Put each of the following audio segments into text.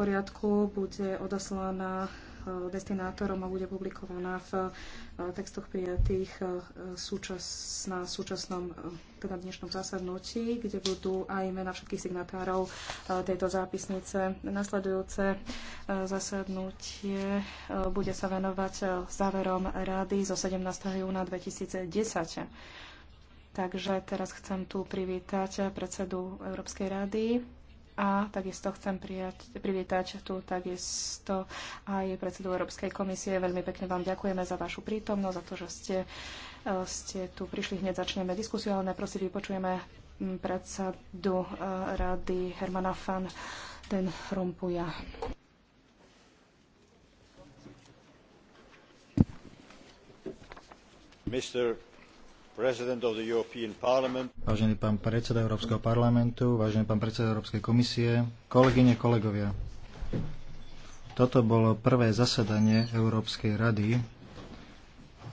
poriadku bude odaslaná eh, destinátorom a bude publikovaná v eh, textoch prijatých eh, súčas, na súčasnom, teda dnešnom zasadnutí, kde budú aj mena všetkých signatárov tejto zápisnice. Nasledujúce zasadnutie bude sa venovať záverom rady zo 17. júna 2010. Takže teraz chcem tu privítať predsedu Európskej rady a takisto chcem prijať, privítať tu takisto aj predsedu Európskej komisie. Veľmi pekne vám ďakujeme za vašu prítomnosť, za to, že ste, eh, ste tu prišli. Hneď začneme diskusiu, ale najprv si vypočujeme mm, predsedu eh, rady Hermana Fan ten Rompuja. Mr. Vážený pán predseda Európskeho parlamentu, vážený pán predseda Európskej komisie, kolegyne, kolegovia. Toto bolo prvé zasadanie Európskej rady,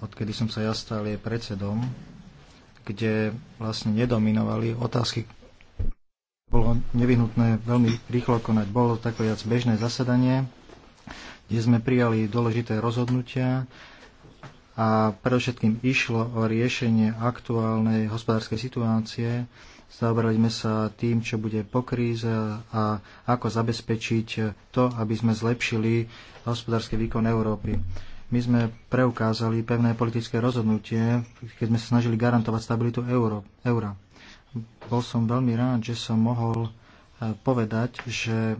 odkedy som sa ja stal jej predsedom, kde vlastne nedominovali otázky, bolo nevyhnutné veľmi rýchlo konať. Bolo také viac bežné zasadanie, kde sme prijali dôležité rozhodnutia, a predovšetkým išlo o riešenie aktuálnej hospodárskej situácie. Zaoberali sme sa tým, čo bude po kríze a ako zabezpečiť to, aby sme zlepšili hospodársky výkon Európy. My sme preukázali pevné politické rozhodnutie, keď sme sa snažili garantovať stabilitu euro, eura. Bol som veľmi rád, že som mohol e, povedať, že e,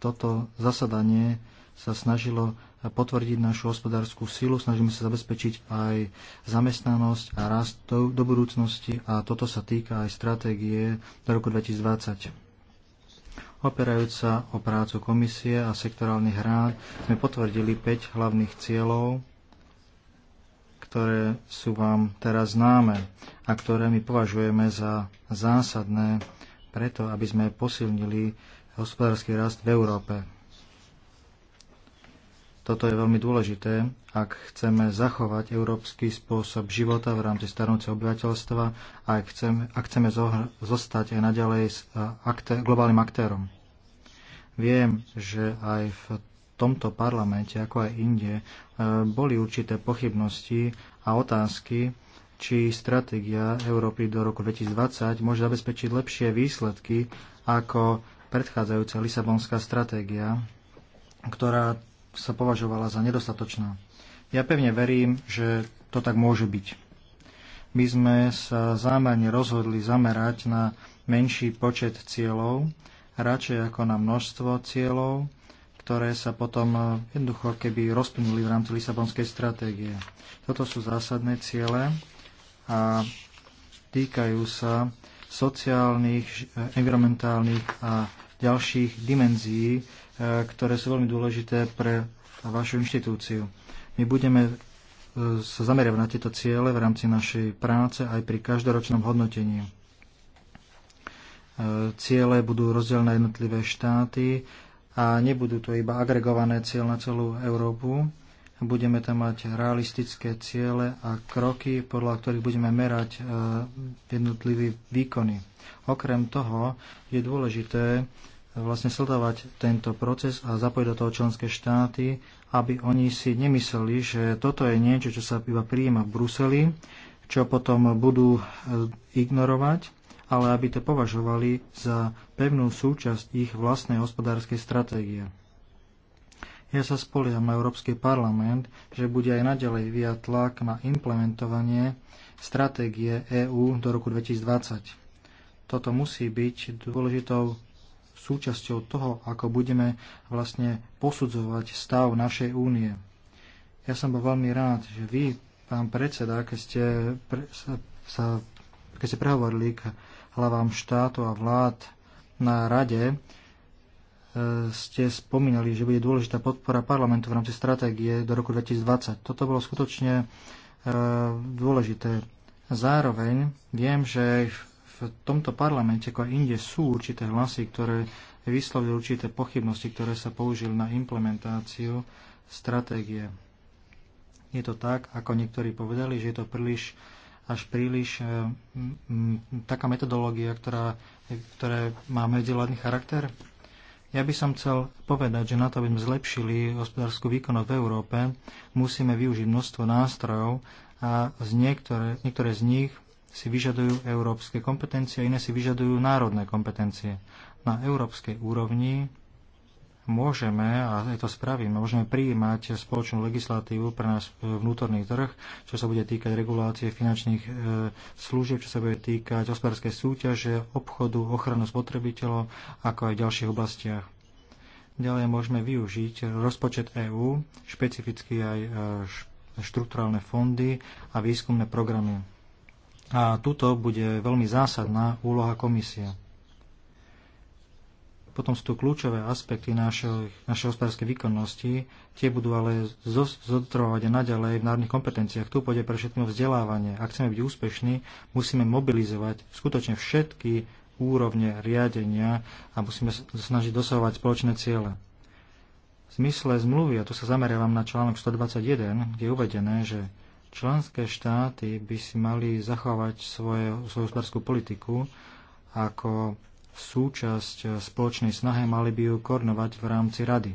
toto zasadanie sa snažilo potvrdiť našu hospodárskú silu, snažíme sa zabezpečiť aj zamestnanosť a rast do, do budúcnosti a toto sa týka aj stratégie do roku 2020. Operajúc sa o prácu komisie a sektorálnych rád sme potvrdili 5 hlavných cieľov, ktoré sú vám teraz známe a ktoré my považujeme za zásadné preto, aby sme posilnili hospodársky rast v Európe. Toto je veľmi dôležité, ak chceme zachovať európsky spôsob života v rámci starnúceho obyvateľstva a ak chceme, ak chceme zostať aj naďalej s akté, globálnym aktérom. Viem, že aj v tomto parlamente, ako aj inde, e, boli určité pochybnosti a otázky, či stratégia Európy do roku 2020 môže zabezpečiť lepšie výsledky ako predchádzajúca Lisabonská stratégia, ktorá sa považovala za nedostatočná. Ja pevne verím, že to tak môže byť. My sme sa zámerne rozhodli zamerať na menší počet cieľov, radšej ako na množstvo cieľov, ktoré sa potom eh, jednoducho keby rozplnili v rámci Lisabonskej stratégie. Toto sú zásadné ciele a týkajú sa sociálnych, eh, environmentálnych a ďalších dimenzií E, ktoré sú veľmi dôležité pre vašu inštitúciu. My budeme e, sa zameriavať na tieto ciele v rámci našej práce aj pri každoročnom hodnotení. E, ciele budú rozdelené na jednotlivé štáty a nebudú to iba agregované cieľ na celú Európu. Budeme tam mať realistické ciele a kroky, podľa ktorých budeme merať jednotlivé výkony. Okrem toho je dôležité vlastne sledovať tento proces a zapojiť do toho členské štáty, aby oni si nemysleli, že toto je niečo, čo sa iba prijíma v Bruseli, čo potom budú e, ignorovať, ale aby to považovali za pevnú súčasť ich vlastnej hospodárskej stratégie. Ja sa spolieham na Európsky parlament, že bude aj naďalej vyjať tlak na implementovanie stratégie EÚ do roku 2020. Toto musí byť dôležitou súčasťou toho, ako budeme vlastne posudzovať stav našej únie. Ja som bol veľmi rád, že vy, pán predseda, keď ste, pre, sa, sa, keď ste prehovorili k hlavám štátu a vlád na rade, e, ste spomínali, že bude dôležitá podpora parlamentu v rámci stratégie do roku 2020. Toto bolo skutočne e, dôležité. Zároveň viem, že v tomto parlamente, ako aj inde, sú určité hlasy, ktoré vyslovili určité pochybnosti, ktoré sa použili na implementáciu stratégie. Je to tak, ako niektorí povedali, že je to príliš až príliš eh, taká metodológia, ktorá, ktoré má medziladný charakter? Ja by som chcel povedať, že na to, aby sme zlepšili hospodárskú výkonnosť v Európe, musíme využiť množstvo nástrojov a z niektoré, niektoré z nich si vyžadujú európske kompetencie a iné si vyžadujú národné kompetencie. Na európskej úrovni môžeme, a aj to spravíme, môžeme prijímať spoločnú legislatívu pre nás vnútorný trh, čo sa bude týkať regulácie finančných e, služieb, čo sa bude týkať hospodárskej súťaže, obchodu, ochranu spotrebiteľov, ako aj v ďalších oblastiach. Ďalej môžeme využiť rozpočet EÚ, špecificky aj e, štruktúralne fondy a výskumné programy. A tuto bude veľmi zásadná úloha komisie. Potom sú tu kľúčové aspekty našej, našej hospodárskej výkonnosti, tie budú ale zotrovať aj naďalej v národných kompetenciách. Tu pôjde pre všetko vzdelávanie. Ak chceme byť úspešní, musíme mobilizovať skutočne všetky úrovne riadenia a musíme snažiť dosahovať spoločné ciele. V zmysle zmluvy, a tu sa zameriavam na článok 121, kde je uvedené, že Členské štáty by si mali zachovať svoje, svoju hospodárskú politiku ako súčasť spoločnej snahy, mali by ju koordinovať v rámci rady.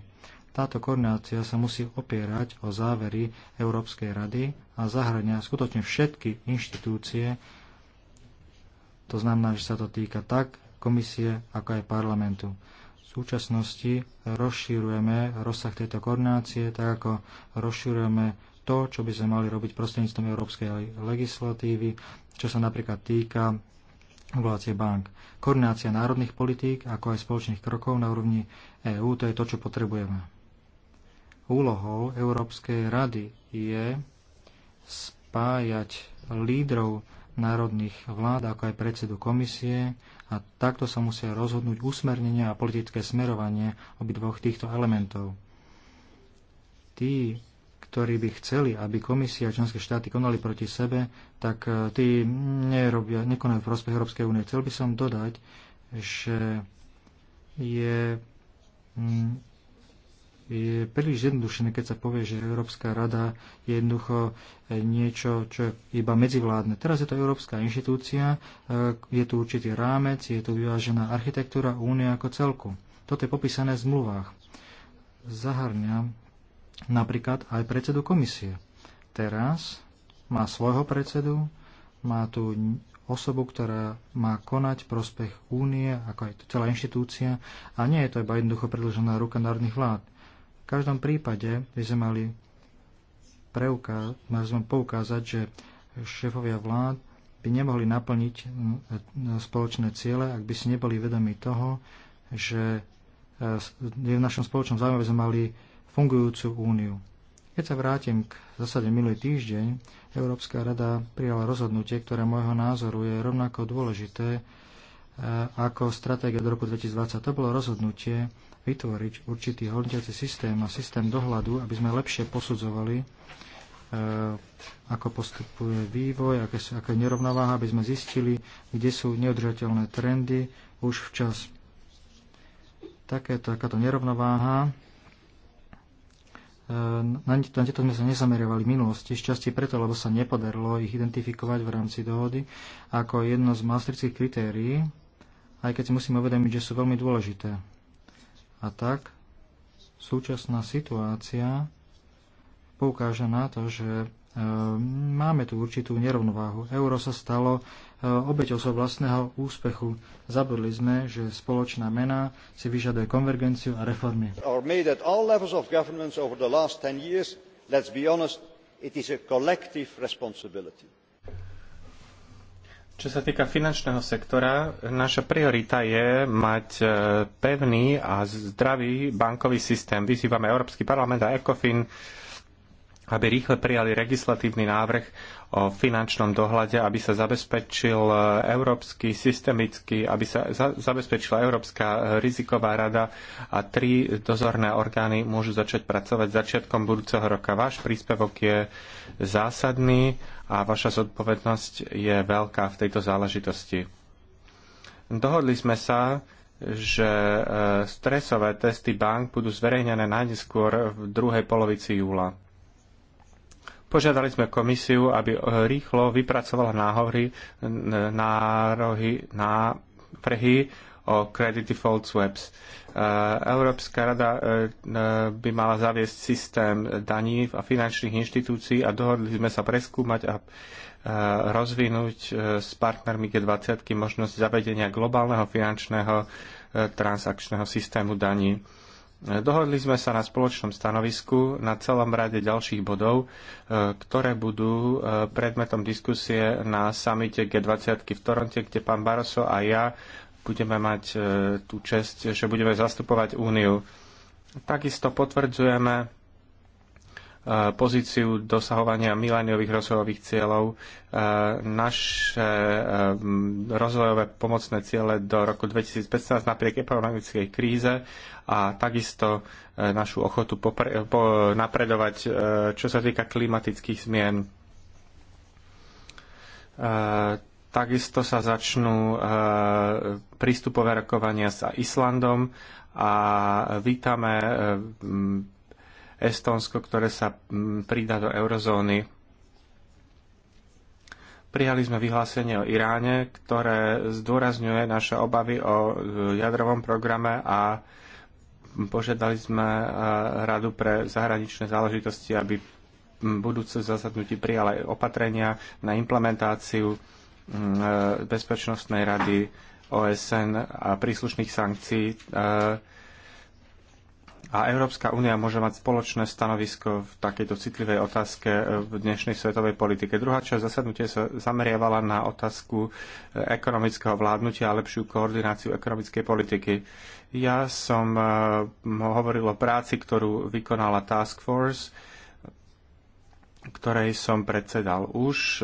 Táto koordinácia sa musí opierať o závery Európskej rady a zahrania skutočne všetky inštitúcie, to znamená, že sa to týka tak komisie, ako aj parlamentu. V súčasnosti rozšírujeme rozsah tejto koordinácie, tak ako rozšírujeme to, čo by sme mali robiť prostredníctvom európskej legislatívy, čo sa napríklad týka regulácie bank. Koordinácia národných politík, ako aj spoločných krokov na úrovni EÚ, to je to, čo potrebujeme. Úlohou Európskej rady je spájať lídrov národných vlád, ako aj predsedu komisie a takto sa musia rozhodnúť usmernenia a politické smerovanie obidvoch týchto elementov. Tí ktorí by chceli, aby komisia a členské štáty konali proti sebe, tak e, tí nerobia, nekonajú v prospech Európskej únie. Chcel by som dodať, že je, mm, je príliš jednodušené, keď sa povie, že Európska rada je jednoducho e, niečo, čo je iba medzivládne. Teraz je to Európska inštitúcia, e, je tu určitý rámec, je tu vyvážená architektúra únie ako celku. Toto je popísané v zmluvách zahrňa napríklad aj predsedu komisie. Teraz má svojho predsedu, má tu osobu, ktorá má konať prospech únie, ako aj celá inštitúcia, a nie je to iba jednoducho predlžená ruka národných vlád. V každom prípade by sme mali, preuká- mali sme poukázať, že šéfovia vlád by nemohli naplniť mm, spoločné ciele, ak by si neboli vedomi toho, že e, je v našom spoločnom záujme, aby sme mali fungujúcu úniu. Keď sa vrátim k zásade minulý týždeň, Európska rada prijala rozhodnutie, ktoré môjho názoru je rovnako dôležité e, ako stratégia do roku 2020. To bolo rozhodnutie vytvoriť určitý hodnotiaci systém a systém dohľadu, aby sme lepšie posudzovali, e, ako postupuje vývoj, aká je nerovnováha, aby sme zistili, kde sú neudržateľné trendy už včas. Takéto, takáto nerovnováha Eh, na, na tieto sme sa nezameriavali v minulosti, šťastie preto, lebo sa nepodarilo ich identifikovať v rámci dohody ako jedno z maastrických kritérií, aj keď si musíme uvedomiť, že sú veľmi dôležité. A tak súčasná situácia poukáže na to, že Ehm, máme tu určitú nerovnováhu. Euro sa stalo ehm, obeťou svojho vlastného úspechu. Zabudli sme, že spoločná mena si vyžaduje konvergenciu a reformy. Čo sa týka finančného sektora, naša priorita je mať e, pevný a zdravý bankový systém. Vyzývame Európsky parlament a ECOFIN aby rýchle prijali legislatívny návrh o finančnom dohľade, aby sa zabezpečil e, európsky, systemický, aby sa za, zabezpečila Európska riziková rada a tri dozorné orgány môžu začať pracovať začiatkom budúceho roka. Váš príspevok je zásadný a vaša zodpovednosť je veľká v tejto záležitosti. Dohodli sme sa, že e, stresové testy bank budú zverejnené najneskôr v druhej polovici júla Požiadali sme komisiu, aby eh, rýchlo vypracovala náhory, nárohy, náprehy o Credit Default Swaps. Eh, Európska rada eh, by mala zaviesť systém daní a finančných inštitúcií a dohodli sme sa preskúmať a rozvinúť s partnermi G20 možnosť zavedenia globálneho finančného transakčného systému daní. Dohodli sme sa na spoločnom stanovisku na celom rade ďalších bodov, e, ktoré budú e, predmetom diskusie na samite G20 v Toronte, kde pán Barroso a ja budeme mať e, tú čest, že budeme zastupovať Úniu. Takisto potvrdzujeme E, pozíciu dosahovania miléniových rozvojových cieľov e, naše e, rozvojové pomocné ciele do roku 2015 napriek ekonomickej kríze a takisto našu ochotu napredovať, čo sa týka klimatických zmien. Takisto sa začnú prístupové rokovania s Islandom a vítame Estónsko, ktoré sa mm, pridá do eurozóny. Prijali sme vyhlásenie o Iráne, ktoré zdôrazňuje naše obavy o e, jadrovom programe a požiadali sme e, Radu pre zahraničné záležitosti, aby budúce zasadnutí prijala opatrenia na implementáciu e, Bezpečnostnej rady OSN a príslušných sankcií a Európska únia môže mať spoločné stanovisko v takejto citlivej otázke e, v dnešnej svetovej politike. Druhá časť zasadnutie sa zameriavala na otázku e, ekonomického vládnutia a lepšiu koordináciu ekonomickej politiky. Ja som e, hovoril o práci, ktorú vykonala Task Force, ktorej som predsedal už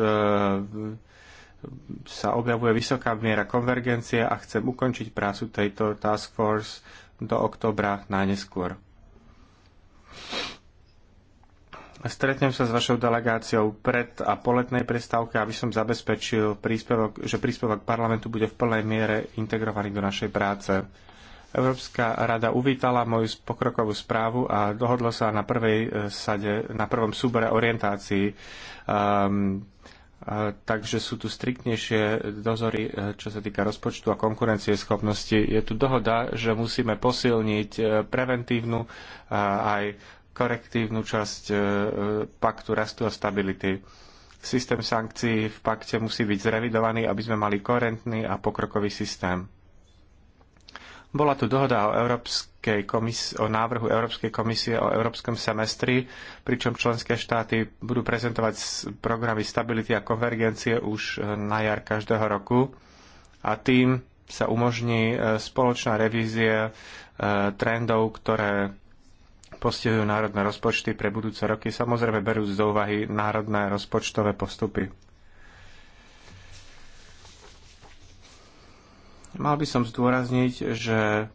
sa objavuje vysoká miera konvergencie a chcem ukončiť prácu tejto task force do oktobra najneskôr. Stretnem sa s vašou delegáciou pred a po letnej prestávke, aby som zabezpečil, príspevok, že príspevok parlamentu bude v plnej miere integrovaný do našej práce. Európska rada uvítala moju pokrokovú správu a dohodlo sa na, prvej eh, sade, na prvom súbore orientácií. Um, takže sú tu striktnejšie dozory, e, čo sa týka rozpočtu a konkurencieschopnosti. Je tu dohoda, že musíme posilniť e, preventívnu a e, aj korektívnu časť paktu rastu a stability. Systém sankcií v pakte musí byť zrevidovaný, aby sme mali koherentný a pokrokový systém. Bola tu dohoda o európskej Európskej o návrhu Európskej komisie o Európskom semestri, pričom členské štáty budú prezentovať programy stability a konvergencie už e, na jar každého roku a tým sa umožní e, spoločná revízia e, trendov, ktoré postihujú národné rozpočty pre budúce roky, samozrejme berú do úvahy národné rozpočtové postupy. Mal by som zdôrazniť, že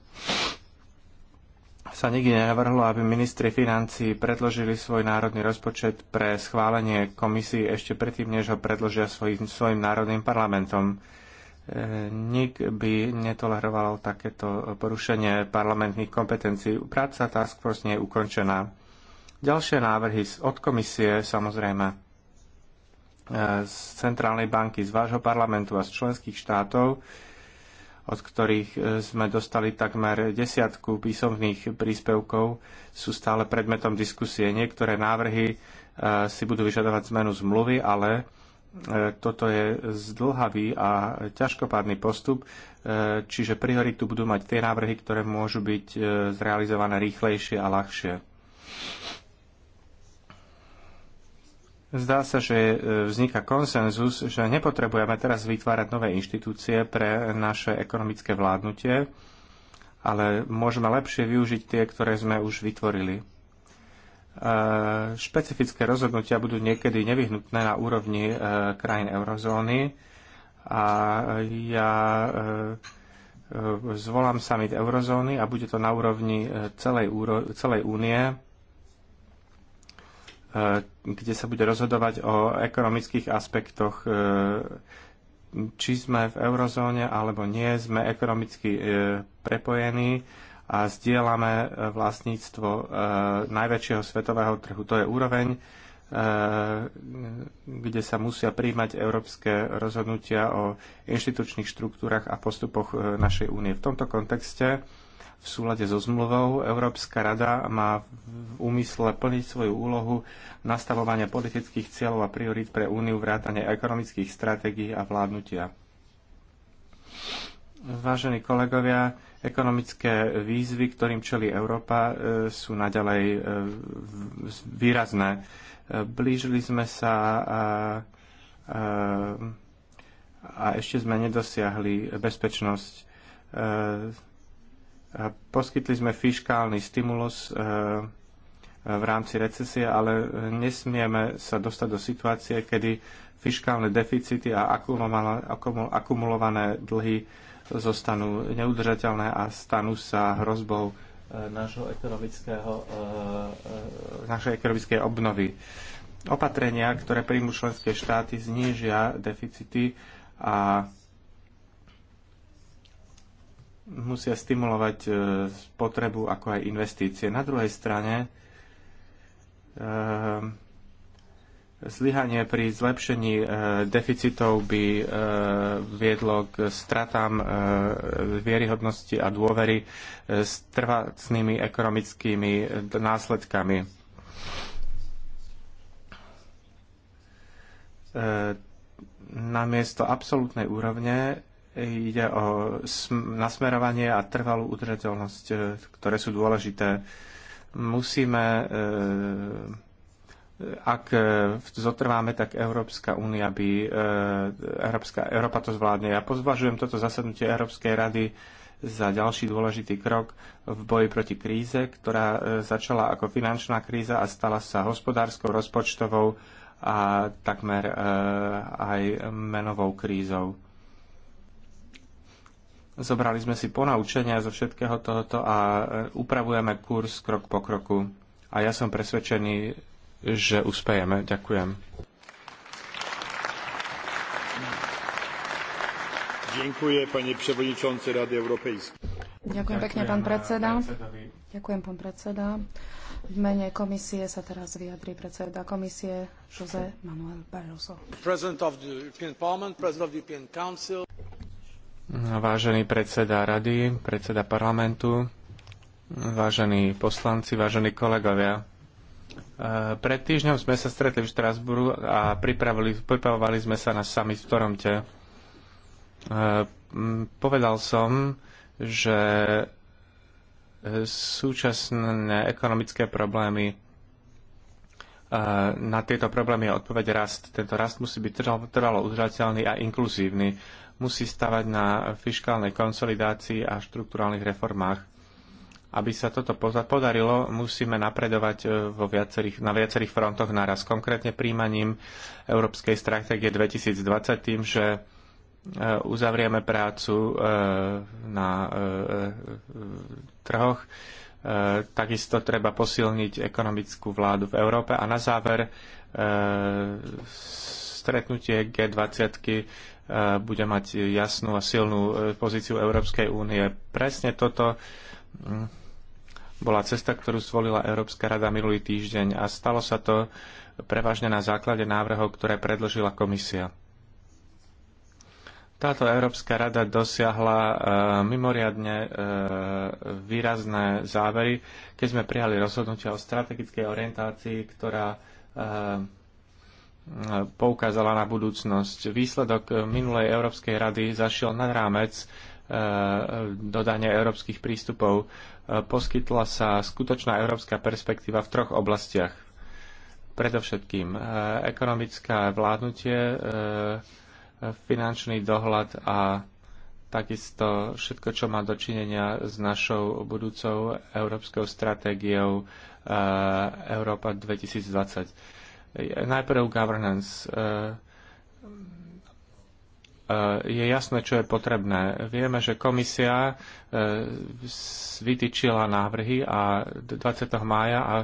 sa nikdy nenavrhlo, aby ministri financí predložili svoj národný rozpočet pre schválenie komisii ešte predtým, než ho predložia svojim, svojim národným parlamentom. E, nik by netoleroval takéto porušenie parlamentných kompetencií. Práca Task Force nie je ukončená. Ďalšie návrhy od komisie, samozrejme, e, z Centrálnej banky, z vášho parlamentu a z členských štátov, od ktorých e, sme dostali takmer desiatku písomných príspevkov, sú stále predmetom diskusie. Niektoré návrhy e, si budú vyžadovať zmenu zmluvy, ale e, toto je zdlhavý a ťažkopádny postup, čiže prioritu budú mať tie návrhy, ktoré môžu byť zrealizované rýchlejšie a ľahšie. Zdá sa, že e, vzniká konsenzus, že nepotrebujeme teraz vytvárať nové inštitúcie pre naše ekonomické vládnutie, ale môžeme lepšie využiť tie, ktoré sme už vytvorili. E, špecifické rozhodnutia budú niekedy nevyhnutné na úrovni e, krajín eurozóny a ja zvolám summit eurozóny a bude to na úrovni celej, úro, celej únie E, kde sa bude rozhodovať o ekonomických aspektoch, e, či sme v eurozóne alebo nie, sme ekonomicky e, prepojení a zdieľame vlastníctvo najväčšieho svetového trhu. To je úroveň, kde sa musia príjmať európske rozhodnutia o inštitučných štruktúrach a postupoch našej únie. V tomto kontexte v súlade so zmluvou Európska rada má v úmysle plniť svoju úlohu nastavovania politických cieľov a priorít pre Úniu vrátane ekonomických stratégií a vládnutia. Vážení kolegovia, ekonomické výzvy, ktorým čelí Európa, e, sú naďalej e, výrazné. E, blížili sme sa a, a, a ešte sme nedosiahli bezpečnosť Poskytli sme fiškálny stimulus e, e, v rámci recesie, ale e, nesmieme sa dostať do situácie, kedy fiškálne deficity a akumulované dlhy zostanú neudržateľné a stanú sa hrozbou našho ekonomického, našej ekonomickej obnovy. Opatrenia, ktoré príjmu členské štáty, znížia deficity a musia stimulovať e, spotrebu ako aj investície. Na druhej strane e, zlyhanie pri zlepšení e, deficitov by viedlo k stratám vieryhodnosti a dôvery s trvácnými ekonomickými následkami. Namiesto absolútnej úrovne Ide o nasmerovanie a trvalú udržateľnosť, e, ktoré sú dôležité. Musíme, e, ak e, zotrváme, tak Európska únia by, Európska, Európa to zvládne. Ja pozvažujem toto zasadnutie Európskej rady za ďalší dôležitý krok v boji proti kríze, ktorá začala ako finančná kríza a stala sa hospodárskou, rozpočtovou a takmer aj menovou krízou. Zobrali sme si ponaučenia zo všetkého tohoto a e, upravujeme kurz krok po kroku. A ja som presvedčený, že uspejeme. Ďakujem. Ďakujem, pani prevodničonce Rady Európejskej. Ďakujem pekne, pán predseda. Ďakujem, pán predseda. V mene komisie sa teraz vyjadrí predseda komisie José Manuel Barroso. Vážený predseda rady, predseda parlamentu, vážení poslanci, vážení kolegovia. E, pred týždňom sme sa stretli v Štrásburu a pripravovali sme sa na summit v Toronte. E, povedal som, že e, súčasné ekonomické problémy na tieto problémy je odpoveď rast. Tento rast musí byť trvalo udržateľný a inkluzívny musí stavať na fiskálnej konsolidácii a štruktúrálnych reformách. Aby sa toto podarilo, musíme napredovať e, vo viacerých, na viacerých frontoch naraz. Konkrétne príjmaním Európskej stratégie 2020 tým, že e, uzavrieme prácu e, na trhoch. Takisto treba posilniť ekonomickú vládu v Európe. A na záver stretnutie G20 bude mať jasnú a silnú e, pozíciu Európskej únie. Presne toto mm, bola cesta, ktorú zvolila Európska rada minulý týždeň a stalo sa to prevažne na základe návrhov, ktoré predložila komisia. Táto Európska rada dosiahla e, mimoriadne e, výrazné závery, keď sme prijali rozhodnutia o strategickej orientácii, ktorá poukázala na budúcnosť. Výsledok eh, minulej Európskej rady zašiel nad rámec eh, dodania európskych prístupov. Eh, poskytla sa skutočná európska perspektíva v troch oblastiach. Predovšetkým ekonomická vládnutie, finančný dohľad a takisto všetko, čo má dočinenia s našou budúcou európskou stratégiou Európa 2020 Najprv governance. Eh, eh, je jasné, čo je potrebné. Vieme, že komisia eh, vytýčila návrhy a 20. mája a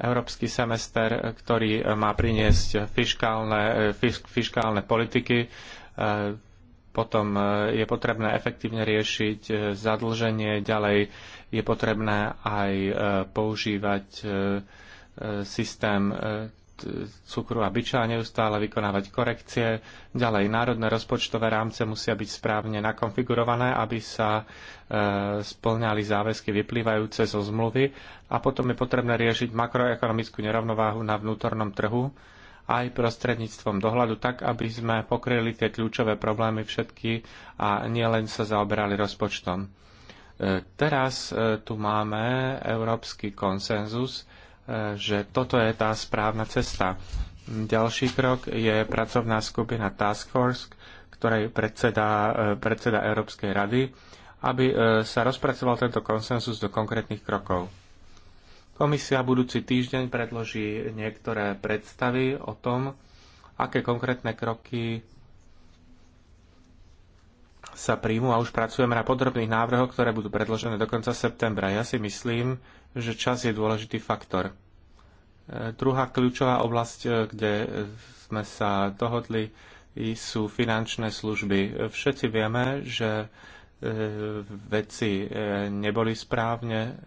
európsky semester, ktorý má priniesť fiskálne, fiskálne politiky. Potom je potrebné efektívne riešiť zadlženie, ďalej je potrebné aj používať systém cukru a byča a neustále vykonávať korekcie. Ďalej, národné rozpočtové rámce musia byť správne nakonfigurované, aby sa e, splňali záväzky vyplývajúce zo zmluvy a potom je potrebné riešiť makroekonomickú nerovnováhu na vnútornom trhu aj prostredníctvom dohľadu, tak aby sme pokryli tie kľúčové problémy všetky a nielen sa zaoberali rozpočtom. E, teraz e, tu máme európsky konsenzus, že toto je tá správna cesta. Ďalší krok je pracovná skupina Task Force, ktorej predseda, e, predseda Európskej rady, aby e, sa rozpracoval tento konsensus do konkrétnych krokov. Komisia budúci týždeň predloží niektoré predstavy o tom, aké konkrétne kroky sa príjmu a už pracujeme na podrobných návrhoch, ktoré budú predložené do konca septembra. Ja si myslím, že čas je dôležitý faktor. E, druhá kľúčová oblasť, e, kde sme sa dohodli, sú finančné služby. Všetci vieme, že e, veci neboli správne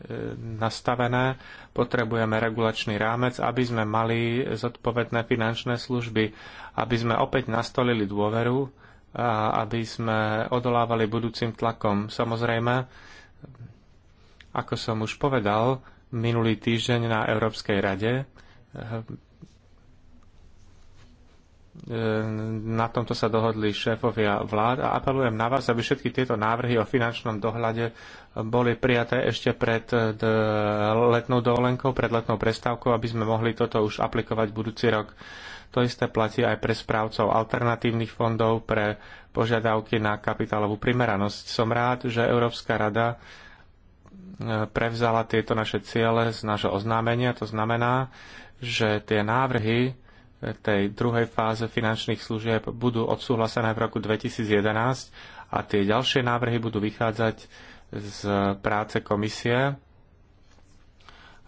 nastavené. Potrebujeme regulačný rámec, aby sme mali zodpovedné finančné služby, aby sme opäť nastolili dôveru a aby sme odolávali budúcim tlakom. Samozrejme, ako som už povedal, minulý týždeň na Európskej rade eh, eh, na tomto sa dohodli šéfovia vlád a apelujem na vás, aby všetky tieto návrhy o finančnom dohľade boli prijaté ešte pred eh, letnou dovolenkou, pred letnou prestávkou, aby sme mohli toto už aplikovať budúci rok. To isté platí aj pre správcov alternatívnych fondov, pre požiadavky na kapitálovú primeranosť. Som rád, že Európska rada prevzala tieto naše ciele z nášho oznámenia. To znamená, že tie návrhy tej druhej fáze finančných služieb budú odsúhlasené v roku 2011 a tie ďalšie návrhy budú vychádzať z práce komisie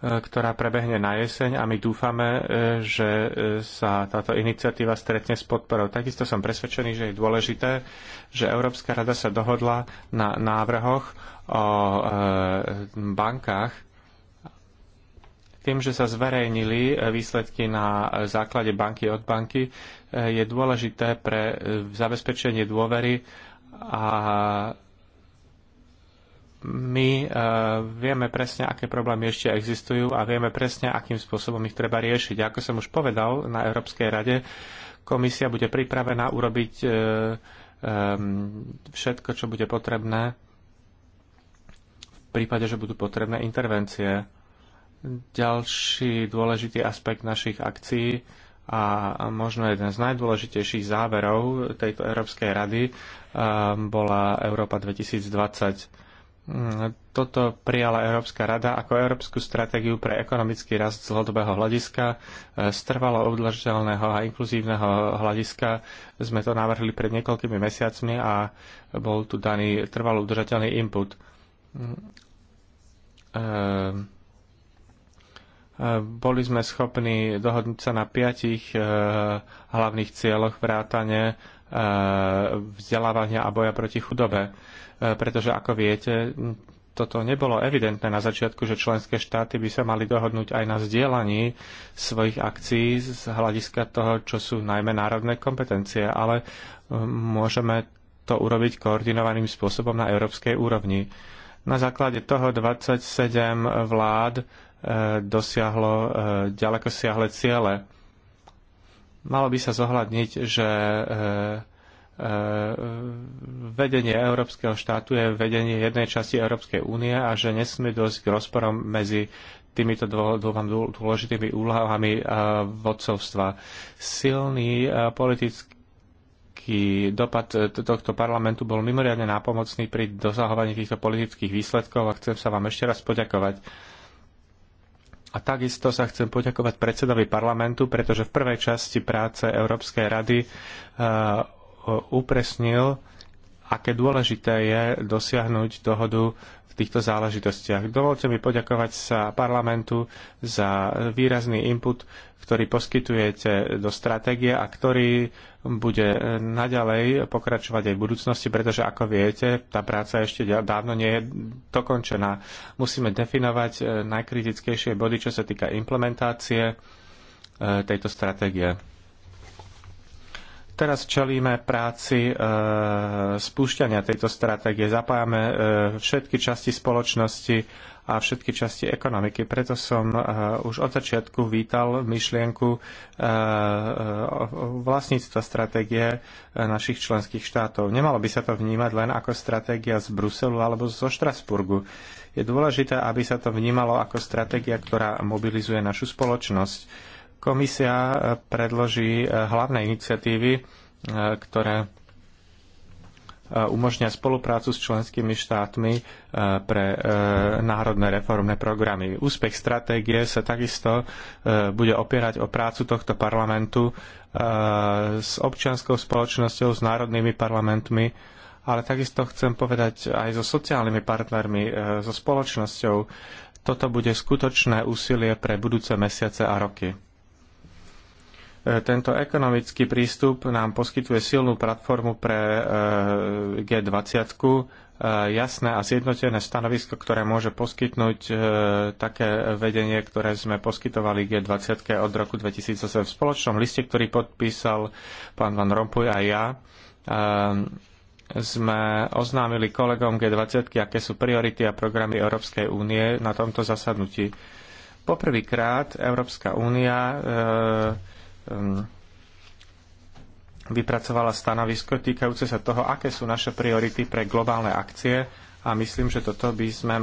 E, ktorá prebehne na jeseň a my dúfame, e, že e, sa táto iniciatíva stretne s podporou. Takisto som presvedčený, že je dôležité, že Európska rada sa dohodla na návrhoch o bankách, tým, že sa zverejnili výsledky na základe banky od banky, je dôležité pre zabezpečenie dôvery a my e, vieme presne, aké problémy ešte existujú a vieme presne, akým spôsobom ich treba riešiť. Ako som už povedal na Európskej rade, komisia bude pripravená urobiť e, e, všetko, čo bude potrebné v prípade, že budú potrebné intervencie. Ďalší dôležitý aspekt našich akcií a možno jeden z najdôležitejších záverov tejto Európskej rady bola Európa 2020 toto prijala Európska rada ako Európsku stratégiu pre ekonomický rast z dlhodobého hľadiska, e, z trvalo udržateľného a inkluzívneho hľadiska. Sme to navrhli pred niekoľkými mesiacmi a bol tu daný trvalo udržateľný input. E, e, boli sme schopní dohodnúť sa na piatich hlavných cieľoch vrátane vzdelávania a boja proti chudobe E, pretože ako viete, toto nebolo evidentné na začiatku, že členské štáty by sa mali dohodnúť aj na zdieľaní svojich akcií z hľadiska toho, čo sú najmä národné kompetencie, ale môžeme to urobiť koordinovaným spôsobom na európskej úrovni. Na základe toho 27 vlád e, dosiahlo e, ďaleko siahle ciele. Malo by sa zohľadniť, že E, vedenie Európskeho štátu je vedenie jednej časti Európskej únie a že nesmie dosť k rozporom medzi týmito dvoma dôležitými úlohami e, vodcovstva. Silný e, politický dopad tohto parlamentu bol mimoriadne nápomocný pri dosahovaní týchto politických výsledkov a chcem sa vám ešte raz poďakovať. A takisto sa chcem poďakovať predsedovi parlamentu, pretože v prvej časti práce Európskej rady upresnil, aké dôležité je dosiahnuť dohodu v týchto záležitostiach. Dovolte mi poďakovať sa parlamentu za výrazný input, ktorý poskytujete do stratégie a ktorý bude naďalej pokračovať aj v budúcnosti, pretože ako viete, tá práca ešte dávno nie je dokončená. Musíme definovať eh, najkritickejšie body, čo sa týka implementácie eh, tejto stratégie. Teraz čelíme práci e, spúšťania tejto stratégie. Zapájame e, všetky časti spoločnosti a všetky časti ekonomiky. Preto som e, už od začiatku vítal myšlienku e, e, vlastníctva stratégie e, našich členských štátov. Nemalo by sa to vnímať len ako stratégia z Bruselu alebo zo Štrasburgu. Je dôležité, aby sa to vnímalo ako stratégia, ktorá mobilizuje našu spoločnosť Komisia eh, predloží eh, hlavné iniciatívy, eh, ktoré umožnia spoluprácu s členskými štátmi pre národné reformné programy. Úspech stratégie sa takisto bude opierať o prácu tohto parlamentu s občianskou spoločnosťou, s národnými parlamentmi, ale takisto chcem povedať aj so sociálnymi partnermi, so spoločnosťou. Toto bude skutočné úsilie pre budúce mesiace a roky. E, tento ekonomický prístup nám poskytuje silnú platformu pre e, G20, e, jasné a zjednotené stanovisko, ktoré môže poskytnúť také vedenie, ktoré sme poskytovali G20 od roku 2008 v spoločnom liste, ktorý podpísal pán Van Rompuy a ja sme oznámili kolegom G20, aké sú priority a programy Európskej únie na tomto zasadnutí. Poprvýkrát Európska únia e, vypracovala stanovisko týkajúce sa toho, aké sú naše priority pre globálne akcie a myslím, že toto by, sme,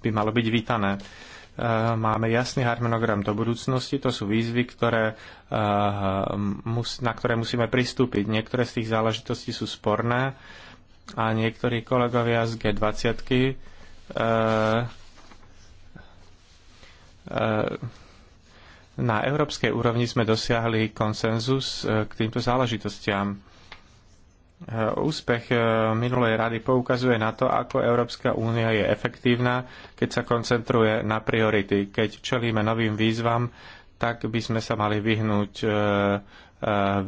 by malo byť vítané. Máme jasný harmonogram do budúcnosti, to sú výzvy, ktoré, na ktoré musíme pristúpiť. Niektoré z tých záležitostí sú sporné a niektorí kolegovia z G20 na európskej úrovni sme dosiahli konsenzus e, k týmto záležitostiam. E, úspech e, minulej rady poukazuje na to, ako Európska únia je efektívna, keď sa koncentruje na priority. Keď čelíme novým výzvam, tak by sme sa mali vyhnúť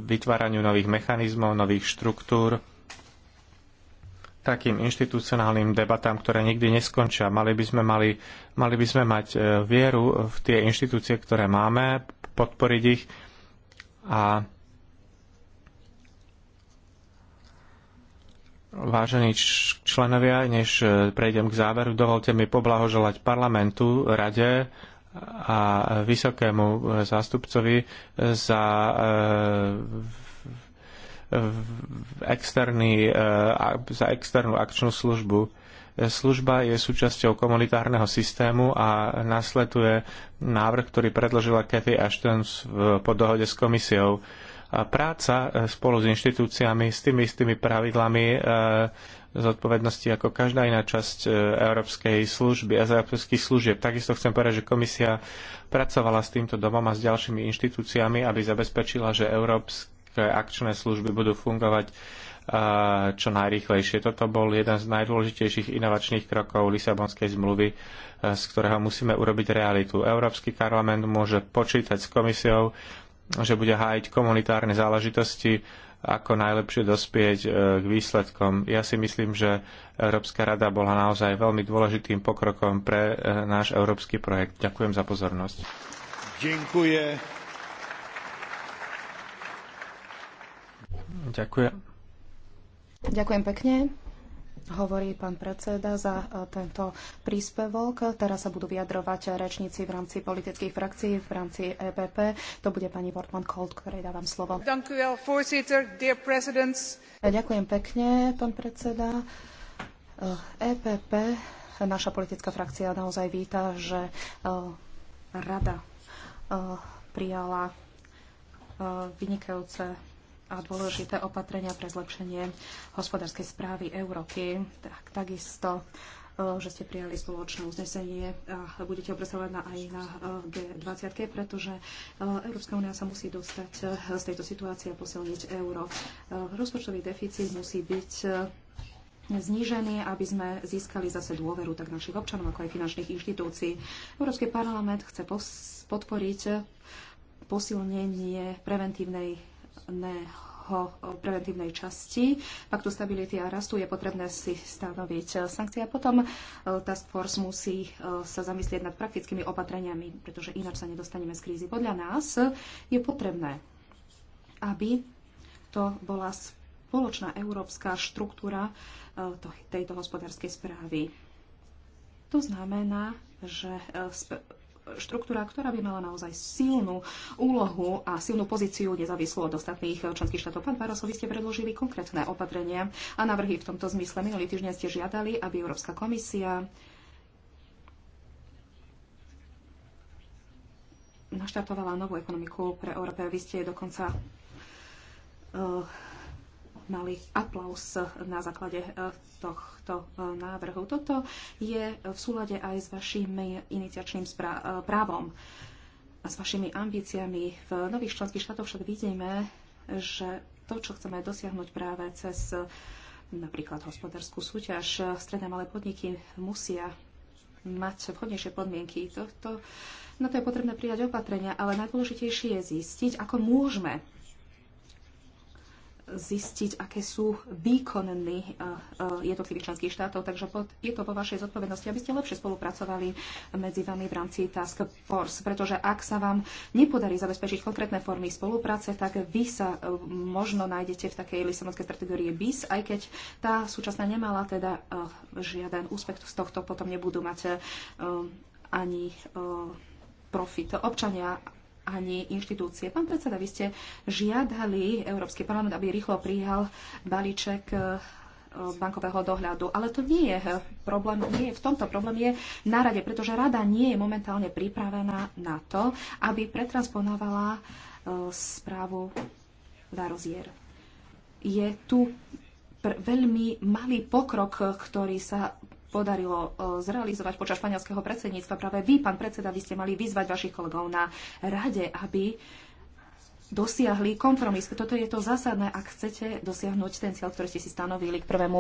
vytváraniu nových mechanizmov, nových štruktúr, takým inštitucionálnym debatám, ktoré nikdy neskončia. Mali by sme, mali, mali by sme mať e, vieru v tie inštitúcie, ktoré máme, podporiť ich a Vážení členovia, než e, prejdem k záveru, dovolte mi poblahoželať parlamentu, rade a vysokému e, zástupcovi za externý, eh, za externú akčnú službu. Eh, služba je súčasťou komunitárneho systému a nasleduje návrh, ktorý predložila Cathy Ashton po dohode s komisiou. A práca eh, spolu s inštitúciami, s tými istými pravidlami zodpovednosti ako každá iná časť európskej služby a európskych služieb. Takisto chcem povedať, že komisia pracovala s týmto domom a s ďalšími inštitúciami, aby zabezpečila, že európsky akčné služby budú fungovať eh, čo najrýchlejšie. Toto bol jeden z najdôležitejších inovačných krokov Lisabonskej zmluvy, eh, z ktorého musíme urobiť realitu. Európsky parlament môže počítať s komisiou, že bude hájiť komunitárne záležitosti, ako najlepšie dospieť eh, k výsledkom. Ja si myslím, že Európska rada bola naozaj veľmi dôležitým pokrokom pre náš európsky projekt. Ďakujem za pozornosť. Ďakujem. Ďakujem. Ďakujem pekne hovorí pán predseda za e, tento príspevok. Teraz sa budú vyjadrovať rečníci v rámci politických frakcií, v rámci EPP. To bude pani Wortmann Kolt, ktorej dávam slovo. E, ďakujem pekne, pán predseda. EPP, e naša politická frakcia naozaj víta, že rada prijala vynikajúce a dôležité opatrenia pre zlepšenie hospodárskej správy Európy, tak, takisto e, že ste prijali spoločné uznesenie e, a budete obrazovať aj na e, G20, pretože Európska únia sa musí dostať z tejto situácie a posilniť euro. Rozpočtový deficit musí byť znížený, aby sme získali zase dôveru tak našich občanov, ako aj finančných inštitúcií. Európsky parlament chce podporiť posilnenie preventívnej preventívneho preventívnej časti paktu stability a rastu je potrebné si stanoviť sankcie a potom e, task force musí e, sa zamyslieť nad praktickými opatreniami, pretože ináč sa nedostaneme z krízy. Podľa nás je potrebné, aby to bola spoločná európska štruktúra e, tejto hospodárskej správy. To znamená, že štruktúra, ktorá by mala naozaj silnú úlohu a silnú pozíciu nezávislú od ostatných členských štátov. Pán Barroso, vy ste predložili konkrétne opatrenia a navrhy v tomto zmysle. Minulý týždeň ste žiadali, aby Európska komisia naštartovala novú ekonomiku pre Európe. Vy ste dokonca uh, malý aplaus na základe e, tohto e, návrhu. Toto je v súlade aj s vašim iniciačným e, právom a s vašimi ambíciami. V nových členských štátoch však vidíme, že to, čo chceme dosiahnuť práve cez napríklad hospodárskú súťaž, stredné malé podniky musia mať vhodnejšie podmienky. To, to, na to je potrebné prijať opatrenia, ale najdôležitejšie je zistiť, ako môžeme zistiť, aké sú výkonní eh, eh, jednotlivých členských štátov. Takže je to vo vašej zodpovednosti, aby ste lepšie spolupracovali medzi vami v rámci Task Force. Pretože ak sa vám nepodarí zabezpečiť konkrétne formy spolupráce, tak vy sa eh, možno nájdete v takej lisabonskej kategórie BIS, aj keď tá súčasná nemala teda žiaden úspech z tohto, potom nebudú mať ani profit. Občania ani inštitúcie. Pán predseda, vy ste žiadali Európsky parlament, aby rýchlo prijal balíček eh, bankového dohľadu. Ale to nie je eh, problém, nie je v tomto problém je na rade, pretože rada nie je momentálne pripravená na to, aby pretransponovala eh, správu Darozier. Je tu veľmi malý pokrok, ktorý sa podarilo e, zrealizovať počas španielského predsedníctva. Práve vy, pán predseda, vy ste mali vyzvať vašich kolegov na rade, aby dosiahli kompromis. Toto je to zásadné, ak chcete dosiahnuť ten cieľ, ktorý ste si stanovili k 1.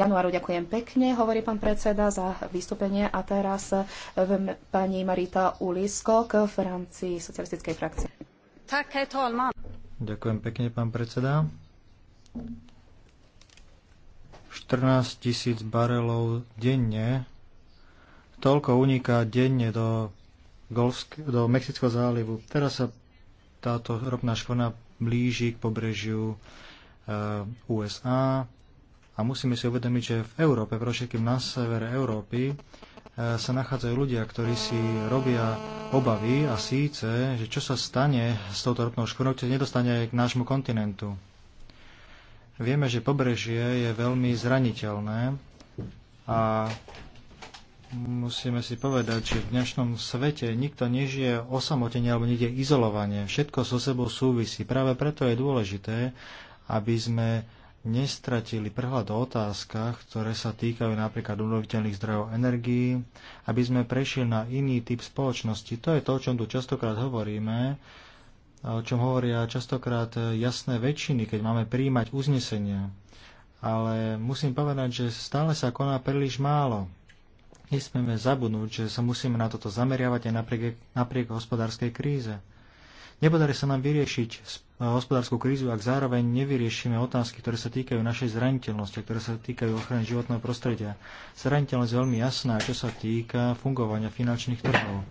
januáru. Ďakujem pekne, hovorí pán predseda za vystúpenie. A teraz e, vem, pani Marita Uliskok v rámci socialistickej frakcie. Ďakujem pekne, pán predseda. 14 tisíc barelov denne. Toľko uniká denne do, Golfsk- do Mexického zálivu. Teraz sa táto ropná škvrna blíži k pobrežiu e, eh, USA a musíme si uvedomiť, že v Európe, pre všetkým na severe Európy, e, sa nachádzajú ľudia, ktorí si robia obavy a síce, že čo sa stane s touto ropnou škvrnou, ktorá nedostane aj k nášmu kontinentu. Vieme, že pobrežie je veľmi zraniteľné a musíme si povedať, že v dnešnom svete nikto nežije osamotene alebo niekde izolovanie. Všetko so sebou súvisí. Práve preto je dôležité, aby sme nestratili prehľad o otázkach, ktoré sa týkajú napríklad obnoviteľných zdrojov energií, aby sme prešli na iný typ spoločnosti. To je to, o čom tu častokrát hovoríme, o čom hovoria častokrát jasné väčšiny, keď máme príjmať uznesenia. Ale musím povedať, že stále sa koná príliš málo. Nesmieme zabudnúť, že sa musíme na toto zameriavať aj napriek, napriek hospodárskej kríze. Nepodarí sa nám vyriešiť e, hospodárskú krízu, ak zároveň nevyriešime otázky, ktoré sa týkajú našej zraniteľnosti, ktoré sa týkajú ochrany životného prostredia. Zraniteľnosť je veľmi jasná, čo sa týka fungovania finančných trhov.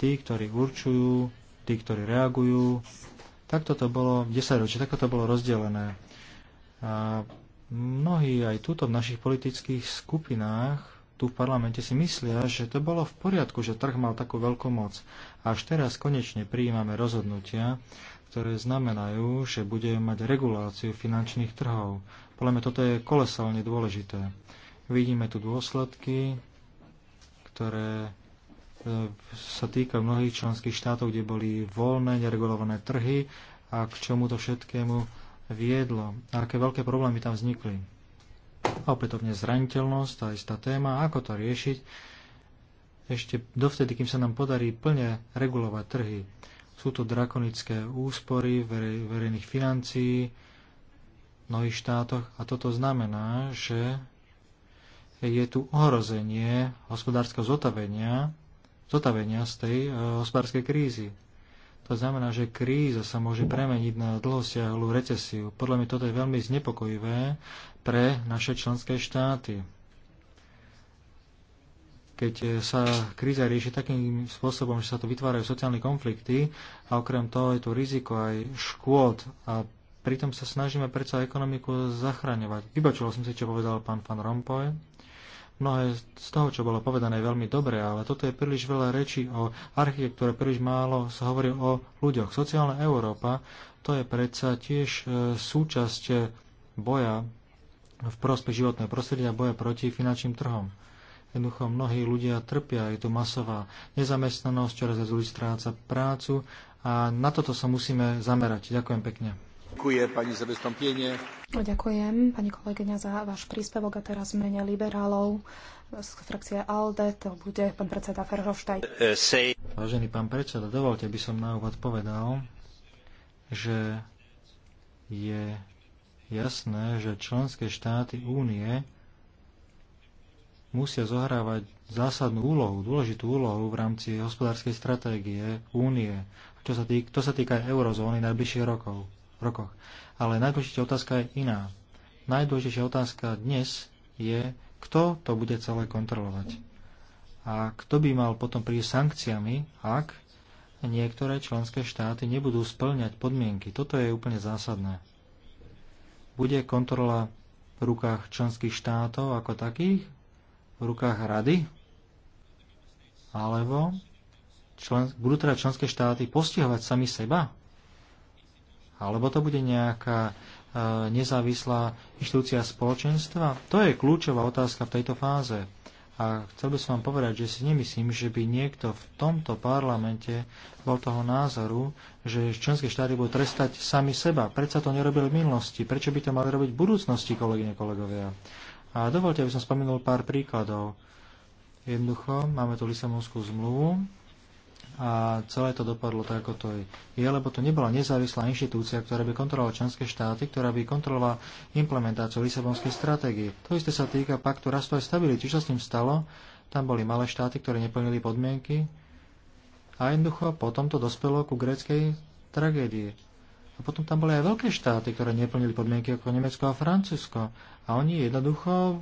Tí, ktorí určujú tí, ktorí reagujú. Takto to bolo 10 ročí, takto to bolo rozdelené. A mnohí aj túto v našich politických skupinách tu v parlamente si myslia, že to bolo v poriadku, že trh mal takú veľkú moc. Až teraz konečne prijímame rozhodnutia, ktoré znamenajú, že budeme mať reguláciu finančných trhov. Podľa mňa toto je kolesálne dôležité. Vidíme tu dôsledky, ktoré E, sa týka mnohých členských štátov, kde boli voľné, neregulované trhy a k čomu to všetkému viedlo. A aké veľké problémy tam vznikli. A opätovne zraniteľnosť, tá istá téma, ako to riešiť ešte dovtedy, kým sa nám podarí plne regulovať trhy. Sú to drakonické úspory verej, verejných financií v mnohých štátoch a toto znamená, že je tu ohrozenie hospodárskeho zotavenia zotavenia z tej e, hospodárskej krízy. To znamená, že kríza sa môže premeniť na dlhosiahlu recesiu. Podľa mňa toto je veľmi znepokojivé pre naše členské štáty. Keď e, sa kríza rieši takým spôsobom, že sa tu vytvárajú sociálne konflikty a okrem toho je tu riziko aj škôd a pritom sa snažíme predsa ekonomiku zachraňovať. Vybačoval som si, čo povedal pán Van Rompuy Mnohé z toho, čo bolo povedané, je veľmi dobré, ale toto je príliš veľa rečí o architektúre, príliš málo sa hovorí o ľuďoch. Sociálna Európa, to je predsa tiež e, súčasť e, boja v prospech životného prostredia, boja proti finančným trhom. Jednoducho mnohí ľudia trpia, je tu masová nezamestnanosť, čoraz viac ľudí stráca prácu a na toto sa musíme zamerať. Ďakujem pekne. Ďakujem pani za vystąpienie. Ďakujem pani kolegyňa za váš príspevok a teraz mene liberálov z frakcie ALDE, to bude pán predseda Ferhoštaj. E, Vážený pán predseda, dovolte, by som na úvod povedal, že je jasné, že členské štáty únie musia zohrávať zásadnú úlohu, dôležitú úlohu v rámci hospodárskej stratégie únie, čo sa týka, to sa týka eurozóny najbližších rokov rokoch. Ale najdôležitejšia otázka je iná. Najdôležitejšia otázka dnes je, kto to bude celé kontrolovať. A kto by mal potom prísť sankciami, ak niektoré členské štáty nebudú splňať podmienky. Toto je úplne zásadné. Bude kontrola v rukách členských štátov ako takých, v rukách rady, alebo člen, budú teda členské štáty postihovať sami seba? Alebo to bude nejaká e, nezávislá inštitúcia spoločenstva? To je kľúčová otázka v tejto fáze. A chcel by som vám povedať, že si nemyslím, že by niekto v tomto parlamente bol toho názoru, že členské štáty budú trestať sami seba. Prečo to nerobili v minulosti? Prečo by to mali robiť v budúcnosti, kolegyne, kolegovia? A dovolte, aby som spomenul pár príkladov. Jednoducho, máme tu Lisabonskú zmluvu, a celé to dopadlo tak, ako to je, lebo to nebola nezávislá inštitúcia, ktorá by kontrolovala členské štáty, ktorá by kontrolovala implementáciu Lisabonskej stratégie. To isté sa týka paktu rastu aj stability. Čo sa s ním stalo? Tam boli malé štáty, ktoré neplnili podmienky a jednoducho potom to dospelo ku gréckej tragédii. A potom tam boli aj veľké štáty, ktoré neplnili podmienky ako Nemecko a Francúzsko. A oni jednoducho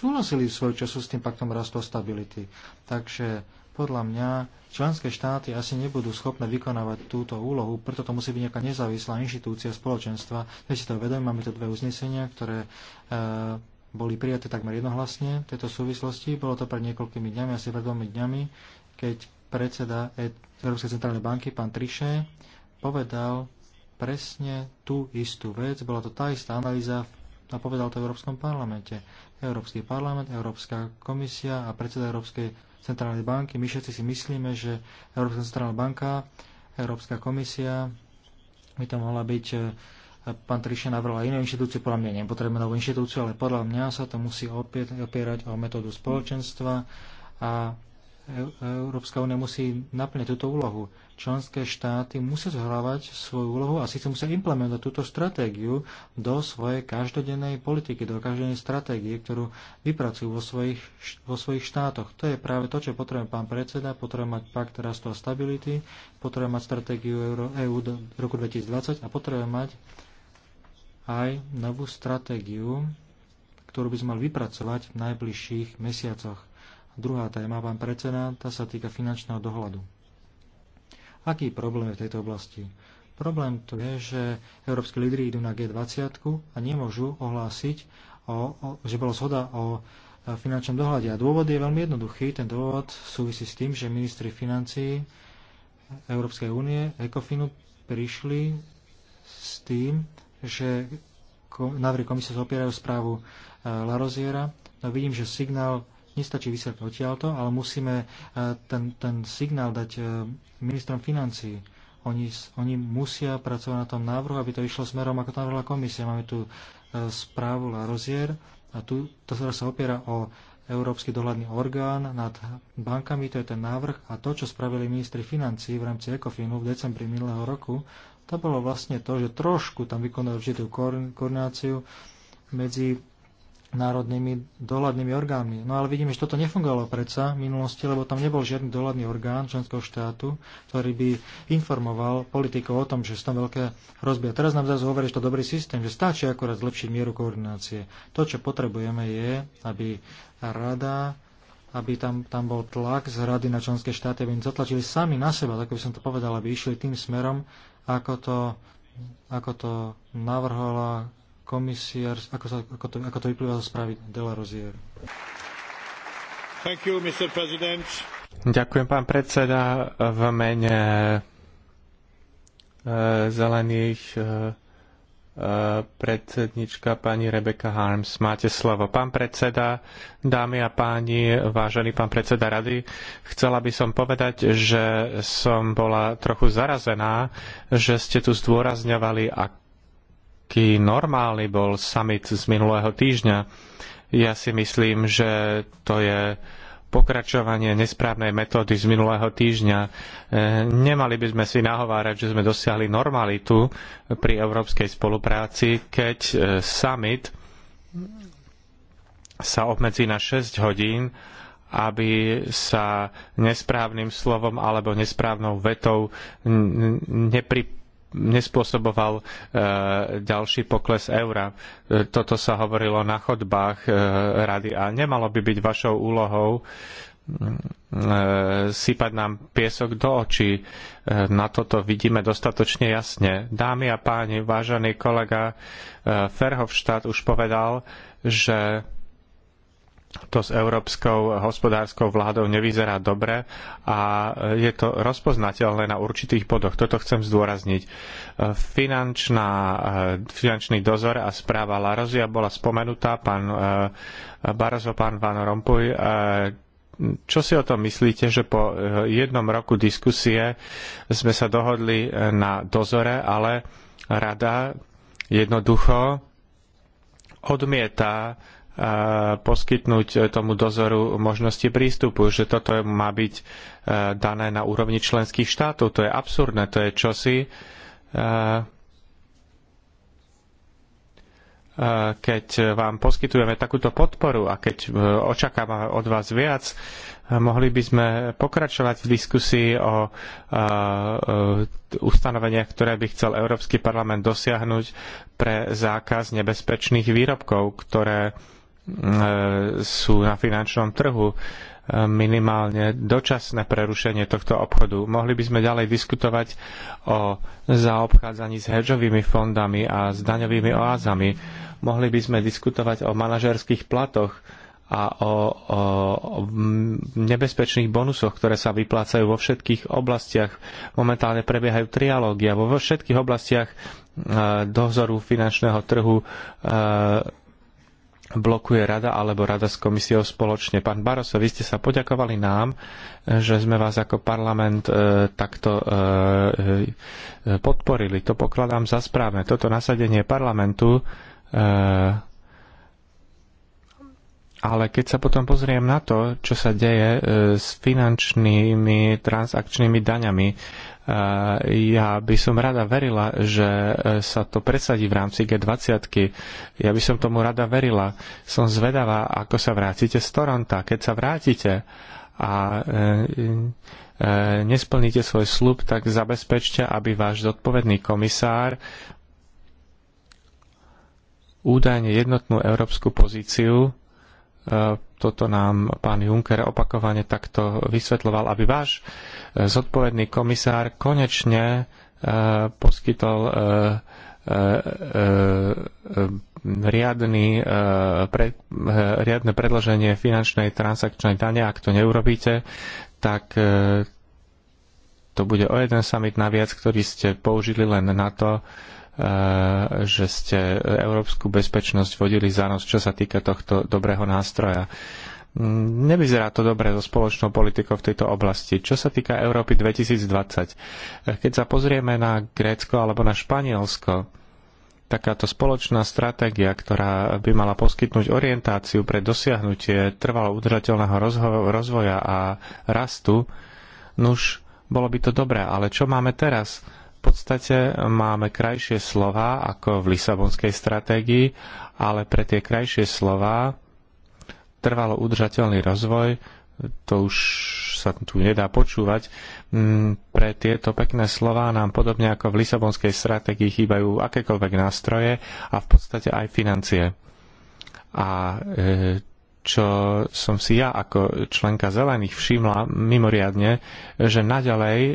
súhlasili svoj času s tým paktom rastu a stability. Takže podľa mňa členské štáty asi nebudú schopné vykonávať túto úlohu, preto to musí byť nejaká nezávislá inštitúcia spoločenstva. Ja si to vedomí, máme tu dve uznesenia, ktoré e, boli prijaté takmer jednohlasne v tejto súvislosti. Bolo to pred niekoľkými dňami, asi pred dvomi dňami, keď predseda e- Európskej centrálnej banky, pán Triše, povedal presne tú istú vec. Bola to tá istá analýza a povedal to v Európskom parlamente. Európsky parlament, Európska komisia a predseda Európskej centrálnej banky. My všetci si myslíme, že Európska centrálna banka, Európska komisia, by to mohla byť e, pán Trišia navrhol aj inú inštitúciu, podľa mňa nepotrebujeme novú inštitúciu, ale podľa mňa sa to musí opierať o metódu spoločenstva a Európska únia musí naplňať túto úlohu. Členské štáty musia zhrávať svoju úlohu a síce musia implementovať túto stratégiu do svojej každodennej politiky, do každodennej stratégie, ktorú vypracujú vo svojich, vo svojich štátoch. To je práve to, čo potrebuje pán predseda, potrebuje mať pakt rastu a stability, potrebuje mať stratégiu EÚ e do roku 2020 a potrebuje mať aj novú stratégiu, ktorú by sme mali vypracovať v najbližších mesiacoch. Druhá téma, pán predseda, tá sa týka finančného dohľadu. Aký problém je v tejto oblasti? Problém to je, že európsky lídry idú na G20 a nemôžu ohlásiť, o, o, že bola zhoda o e, finančnom dohľade. A dôvod je veľmi jednoduchý. Ten dôvod súvisí s tým, že ministri financií Európskej únie, ECOFINu, prišli s tým, že návrhy komisie zopierajú správu e, Laroziera. No vidím, že signál nestačí vysielať odtiaľto, ale musíme e, ten, ten signál dať e, ministrom financií. Oni, oni musia pracovať na tom návrhu, aby to išlo smerom, ako to navrhla komisia. Máme tu e, správu La Rozier a tu to sa opiera o Európsky dohľadný orgán nad bankami, to je ten návrh a to, čo spravili ministri financí v rámci ECOFINu v decembri minulého roku, to bolo vlastne to, že trošku tam vykonali určitú koordináciu medzi národnými dohľadnými orgánmi. No ale vidíme, že toto nefungovalo predsa v minulosti, lebo tam nebol žiadny dohľadný orgán členského štátu, ktorý by informoval politikov o tom, že sú tam veľké hrozby. A teraz nám zase hovorí, že to dobrý systém, že stačí akorát zlepšiť mieru koordinácie. To, čo potrebujeme, je, aby rada aby tam, tam bol tlak z rady na členské štáty, aby im zatlačili sami na seba, tak by som to povedal, aby išli tým smerom, ako to, ako to navrhovala komisiár, ako, sa, ako, to, ako to vyplýva zo správy Dela Rozier. Thank you, Mr. President. Ďakujem, pán predseda. V mene e, zelených e, e, predsednička pani Rebeka Harms. Máte slovo. Pán predseda, dámy a páni, vážený pán predseda rady, chcela by som povedať, že som bola trochu zarazená, že ste tu zdôrazňovali, ak taký normálny bol summit z minulého týždňa. Ja si myslím, že to je pokračovanie nesprávnej metódy z minulého týždňa. E, nemali by sme si nahovárať, že sme dosiahli normalitu pri európskej spolupráci, keď e, summit sa obmedzí na 6 hodín, aby sa nesprávnym slovom alebo nesprávnou vetou nepripravil nespôsoboval eh, ďalší pokles eura. Eh, toto sa hovorilo na chodbách eh, rady a nemalo by byť vašou úlohou mm, sypať nám piesok do očí. Na toto vidíme dostatočne jasne. Dámy a páni, vážený kolega Ferhovštát už povedal, že to s európskou hospodárskou vládou nevyzerá dobre a je to rozpoznateľné na určitých bodoch. Toto chcem zdôrazniť. Finančná, eh, finančný dozor a správa Larozia bola spomenutá, pán eh, Barozo, pán Van Rompuy, eh, čo si o tom myslíte, že po jednom roku diskusie sme sa dohodli na dozore, ale rada jednoducho odmieta poskytnúť tomu dozoru možnosti prístupu, že toto má byť e, dané na úrovni členských štátov. To je absurdné, to je čosi, e, e, keď vám poskytujeme takúto podporu a keď očakávame od vás viac, mohli by sme pokračovať v diskusii o ustanoveniach, ktoré by chcel Európsky parlament dosiahnuť pre zákaz nebezpečných výrobkov, ktoré E, sú na finančnom trhu e, minimálne dočasné prerušenie tohto obchodu. Mohli by sme ďalej diskutovať o zaobchádzaní s hedžovými fondami a s daňovými oázami. Mohli by sme diskutovať o manažerských platoch a o, o, o nebezpečných bonusoch, ktoré sa vyplácajú vo všetkých oblastiach. Momentálne prebiehajú trialógia vo všetkých oblastiach e, dozoru finančného trhu blokuje rada alebo rada s komisiou spoločne. Pán Baroso, vy ste sa poďakovali nám, že sme vás ako parlament e, takto e, e, podporili. To pokladám za správne. Toto nasadenie parlamentu e, ale keď sa potom pozriem na to, čo sa deje e, s finančnými transakčnými daňami, e, ja by som rada verila, že e, sa to presadí v rámci G20. Ja by som tomu rada verila. Som zvedavá, ako sa vrátite z Toronta. Keď sa vrátite a nesplníte svoj slub, tak zabezpečte, aby váš zodpovedný komisár údajne jednotnú európsku pozíciu E, toto nám pán Juncker opakovane takto vysvetloval, aby váš e, zodpovedný komisár konečne e, poskytol riadny, riadne predloženie finančnej transakčnej dane. Ak to neurobíte, tak to bude o jeden summit naviac, ktorý ste použili len na to, Eh, že ste európsku bezpečnosť vodili za nos, čo sa týka tohto dobrého nástroja. Mm, nevyzerá to dobre so spoločnou politikou v tejto oblasti. Čo sa týka Európy 2020, eh, keď sa pozrieme na Grécko alebo na Španielsko, takáto spoločná stratégia, ktorá by mala poskytnúť orientáciu pre dosiahnutie trvalo udržateľného rozvoja a rastu, nuž, bolo by to dobré, ale čo máme teraz? podstate máme krajšie slova ako v Lisabonskej stratégii, ale pre tie krajšie slova trvalo udržateľný rozvoj, to už sa tu nedá počúvať. Mm, pre tieto pekné slova nám podobne ako v Lisabonskej stratégii chýbajú akékoľvek nástroje a v podstate aj financie. A e, čo som si ja ako členka zelených všimla mimoriadne, že naďalej e, e,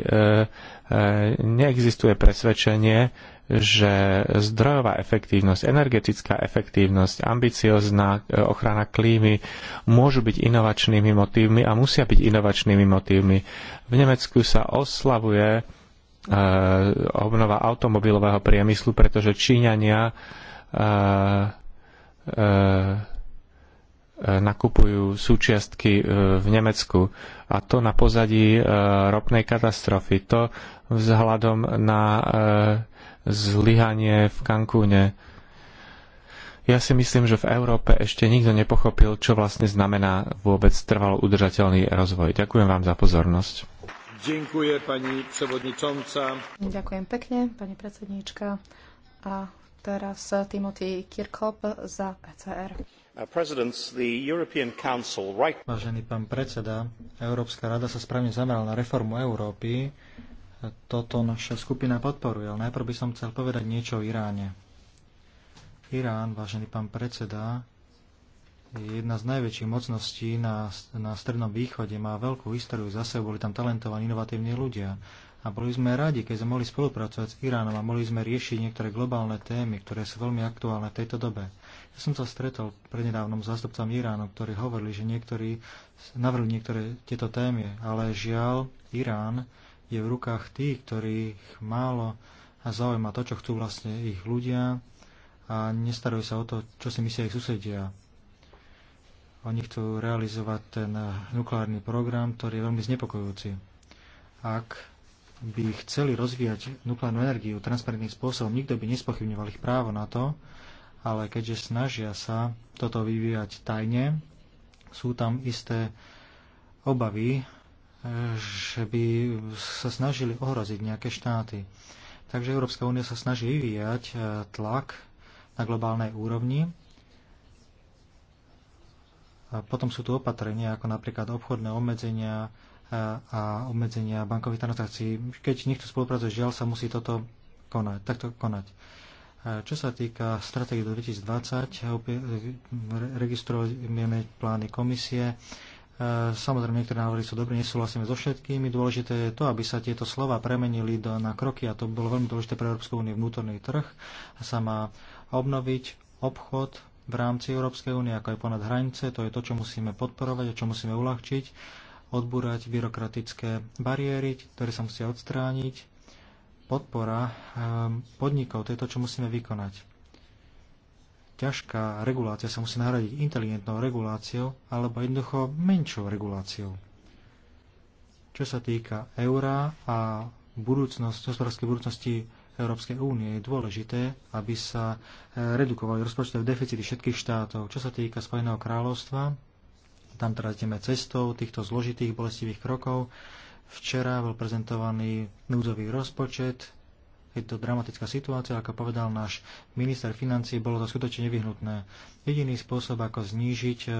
neexistuje presvedčenie, že zdrojová efektívnosť, energetická efektívnosť, ambiciozná e, ochrana klímy môžu byť inovačnými motívmi a musia byť inovačnými motívmi. V Nemecku sa oslavuje e, obnova automobilového priemyslu, pretože Číňania e, e, E, nakupujú súčiastky e, v Nemecku a to na pozadí e, ropnej katastrofy. To vzhľadom na zlyhanie v Kankúne. Ja si myslím, že v Európe ešte nikto nepochopil, čo vlastne znamená vôbec trvalo udržateľný rozvoj. Ďakujem vám za pozornosť. Ďakujem, pani przewodnicząca. Ďakujem pekne, pani predsedníčka. A teraz Timothy Kirkop za ECR. Uh, vážený pán predseda, Európska rada sa správne zamerala na reformu Európy. Toto naša skupina podporuje, ale najprv by som chcel povedať niečo o Iráne. Irán, vážený pán predseda, je jedna z najväčších mocností na, na Strednom východe, má veľkú históriu za sebou, boli tam talentovaní, inovatívni ľudia. A boli sme radi, keď sme mohli spolupracovať s Iránom a mohli sme riešiť niektoré globálne témy, ktoré sú veľmi aktuálne v tejto dobe. Ja som sa stretol prednedávnom s zástupcom Iránu, ktorí hovorili, že niektorí navrhli niektoré tieto témy, ale žiaľ, Irán je v rukách tých, ktorých málo a zaujíma to, čo chcú vlastne ich ľudia a nestarajú sa o to, čo si myslia ich susedia. Oni chcú realizovať ten nukleárny program, ktorý je veľmi znepokojujúci. Ak by chceli rozvíjať nukleárnu energiu transparentným spôsobom, nikto by nespochybňoval ich právo na to, ale keďže snažia sa toto vyvíjať tajne, sú tam isté obavy, e, že by sa snažili ohroziť nejaké štáty. Takže Európska únia sa snaží vyvíjať e, tlak na globálnej úrovni. A potom sú tu opatrenia, ako napríklad obchodné obmedzenia e, a obmedzenia bankových transakcií. Keď niekto spolupracuje, žiaľ sa musí toto konať, takto konať. Čo sa týka stratégie 2020, registrujeme plány komisie. E, samozrejme, niektoré návrhy sú dobré, nesúhlasíme so všetkými. Dôležité je to, aby sa tieto slova premenili do, na kroky a to bolo veľmi dôležité pre Európsku úniu vnútorný trh. a Sa má obnoviť obchod v rámci Európskej únie, ako aj ponad hranice. To je to, čo musíme podporovať a čo musíme uľahčiť odbúrať byrokratické bariéry, ktoré sa musia odstrániť podpora ehm, podnikov, to je to, čo musíme vykonať. Ťažká regulácia sa musí nahradiť inteligentnou reguláciou alebo jednoducho menšou reguláciou. Čo sa týka eurá a budúcnosť, hospodárskej budúcnosti Európskej únie je dôležité, aby sa e, redukovali rozpočtové deficity všetkých štátov. Čo sa týka Spojeného kráľovstva, tam teraz ideme cestou týchto zložitých, bolestivých krokov. Včera bol prezentovaný núdzový rozpočet, je to dramatická situácia, ako povedal náš minister financí, bolo to skutočne nevyhnutné. Jediný spôsob, ako znížiť e,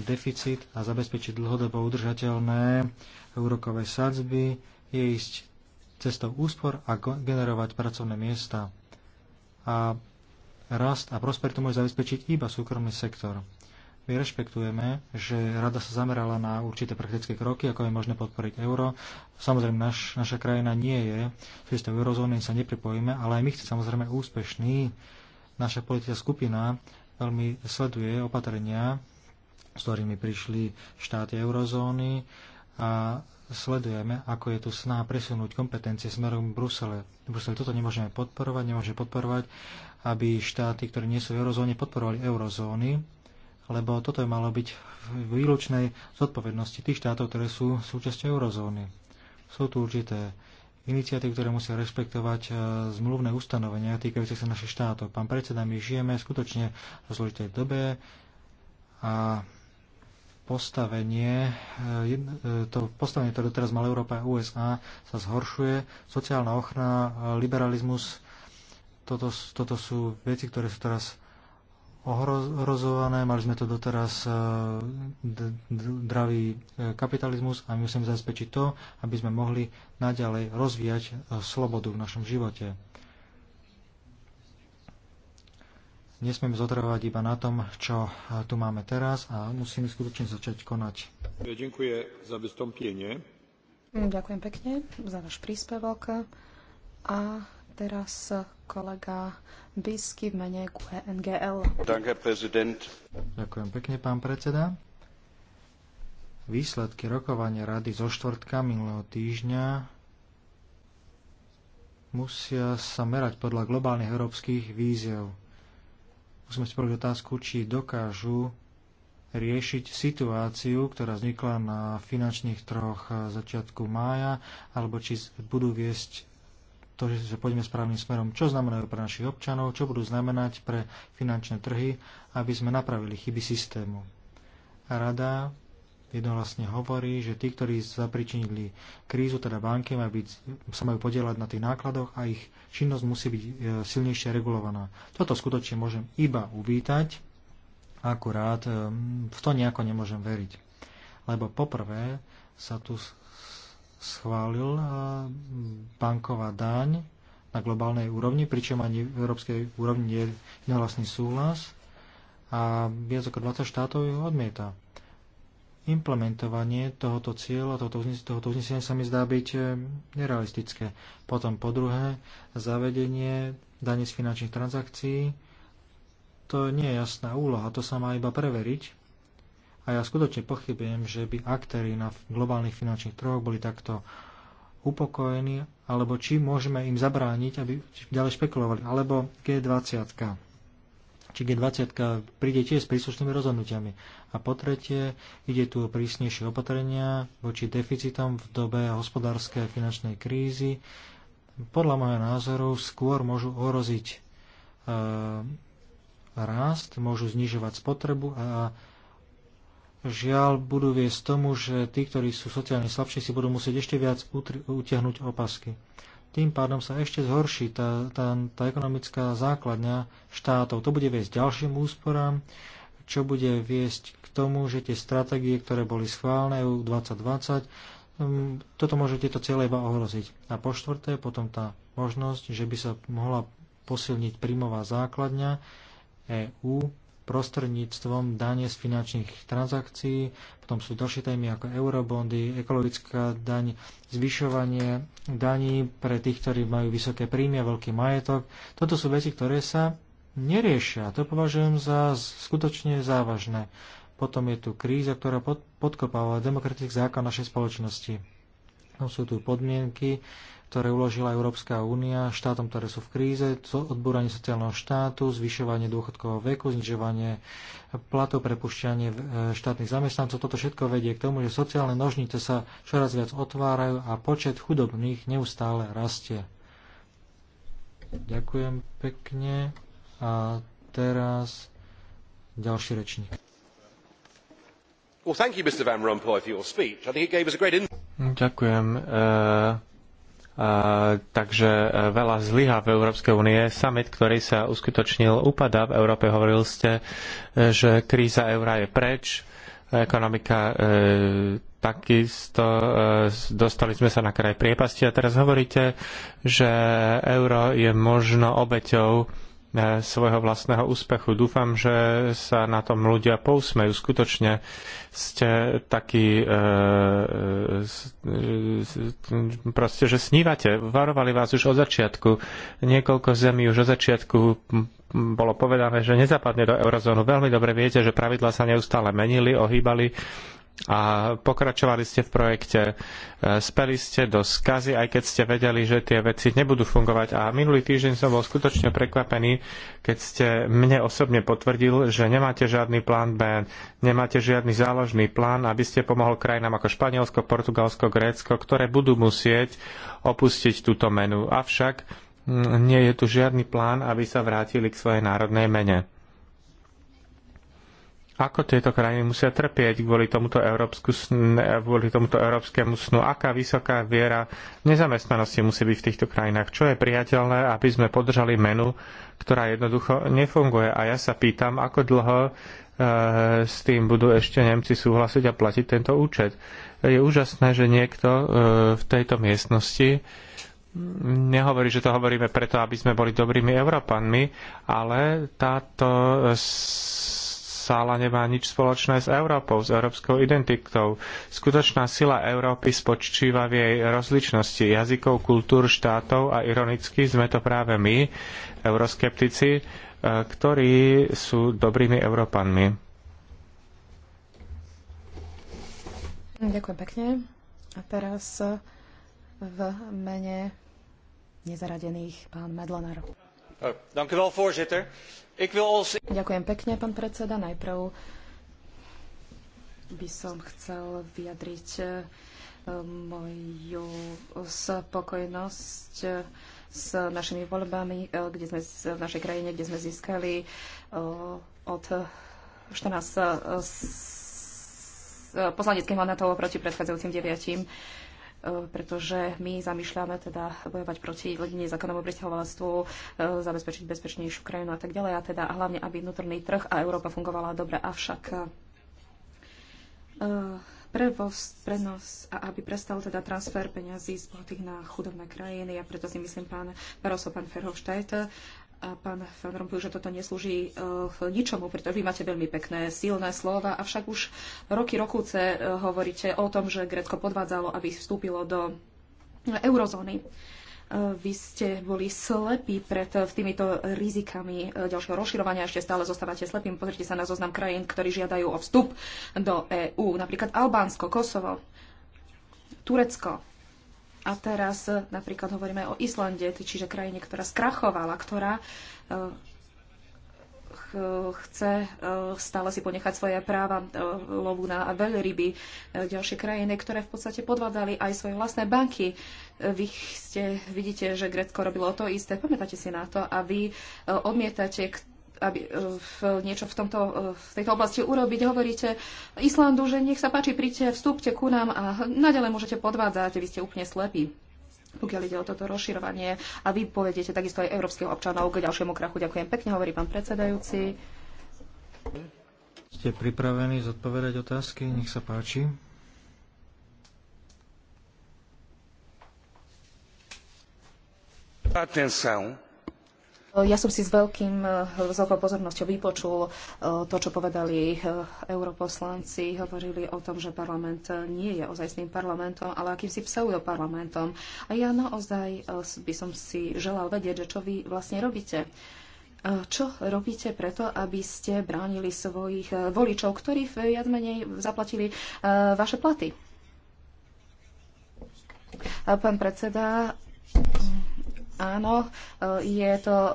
deficit a zabezpečiť dlhodobo udržateľné úrokové sadzby, je ísť cestou úspor a generovať pracovné miesta. A rast a prosperitu môže zabezpečiť iba súkromný sektor. My rešpektujeme, že rada sa zamerala na určité praktické kroky, ako je možné podporiť euro. Samozrejme, naš, naša krajina nie je v systému eurozóny, sa nepripojíme, ale aj my chceme samozrejme úspešný. Naša politická skupina veľmi sleduje opatrenia, s ktorými prišli štáty eurozóny a sledujeme, ako je tu snaha presunúť kompetencie smerom Brusele. Brusele. V Bruseli toto nemôžeme podporovať, nemôže podporovať, aby štáty, ktoré nie sú v eurozóne, podporovali eurozóny lebo toto je malo byť v výlučnej zodpovednosti tých štátov, ktoré sú súčasťou eurozóny. Sú tu určité iniciatívy, ktoré musia rešpektovať e, zmluvné ustanovenia týkajúce sa našich štátov. Pán predseda, my žijeme skutočne v zložitej dobe a postavenie, e, e, to postavenie, ktoré teraz mala Európa a USA, sa zhoršuje. Sociálna ochrana, liberalizmus, toto, toto sú veci, ktoré sú teraz ohrozované, mali sme tu doteraz e, dravý e, kapitalizmus a my musíme zabezpečiť to, aby sme mohli naďalej rozvíjať e, slobodu v našom živote. Nesmieme zotrvať iba na tom, čo tu máme teraz a musíme skutočne začať konať. Ďakujem za vystąpienie. Ďakujem pekne za váš príspevok. A teraz kolega Bisky v mene QNGL. E Ďakujem pekne, pán predseda. Výsledky rokovania rady zo štvrtka minulého týždňa musia sa merať podľa globálnych európskych víziev. Musíme si povedať otázku, či dokážu riešiť situáciu, ktorá vznikla na finančných troch začiatku mája, alebo či budú viesť to, že pôjdeme správnym smerom, čo znamenajú pre našich občanov, čo budú znamenať pre finančné trhy, aby sme napravili chyby systému. Rada jednohlasne hovorí, že tí, ktorí zapričinili krízu, teda banky, majú byť, sa majú podielať na tých nákladoch a ich činnosť musí byť e, silnejšie regulovaná. Toto skutočne môžem iba uvítať, akurát e, v to nejako nemôžem veriť. Lebo poprvé sa tu schválil banková daň na globálnej úrovni, pričom ani v európskej úrovni je vlastný súhlas a viac ako 20 štátov ju odmieta. Implementovanie tohoto cieľa, tohoto, tohoto uznesenia sa mi zdá byť e, nerealistické. Potom po druhé, zavedenie daní z finančných transakcií, to nie je jasná úloha, to sa má iba preveriť a ja skutočne pochybujem, že by aktéry na globálnych finančných trhoch boli takto upokojení, alebo či môžeme im zabrániť, aby ďalej špekulovali. Alebo G20. Či G20 príde tiež s príslušnými rozhodnutiami. A po tretie, ide tu o prísnejšie opatrenia voči deficitom v dobe hospodárskej a finančnej krízy. Podľa môjho názoru skôr môžu ohroziť e, rast, môžu znižovať spotrebu a, a žiaľ budú viesť tomu, že tí, ktorí sú sociálne slabší, si budú musieť ešte viac utiahnuť opasky. Tým pádom sa ešte zhorší tá, tá, tá ekonomická základňa štátov. To bude viesť ďalším úsporám, čo bude viesť k tomu, že tie stratégie, ktoré boli schválené EU 2020, um, toto môže tieto cieľe iba ohroziť. A po štvrté, potom tá možnosť, že by sa mohla posilniť príjmová základňa EÚ prostredníctvom dane z finančných transakcií, potom sú ďalšie témy ako eurobondy, ekologická daň, zvyšovanie daní pre tých, ktorí majú vysoké príjmy a veľký majetok. Toto sú veci, ktoré sa neriešia. To považujem za skutočne závažné. Potom je tu kríza, ktorá podkopáva demokratický zákon našej spoločnosti. Tam sú tu podmienky, ktoré uložila Európska únia štátom, ktoré sú v kríze, odbúranie sociálneho štátu, zvyšovanie dôchodkového veku, znižovanie platov, prepušťanie e, štátnych zamestnancov. Toto všetko vedie k tomu, že sociálne nožnice sa čoraz viac otvárajú a počet chudobných neustále rastie. Ďakujem pekne a teraz ďalší rečník. Mr. Van Rompuy, for your speech. I think it gave us a great Ďakujem. Uh takže e, veľa zlyha v Európskej únie. Summit, ktorý sa uskutočnil, upadá v Európe. hovorili ste, e, že kríza eura je preč, ekonomika e, takisto e, dostali sme sa na kraj priepasti a teraz hovoríte, že euro je možno obeťou E, svojho vlastného úspechu. Dúfam, že sa na tom ľudia pousmejú. Skutočne ste takí, e, e, e, proste, že snívate. Varovali vás už od začiatku. Niekoľko zemí už od začiatku bolo povedané, že nezapadne do eurozónu. Veľmi dobre viete, že pravidla sa neustále menili, ohýbali a pokračovali ste v projekte, e, speli ste do skazy, aj keď ste vedeli, že tie veci nebudú fungovať. A minulý týždeň som bol skutočne prekvapený, keď ste mne osobne potvrdil, že nemáte žiadny plán B, nemáte žiadny záložný plán, aby ste pomohol krajinám ako Španielsko, Portugalsko, Grécko, ktoré budú musieť opustiť túto menu. Avšak nie je tu žiadny plán, aby sa vrátili k svojej národnej mene. Ako tieto krajiny musia trpieť kvôli tomuto, európsku, kvôli tomuto európskemu snu? Aká vysoká viera nezamestnanosti musí byť v týchto krajinách? Čo je priateľné, aby sme podržali menu, ktorá jednoducho nefunguje? A ja sa pýtam, ako dlho e, s tým budú ešte Nemci súhlasiť a platiť tento účet. Je úžasné, že niekto e, v tejto miestnosti nehovorí, že to hovoríme preto, aby sme boli dobrými Európanmi, ale táto sála nemá nič spoločné s Európou, s európskou identitou. Skutočná sila Európy spočíva v jej rozličnosti jazykov, kultúr, štátov a ironicky sme to práve my, euroskeptici, e, ktorí sú dobrými Európanmi. Ďakujem pekne. A teraz e, v mene nezaradených pán Medlenar. Oh, dank u wel, voorzitter. Ďakujem pekne, pán predseda. Najprv by som chcel vyjadriť eh, moju spokojnosť eh, s našimi voľbami, eh, kde sme v našej krajine, kde sme získali od 14 poslaneckých mandátov proti predchádzajúcim deviatim. E, pretože my zamýšľame teda bojovať proti nezákonnému pristahovalectvu, e, zabezpečiť bezpečnejšiu krajinu a tak ďalej, a teda hlavne, aby vnútorný trh a Európa fungovala dobre. Avšak e, prevoz, prenos a aby prestal teda transfer peňazí z bohatých na chudobné krajiny. Ja preto si myslím, pán Barroso, pán Ferhofstadt, a pán Van Rompuy, že toto neslúži uh, ničomu, pretože vy máte veľmi pekné, silné slova, avšak už roky rokúce uh, eh, hovoríte o tom, že Grécko podvádzalo, aby vstúpilo do eurozóny. Uh, vy ste boli slepí pred týmito rizikami ďalšieho rozširovania, ešte stále zostávate slepým. Pozrite sa na zoznam krajín, ktorí žiadajú o vstup do EÚ, napríklad Albánsko, Kosovo, Turecko, a teraz e, napríklad hovoríme o Islande, čiže krajine, ktorá skrachovala, ktorá e, chce e, stále si ponechať svoje práva lovu na veľryby, ďalšie krajiny, ktoré v podstate podvádzali aj svoje vlastné banky. Vy ste, vidíte, že Grecko robilo to isté, pamätáte si na to a vy odmietate aby e, v niečo v, tomto, e, v tejto oblasti urobiť. Hovoríte Islandu, že nech sa páči, príďte, vstúpte ku nám a nadalej môžete podvádzať, vy ste úplne slepí pokiaľ ide o toto rozširovanie a vy povedete takisto aj európskeho občanov k ďalšiemu krachu. Ďakujem pekne, hovorí pán predsedajúci. Ste pripravení zodpovedať otázky? Nech sa páči. Atenção ja som si s, veľkým, eh, s veľkou pozornosťou vypočul eh, to, čo povedali eh, europoslanci. Hovorili o tom, že parlament nie je ozajstným parlamentom, ale akýmsi pseudoparlamentom. A ja naozaj by som si želal vedieť, že čo vy vlastne robíte. Čo robíte preto, aby ste bránili svojich voličov, ktorí viac menej zaplatili vaše platy? Pán predseda, Áno, e, je to e,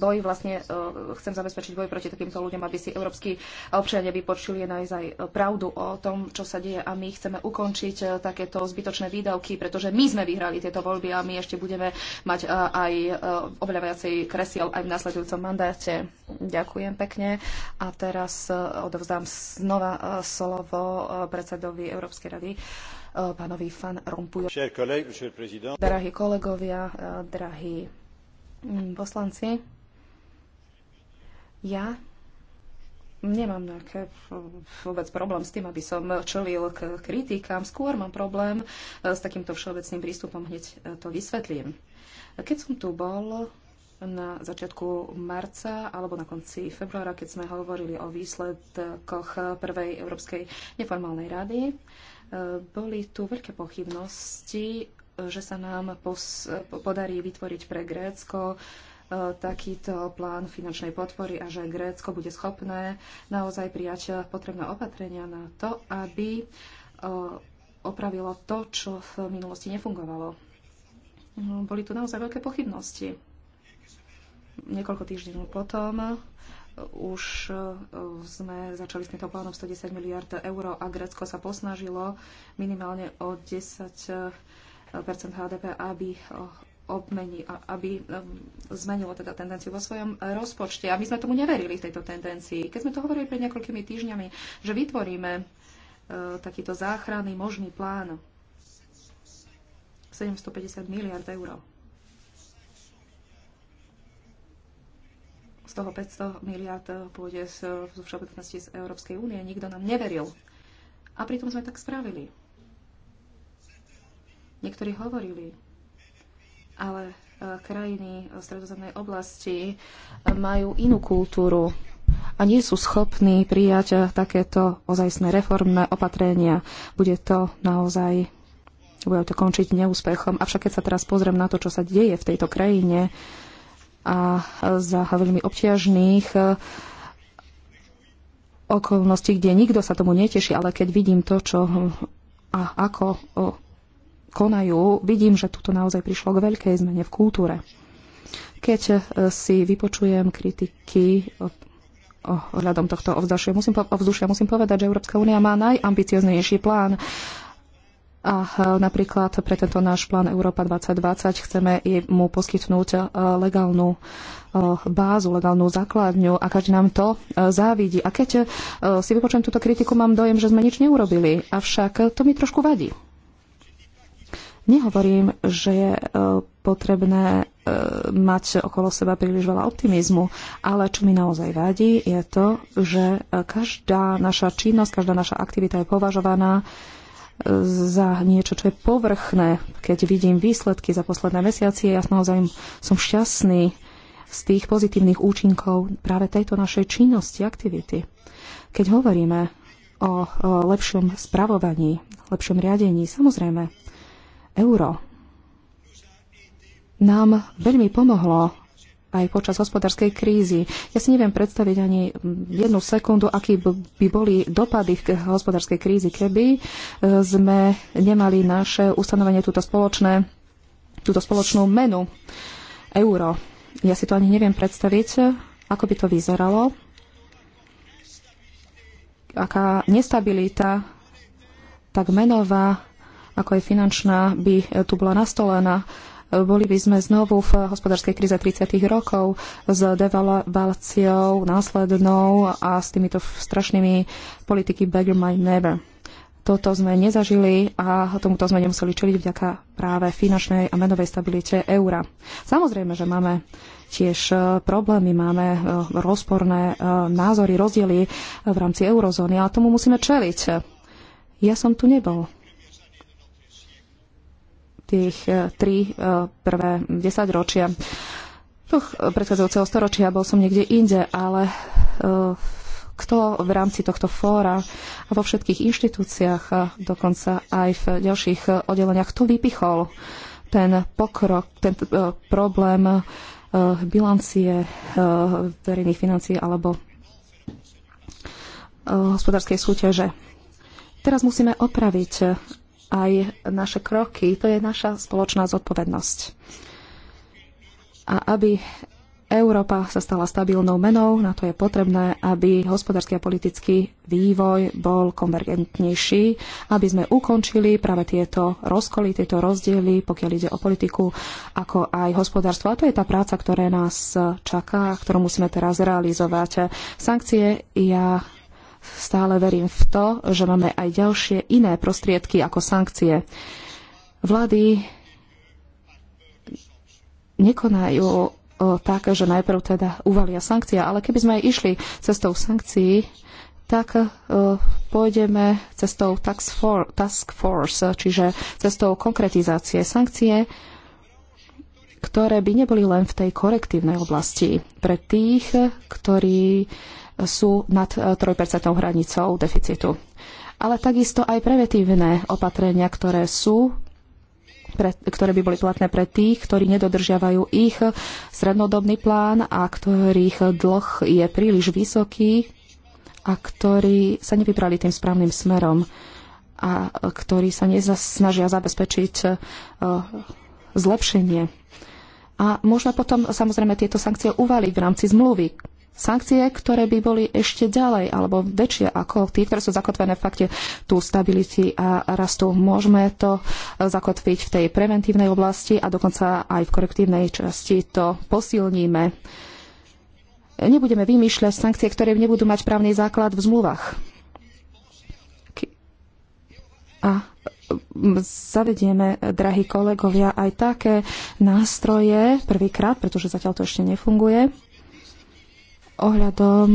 boj, vlastne e, chcem zabezpečiť boj proti takýmto ľuďom, aby si európsky občania vypočuli naozaj pravdu o tom, čo sa deje a my chceme ukončiť takéto zbytočné výdavky, pretože my sme vyhrali tieto voľby a my ešte budeme mať aj oveľa viacej kresiel aj v nasledujúcom mandáte. Ďakujem pekne a teraz odovzdám znova slovo predsedovi Európskej rady. Eh, pánovi Fan Rompuju. Drahí kolegovia, eh, drahí mm, poslanci, ja nemám nejaké vôbec problém s tým, aby som čelil k kritikám. Skôr mám problém eh, s takýmto všeobecným prístupom, hneď to vysvetlím. Keď som tu bol na začiatku marca alebo na konci februára, keď sme hovorili o výsledkoch prvej Európskej neformálnej rady, boli tu veľké pochybnosti, že sa nám podarí vytvoriť pre Grécko e, takýto plán finančnej podpory a že Grécko bude schopné naozaj prijať potrebné opatrenia na to, aby e, opravilo to, čo v minulosti nefungovalo. No, boli tu naozaj veľké pochybnosti. Niekoľko týždňov potom už e, sme začali s týmto plánom 110 miliard eur a Grécko sa posnažilo minimálne o 10 e, HDP, aby e, obmení, aby zmenilo teda tendenciu vo svojom rozpočte. A my sme tomu neverili v tejto tendencii. Keď sme to hovorili pred niekoľkými týždňami, že vytvoríme takýto záchranný možný plán 750 miliard eur z toho 500 miliard eh, pôjde z, eh, zo všeobecnosti z Európskej únie. Nikto nám neveril. A pritom sme tak spravili. Niektorí hovorili, ale eh, krajiny stredozemnej oblasti majú inú kultúru a nie sú schopní prijať takéto ozajstné reformné opatrenia. Bude to naozaj bude to končiť neúspechom. Avšak keď sa teraz pozriem na to, čo sa deje v tejto krajine, a za veľmi obťažných e, okolností, kde nikto sa tomu neteší, ale keď vidím to, čo a ako konajú, vidím, že tuto naozaj prišlo k veľkej zmene v kultúre. Keď e, si vypočujem kritiky e, ohľadom tohto ovzdušia musím, ovzdušia, musím povedať, že Európska únia má najambicioznejší plán a eh, napríklad pre tento náš plán Európa 2020 chceme mu poskytnúť eh, legálnu eh, bázu, legálnu základňu a každý nám to závidí. A keď si vypočujem túto kritiku, mám dojem, že sme nič neurobili. Avšak to mi trošku vadí. Nehovorím, že je potrebné mať okolo seba príliš veľa optimizmu, ale čo mi naozaj vadí, je to, že každá naša činnosť, každá naša aktivita je považovaná za niečo, čo je povrchné. Keď vidím výsledky za posledné mesiace, ja naozaj som šťastný z tých pozitívnych účinkov práve tejto našej činnosti, aktivity. Keď hovoríme o lepšom spravovaní, lepšom riadení, samozrejme, euro nám veľmi pomohlo aj počas hospodárskej krízy. Ja si neviem predstaviť ani jednu sekundu, aký by boli dopady k hospodárskej krízy, keby e, sme nemali naše ustanovenie túto, spoločné, túto spoločnú menu euro. Ja si to ani neviem predstaviť, ako by to vyzeralo, aká nestabilita, tak menová, ako aj finančná, by tu bola nastolená boli by sme znovu v hospodárskej kríze 30. rokov s devalváciou následnou a s týmito strašnými politiky beggar my never. Toto sme nezažili a tomuto sme nemuseli čeliť vďaka práve finančnej a menovej stabilite eura. Samozrejme, že máme tiež e, problémy, máme e, rozporné e, názory, rozdiely v rámci eurozóny, ale tomu musíme čeliť. Ja som tu nebol tých e, tri e, prvé desaťročia e, predchádzajúceho storočia bol som niekde inde, ale kto v rámci tohto fóra a vo všetkých inštitúciách, dokonca aj v ďalších oddeleniach, kto vypichol ten pokrok, ten problém bilancie verejných financií alebo hospodárskej súťaže. Teraz musíme opraviť aj naše kroky. To je naša spoločná zodpovednosť. A aby Európa sa stala stabilnou menou, na to je potrebné, aby hospodársky a politický vývoj bol konvergentnejší, aby sme ukončili práve tieto rozkoly, tieto rozdiely, pokiaľ ide o politiku, ako aj hospodárstvo. A to je tá práca, ktorá nás čaká, ktorú musíme teraz realizovať. Sankcie ja stále verím v to, že máme aj ďalšie iné prostriedky ako sankcie. Vlády nekonajú tak, že najprv teda uvalia sankcie, ale keby sme aj išli cestou sankcií, tak e, pôjdeme cestou task force, čiže cestou konkretizácie sankcie, ktoré by neboli len v tej korektívnej oblasti. Pre tých, ktorí sú nad 3% e, hranicou deficitu. Ale takisto aj preventívne opatrenia, ktoré sú pre, ktoré by boli platné pre tých, ktorí nedodržiavajú ich srednodobný plán a ktorých dlh je príliš vysoký a ktorí sa nevybrali tým správnym smerom a ktorí sa nesnažia zabezpečiť e, zlepšenie. A možno potom samozrejme tieto sankcie uvaliť v rámci zmluvy, sankcie, ktoré by boli ešte ďalej alebo väčšie ako tie, ktoré sú zakotvené v fakte tú stability a rastu. Môžeme to zakotviť v tej preventívnej oblasti a dokonca aj v korektívnej časti to posilníme. Nebudeme vymýšľať sankcie, ktoré nebudú mať právny základ v zmluvách. A zavedieme, drahí kolegovia, aj také nástroje prvýkrát, pretože zatiaľ to ešte nefunguje, ohľadom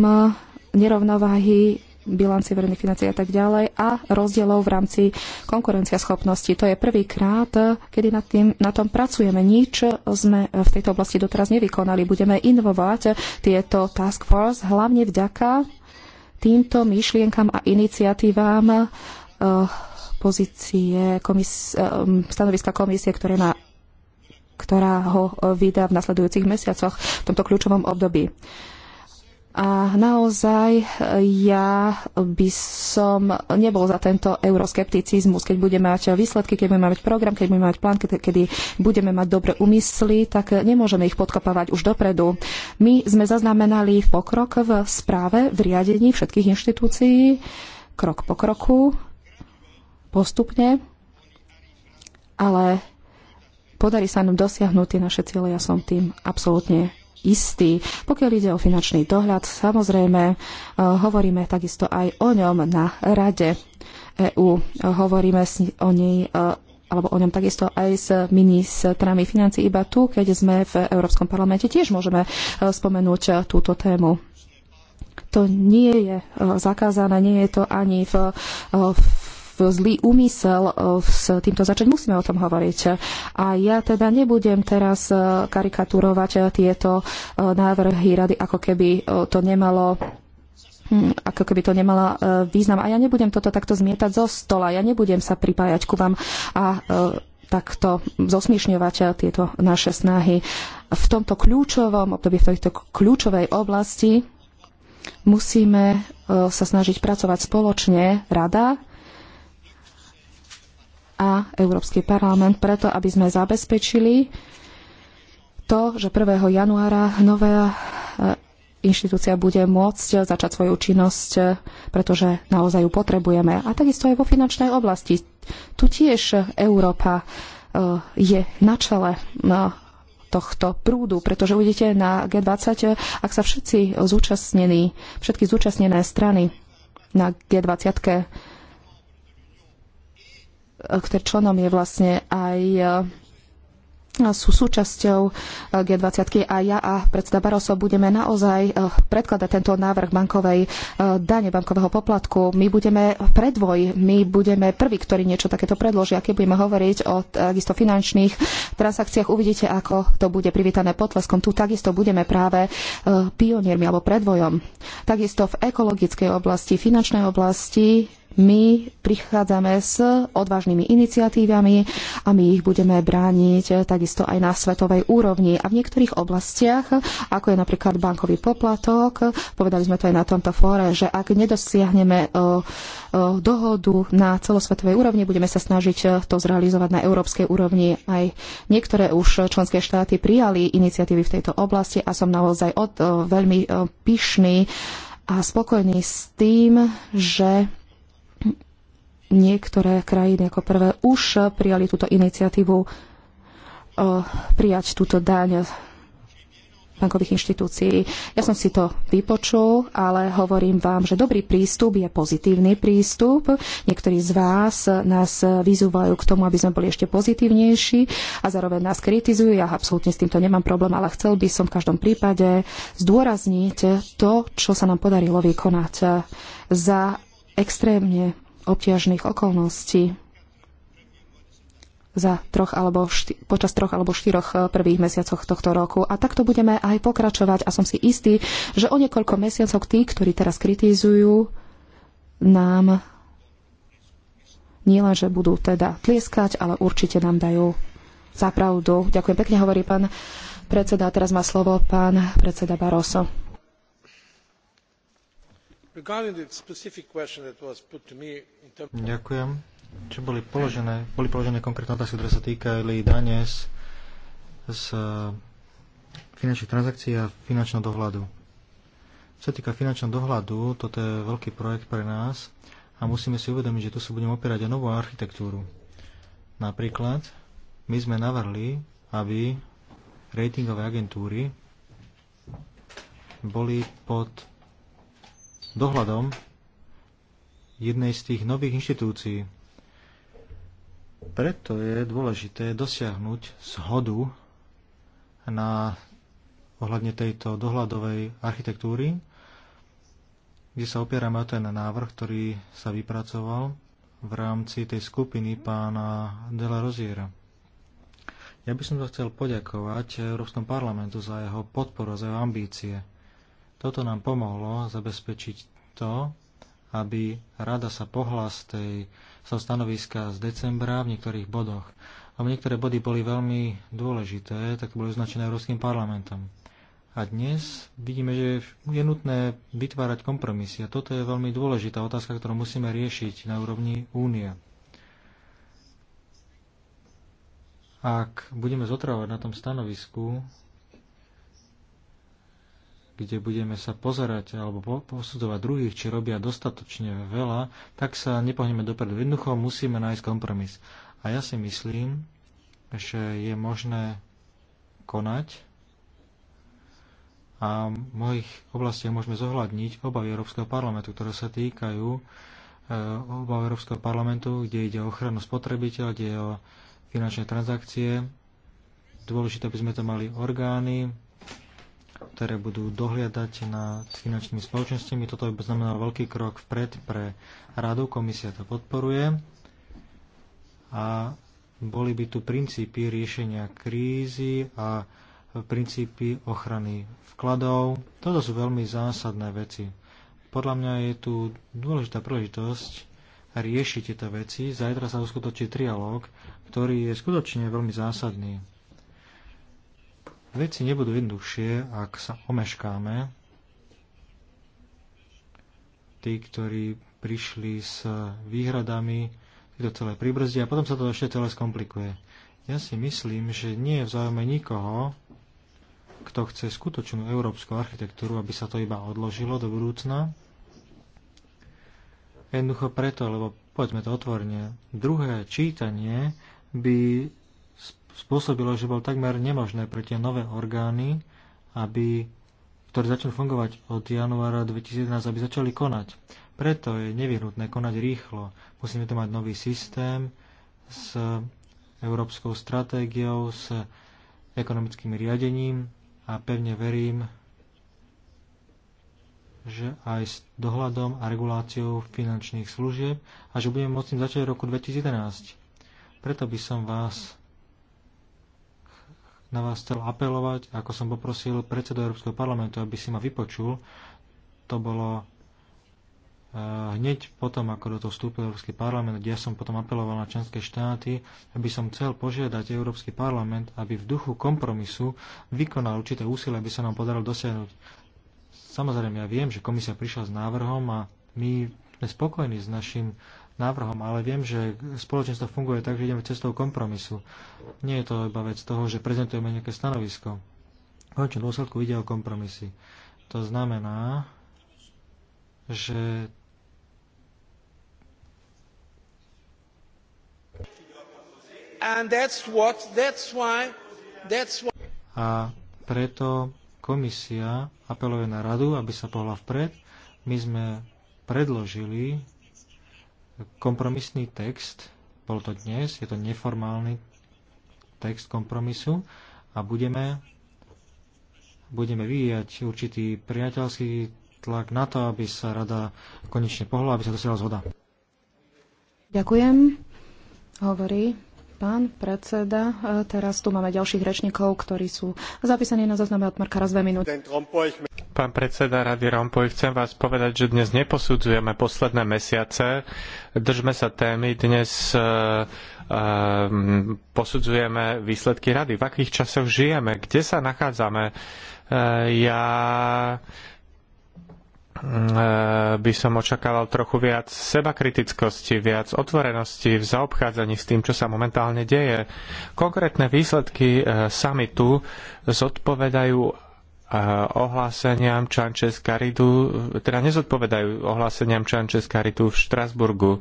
nerovnováhy bilanci verejných financií a tak ďalej a rozdielov v rámci konkurencia schopnosti. To je prvýkrát, kedy nad tým, na tom pracujeme. Nič sme v tejto oblasti doteraz nevykonali. Budeme inovovať tieto task force hlavne vďaka týmto myšlienkam a iniciatívam eh, pozície komis, eh, stanoviska komisie, ktoré na ktorá ho eh, vydá v nasledujúcich mesiacoch v tomto kľúčovom období. Uh, a naozaj e, ja by som nebol za tento euroskepticizmus, keď budeme mať výsledky, keď budeme mať program, keď budeme mať plán, kedy budeme mať dobré úmysly, tak nemôžeme ich podkopávať už dopredu. My sme zaznamenali pokrok v správe, v riadení všetkých inštitúcií, krok po kroku, postupne, ale podarí sa nám dosiahnuť tie naše ciele, ja som tým absolútne istý. Pokiaľ ide o finančný dohľad, samozrejme eh, hovoríme takisto aj o ňom na Rade EÚ. Hovoríme o nej eh, alebo o ňom takisto aj s ministrami financí iba tu, keď sme v Európskom parlamente, tiež môžeme eh, spomenúť túto tému. To nie je zakázané, nie je to ani v, v zlý úmysel e, s týmto začať. Musíme o tom hovoriť. A ja teda nebudem teraz e, karikaturovať e, tieto návrhy rady, ako keby to nemalo hm, ako keby to nemala význam. A ja nebudem toto takto zmietať zo stola, ja nebudem sa pripájať ku vám a takto zosmiešňovať tieto naše snahy. V tomto kľúčovom období, v tejto kľúčovej oblasti musíme sa snažiť pracovať spoločne, rada, a Európsky parlament preto, aby sme zabezpečili to, že 1. januára nová e, inštitúcia bude môcť začať svoju činnosť, e, pretože naozaj ju potrebujeme. A takisto aj vo finančnej oblasti. Tu tiež Európa e, je na čele tohto prúdu, pretože uvidíte na G20, ak sa všetci zúčastnení, všetky zúčastnené strany na G20 ktorý členom je vlastne aj e, sú súčasťou e, G20 a ja a predseda Baroso budeme naozaj e, predkladať tento návrh bankovej dane, bankového poplatku. My budeme predvoj, my budeme prví, ktorí niečo takéto predložia. Keď budeme hovoriť o takisto finančných transakciách, uvidíte, ako to bude privítané potleskom. Tu takisto budeme práve pioniermi alebo predvojom. Takisto v ekologickej oblasti, finančnej oblasti my prichádzame s odvážnymi iniciatívami a my ich budeme brániť takisto aj na svetovej úrovni. A v niektorých oblastiach, ako je napríklad bankový poplatok, povedali sme to aj na tomto fóre, že ak nedosiahneme e, e, dohodu na celosvetovej úrovni, budeme sa snažiť e, to zrealizovať na európskej úrovni. Aj niektoré už členské štáty prijali iniciatívy v tejto oblasti a som naozaj od, veľmi pyšný a spokojný s tým, že niektoré krajiny ako prvé už prijali túto iniciatívu eh, prijať túto daň bankových inštitúcií. Ja som si to vypočul, ale hovorím vám, že dobrý prístup je pozitívny prístup. Niektorí z vás nás vyzúvajú k tomu, aby sme boli ešte pozitívnejší a zároveň nás kritizujú. Ja absolútne s týmto nemám problém, ale chcel by som v každom prípade zdôrazniť to, čo sa nám podarilo vykonať za extrémne obťažných okolností za troch alebo šty- počas troch alebo štyroch eh, prvých mesiacoch tohto roku. A takto budeme aj pokračovať a som si istý, že o niekoľko mesiacov tí, ktorí teraz kritizujú, nám nielen, že budú teda tlieskať, ale určite nám dajú zapravdu. Ďakujem pekne, hovorí pán predseda. Teraz má slovo pán predseda Baroso. Ďakujem. Čo boli položené, boli položené konkrétne otázky, ktoré sa týkali dane z, z eh, finančných transakcií a finančného dohľadu. Čo sa týka finančného dohľadu, toto je veľký projekt pre nás a musíme si uvedomiť, že tu sa budeme opierať o novú architektúru. Napríklad, my sme navrhli, aby ratingové agentúry boli pod dohľadom jednej z tých nových inštitúcií. Preto je dôležité dosiahnuť zhodu na ohľadne tejto dohľadovej architektúry, kde sa opierame o ten návrh, ktorý sa vypracoval v rámci tej skupiny pána Dela Roziera. Ja by som sa chcel poďakovať Európskom parlamentu za jeho podporu, za jeho ambície. Toto nám pomohlo zabezpečiť to, aby rada sa pohla z tej so stanoviska z decembra v niektorých bodoch. A niektoré body boli veľmi dôležité, tak boli označené Európskym parlamentom. A dnes vidíme, že je nutné vytvárať kompromisy. A toto je veľmi dôležitá otázka, ktorú musíme riešiť na úrovni únie. Ak budeme zotravovať na tom stanovisku, kde budeme sa pozerať alebo posudzovať druhých, či robia dostatočne veľa, tak sa nepohneme dopredu. Jednoducho musíme nájsť kompromis. A ja si myslím, že je možné konať a v mojich oblastiach môžeme zohľadniť obavy Európskeho parlamentu, ktoré sa týkajú e, obav Európskeho parlamentu, kde ide o ochranu spotrebiteľa, kde je o finančné transakcie. Dôležité, aby sme to mali orgány, ktoré budú dohliadať nad finančnými spoločnosťami. Toto by znamenalo veľký krok vpred pre radu. Komisia to podporuje. A boli by tu princípy riešenia krízy a princípy ochrany vkladov. Toto sú veľmi zásadné veci. Podľa mňa je tu dôležitá príležitosť riešiť tieto veci. Zajtra sa uskutočí trialóg, ktorý je skutočne veľmi zásadný. Veci nebudú jednoduchšie, ak sa omeškáme. Tí, ktorí prišli s výhradami, tí to celé pribrzdia a potom sa to ešte celé skomplikuje. Ja si myslím, že nie je v záujme nikoho, kto chce skutočnú európsku architektúru, aby sa to iba odložilo do budúcna. Jednoducho preto, lebo poďme to otvorne, druhé čítanie by spôsobilo, že bol takmer nemožné pre tie nové orgány, aby, ktoré začali fungovať od januára 2011, aby začali konať. Preto je nevyhnutné konať rýchlo. Musíme tu mať nový systém s európskou stratégiou, s ekonomickým riadením a pevne verím, že aj s dohľadom a reguláciou finančných služieb a že budeme môcť začať v roku 2011. Preto by som vás na vás chcel apelovať, ako som poprosil predsedu Európskeho parlamentu, aby si ma vypočul. To bolo eh, hneď potom, ako do toho vstúpil Európsky parlament, kde ja som potom apeloval na členské štáty, aby som chcel požiadať Európsky parlament, aby v duchu kompromisu vykonal určité úsilie, aby sa nám podarilo dosiahnuť. Samozrejme, ja viem, že komisia prišla s návrhom a my sme spokojní s našim návrhom, ale viem, že spoločenstvo funguje tak, že ideme cestou kompromisu. Nie je to iba vec toho, že prezentujeme nejaké stanovisko. V končnom dôsledku ide o kompromisy. To znamená, že And that's what, that's why, that's why... A preto komisia apeluje na radu, aby sa pohla vpred. My sme predložili kompromisný text, bol to dnes, je to neformálny text kompromisu a budeme, budeme vyvíjať určitý priateľský tlak na to, aby sa rada konečne pohla, aby sa dosiahla zhoda. Ďakujem, hovorí pán predseda. E, teraz tu máme ďalších rečníkov, ktorí sú zapísaní na zozname od Marka raz dve minúty. Pán predseda Rady Rompuy, chcem vás povedať, že dnes neposudzujeme posledné mesiace. Držme sa témy. Dnes e, e, posudzujeme výsledky rady. V akých časoch žijeme? Kde sa nachádzame? E, ja by som očakával trochu viac sebakritickosti, viac otvorenosti v zaobchádzaní s tým, čo sa momentálne deje. Konkrétne výsledky samitu zodpovedajú ohláseniam Čančes Karidu, teda nezodpovedajú ohláseniam Čančes Karidu v Štrasburgu.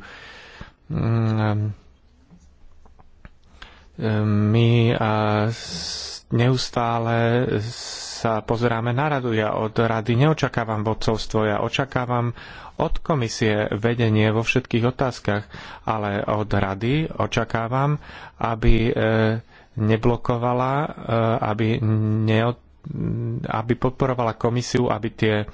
Mm, my neustále sa pozeráme na radu. Ja od rady neočakávam vodcovstvo, ja očakávam od komisie vedenie vo všetkých otázkach, ale od rady očakávam, aby eh, neblokovala, eh, aby neod Mm, aby podporovala komisiu, aby tie e,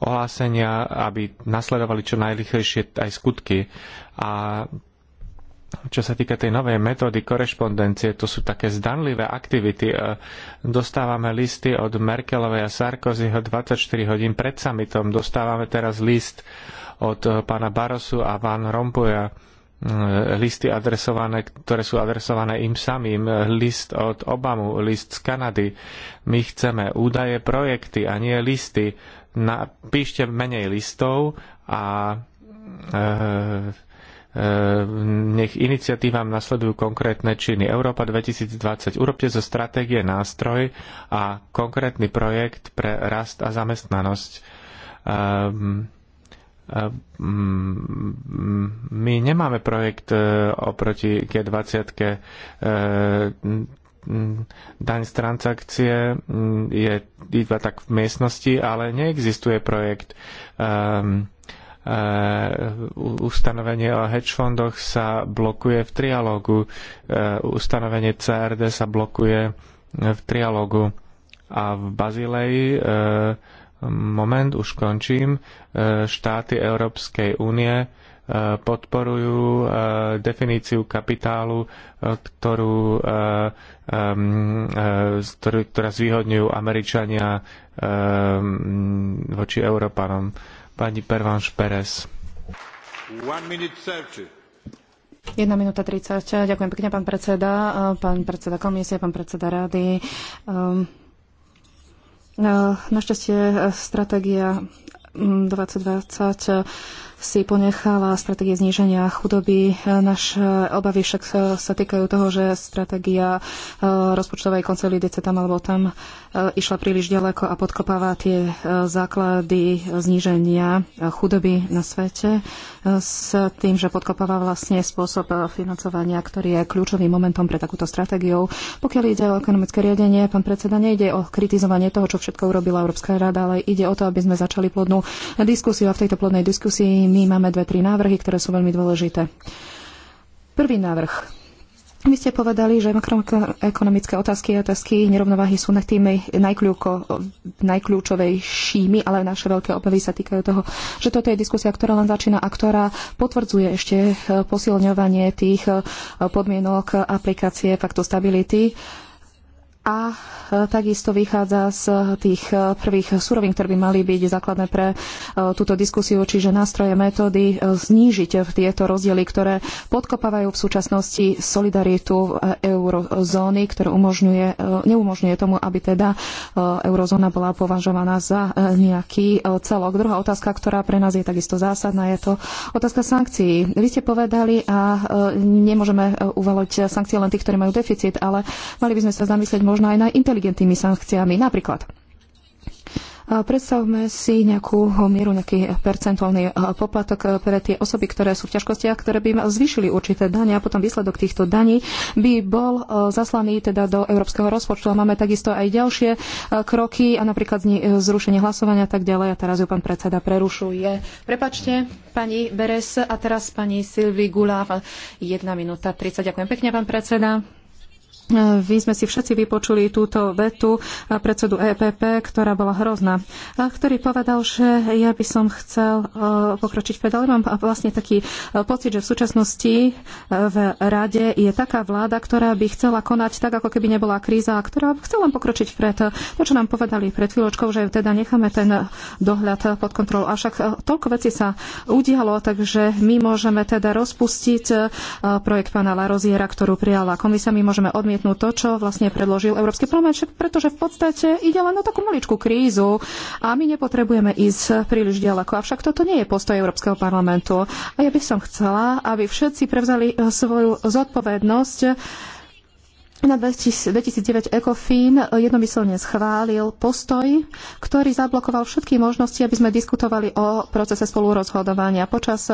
ohlásenia, aby nasledovali čo najrychlejšie aj skutky. A čo sa týka tej novej metódy korešpondencie, to sú také zdanlivé aktivity. E, dostávame listy od Merkelovej a Sarkozyho 24 hodín pred samitom. Dostávame teraz list od e, pána Barosu a Van Rompuya Mm, listy adresované, ktoré sú adresované im samým, list od Obamu, list z Kanady. My chceme údaje, projekty a nie listy. Napíšte menej listov a e, e, nech iniciatívam nasledujú konkrétne činy. Európa 2020. Urobte zo stratégie nástroj a konkrétny projekt pre rast a zamestnanosť. E, Ehm, my nemáme projekt e, oproti G20. E, daň z transakcie je iba tak v miestnosti, ale neexistuje projekt. Ehm, e, ustanovenie o hedge fondoch sa blokuje v trialógu. Ustanovenie CRD sa blokuje v trialógu. A v Bazileji moment, už končím, e, štáty Európskej únie e, podporujú e, definíciu kapitálu, ktorú, ktorá zvýhodňujú Američania voči Európanom. Pani Pervanš Perez. Jedna minúta 30. Ďakujem pekne, pán predseda, pán predseda komisie, pán predseda rady. Našťastie e, stratégia 2020 mm, si ponechala stratégie zníženia chudoby. Naše obavy však sa týkajú toho, že stratégia e, rozpočtovej konsolidice tam alebo tam e, išla príliš ďaleko a podkopáva tie e, základy zníženia chudoby na svete s tým, že podkopáva vlastne spôsob financovania, ktorý je kľúčovým momentom pre takúto stratégiu. Pokiaľ ide o ekonomické riadenie, pán predseda, nejde o kritizovanie toho, čo všetko urobila Európska rada, ale ide o to, aby sme začali plodnú diskusiu a v tejto plodnej diskusii my máme dve, tri návrhy, ktoré sú veľmi dôležité. Prvý návrh. Vy ste povedali, že makroekonomické otázky a otázky nerovnováhy sú na tými najkľúko, najkľúčovejšími, ale naše veľké obavy sa týkajú toho, že toto je diskusia, ktorá len začína a ktorá potvrdzuje ešte posilňovanie tých podmienok aplikácie faktu stability a e, takisto vychádza z tých e, prvých surovín, ktoré by mali byť základné pre e, túto diskusiu, čiže nástroje, metódy, znížiť tieto rozdiely, ktoré podkopávajú v súčasnosti solidaritu eurozóny, ktoré umožňuje, neumožňuje tomu, aby teda eurozóna bola považovaná za nejaký celok. Druhá otázka, ktorá pre nás je takisto zásadná, je to otázka sankcií. Vy ste povedali a nemôžeme uvaloť sankcie len tých, ktorí majú deficit, ale mali by sme sa zamyslieť možno možno aj najinteligentnými sankciami. Napríklad e, Predstavme si nejakú mieru, nejaký percentuálny e, poplatok e, pre tie osoby, ktoré sú v ťažkostiach, ktoré by im zvýšili určité dane a potom výsledok týchto daní by bol zaslaný teda do európskeho rozpočtu. A máme takisto aj ďalšie kroky a napríklad zrušenie hlasovania a tak ďalej. A teraz ju pán predseda prerušuje. Prepačte, pani Beres a teraz pani Silvi Guláv. 1 minúta 30. Ďakujem pekne, pán predseda. Vy sme si všetci vypočuli túto vetu predsedu EPP, ktorá bola hrozná, ktorý povedal, že ja by som chcel e, pokročiť v pedále. Mám vlastne taký e, pocit, že v súčasnosti e, v rade je taká vláda, ktorá by chcela konať tak, ako keby nebola kríza, a ktorá chcela pokročiť vpred. To, čo nám povedali pred chvíľočkou, že teda necháme ten dohľad pod kontrolou. Avšak toľko vecí sa udialo, takže my môžeme teda rozpustiť projekt pána Laroziera, ktorú prijala komisia. My môžeme odmietať odmietnú to, čo vlastne predložil Európsky parlament, pretože v podstate ide len o takú maličkú krízu a my nepotrebujeme ísť príliš ďaleko. Avšak toto nie je postoj Európskeho parlamentu. A ja by som chcela, aby všetci prevzali eh, svoju zodpovednosť na 2009 ECOFIN jednomyselne schválil postoj, ktorý zablokoval všetky možnosti, aby sme diskutovali o procese spolurozhodovania. Počas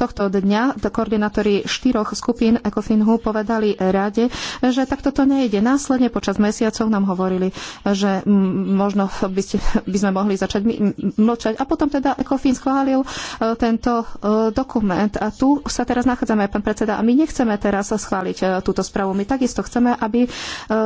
tohto dňa koordinátori štyroch skupín ECOFINHU povedali rade, že takto to nejde. Následne počas mesiacov nám hovorili, že možno by, ste, by sme mohli začať mlčať. A potom teda ECOFIN schválil e, tento e, dokument. A tu sa teraz nachádzame, pán predseda, a my nechceme teraz schváliť e, túto správu. My takisto chceme, aby e,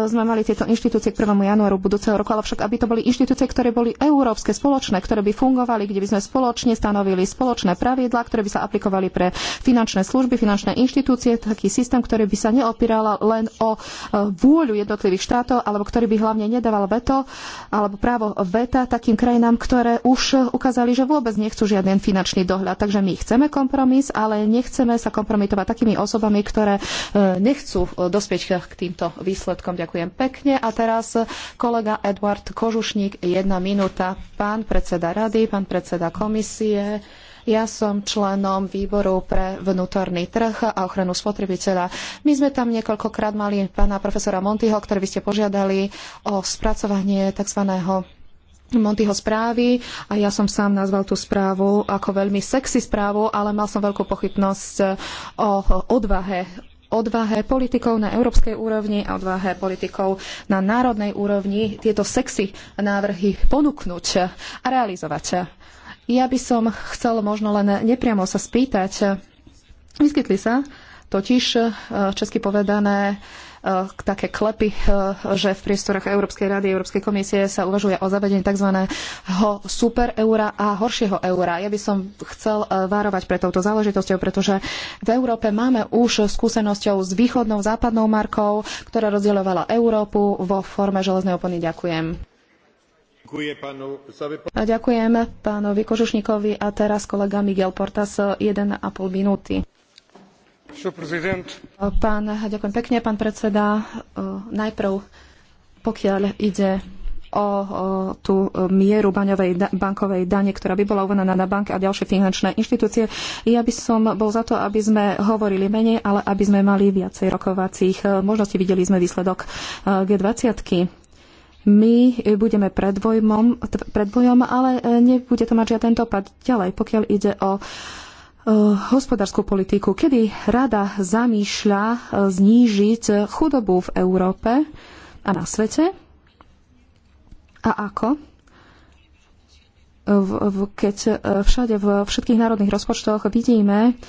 sme mali tieto inštitúcie k 1. januáru budúceho roku, ale však aby to boli inštitúcie, ktoré boli európske, spoločné, ktoré by fungovali, kde by sme spoločne stanovili spoločné pravidlá, ktoré by sa aplikovali pre finančné služby, finančné inštitúcie, taký systém, ktorý by sa neopírala len o e, vôľu jednotlivých štátov, alebo ktorý by hlavne nedával veto alebo právo veta takým krajinám, ktoré už ukázali, že vôbec nechcú žiaden finančný dohľad. Takže my chceme kompromis, ale nechceme sa kompromitovať takými osobami, ktoré e, nechcú dospieť k týmto výsledkom. Ďakujem pekne. A teraz kolega Edward Kožušník, jedna minúta. Pán predseda rady, pán predseda komisie, ja som členom výboru pre vnútorný trh a ochranu spotrebiteľa. My sme tam niekoľkokrát mali pána profesora Montyho, ktorý by ste požiadali o spracovanie tzv. Montyho správy a ja som sám nazval tú správu ako veľmi sexy správu, ale mal som veľkú pochybnosť o odvahe odvahe politikov na európskej úrovni a odvahe politikov na národnej úrovni tieto sexy návrhy ponúknuť a realizovať. Ja by som chcel možno len nepriamo sa spýtať. Vyskytli sa totiž, eh, česky povedané, Eh, také klepy, eh, že v priestoroch Európskej rady, Európskej komisie sa uvažuje o zavedení tzv. super eura a horšieho eura. Ja by som chcel eh, varovať pre touto záležitosťou, pretože v Európe máme už skúsenosťou s východnou, západnou markou, ktorá rozdielovala Európu vo forme železnej opony. Ďakujem. Ďakujem pánovi Kožušníkovi a teraz kolega Miguel Portas 1,5 minúty. Pán, ďakujem pekne, pán predseda. E, najprv, pokiaľ ide o, tú mieru baňovej, bankovej dane, ktorá by bola uvedená na banky a ďalšie finančné inštitúcie. Ja by som bol za to, aby sme hovorili menej, ale aby sme mali viacej rokovacích e, možností. Videli sme výsledok e, G20. My budeme pred, dvojmom, pred bojom, ale nebude to mať žiaden dopad. Ďalej, pokiaľ ide o Eh, hospodárskú politiku, kedy rada zamýšľa eh, znížiť chudobu v Európe a na svete a ako? Keď eh, všade v všetkých národných rozpočtoch vidíme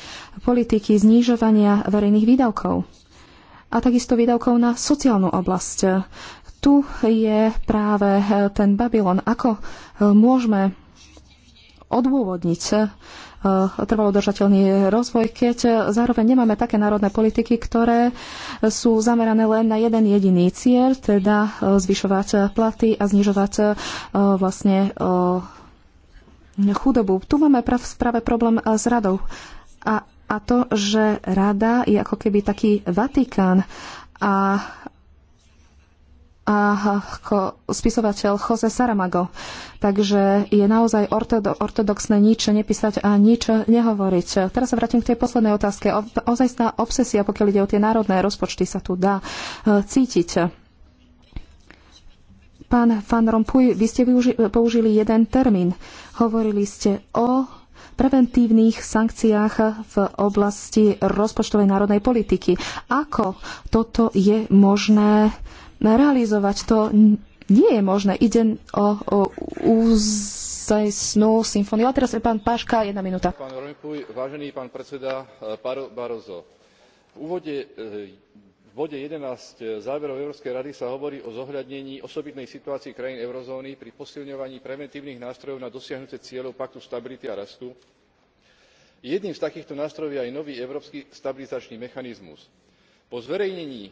politiky znižovania verejných výdavkov a takisto výdavkov na sociálnu oblasť. Tu je práve ten Babylon. Ako môžeme odôvodniť Eh, trvalodržateľný rozvoj, keď zároveň nemáme také národné politiky, ktoré sú zamerané len na jeden jediný cieľ, teda eh, zvyšovať platy a znižovať eh, vlastne chudobu. Tu máme práve problém s radou. A, a to, že rada je ako keby taký Vatikán a a spisovateľ Jose Saramago. Takže je naozaj ortodoxné nič nepísať a nič nehovoriť. Teraz sa vrátim k tej poslednej otázke. ozajstná obsesia, pokiaľ ide o tie národné rozpočty, sa tu dá e, cítiť. Pán Van Rompuy, vy ste použili jeden termín. Hovorili ste o preventívnych sankciách v oblasti rozpočtovej národnej politiky. Ako toto je možné uh, realizovať to nie je možné. Ide o, o úzajsnú symfóniu. A teraz je pán Paška, jedna minúta. Pán Rompuj, vážený pán predseda eh, Barozo, v úvode eh, v bode 11 eh, záverov Európskej rady sa hovorí o zohľadnení osobitnej situácii krajín eurozóny pri posilňovaní preventívnych nástrojov na dosiahnutie cieľov paktu stability a rastu. Jedným z takýchto nástrojov je aj nový európsky stabilizačný mechanizmus. Po zverejnení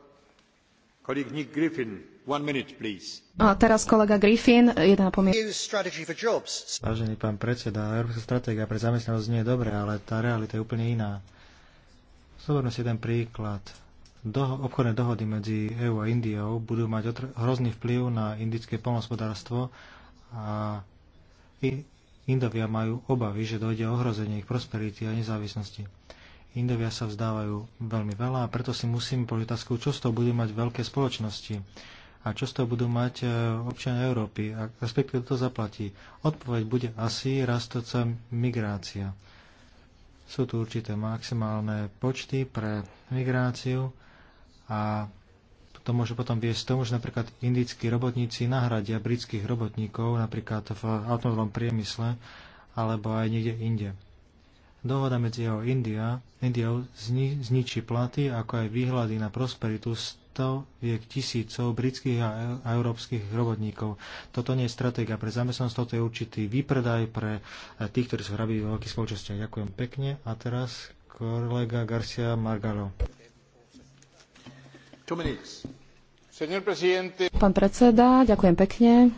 No teraz kolega Griffin, jedna pomienka. Vážený pán predseda, európska stratégia pre zamestnanosť nie je dobrá, ale tá realita je úplne iná. Zoberme si jeden príklad. Doho- obchodné dohody medzi EÚ a Indiou budú mať hrozný vplyv na indické polnospodárstvo a Indovia majú obavy, že dojde o ohrozenie ich prosperity a nezávislosti. Indovia sa vzdávajú veľmi veľa a preto si musíme položiť otázku, čo z toho budú mať veľké spoločnosti a čo z toho budú mať e, občania Európy, a respektíve to zaplatí. Odpoveď bude asi rastúca migrácia. Sú tu určité maximálne počty pre migráciu a to môže potom viesť tomu, že napríklad indickí robotníci nahradia britských robotníkov napríklad v automobilovom priemysle alebo aj niekde inde. Dohoda medzi jeho India, Indiou zni, zničí platy, ako aj výhľady na prosperitu stoviek tisícov britských a, e európskych robotníkov. Toto nie je stratégia pre zamestnanosť, toto je určitý výpredaj pre e, tých, ktorí sú hrabí vo veľkých spoločnostiach. Ďakujem pekne. A teraz kolega Garcia Margalo. Pán predseda, ďakujem pekne. E,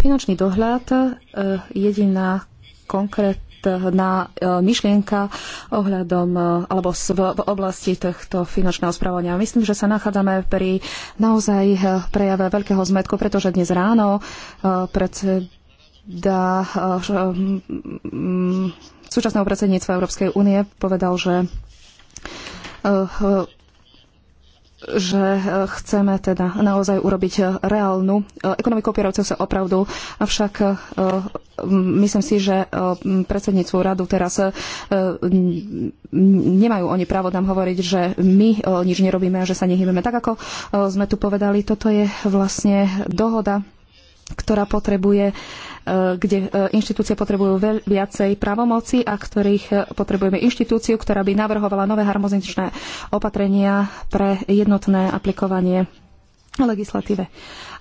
finančný dohľad, e, jediná konkrétna na e, myšlienka ohľadom e, alebo v oblasti tohto finančného správania. Myslím, že sa nachádzame pri naozaj e, prejave veľkého zmetku, pretože dnes ráno predseda súčasného predsedníctva Európskej únie povedal, že že e, chceme teda naozaj urobiť e, reálnu e, ekonomiku opierajúcu sa opravdu, avšak myslím si, že predsedníctvo radu teraz nemajú oni právo nám hovoriť, že my nič nerobíme a že sa nehybeme. Tak ako sme tu povedali, toto je vlastne dohoda, ktorá potrebuje uh, Eh, kde eh, inštitúcie potrebujú veľ, viacej pravomoci a ktorých eh, potrebujeme inštitúciu, ktorá by navrhovala nové harmonizačné opatrenia pre jednotné aplikovanie legislatíve.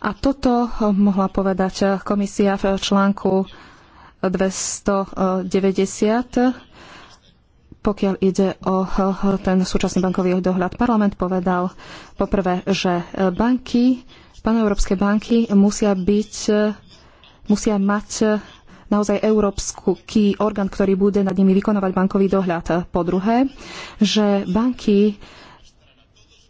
A toto mohla povedať komisia v článku 290 pokiaľ ide o ten súčasný bankový dohľad. Parlament povedal poprvé, že banky, paneurópske banky musia byť musia mať e, naozaj európsky orgán, ktorý bude nad nimi vykonovať bankový dohľad. Po druhé, že banky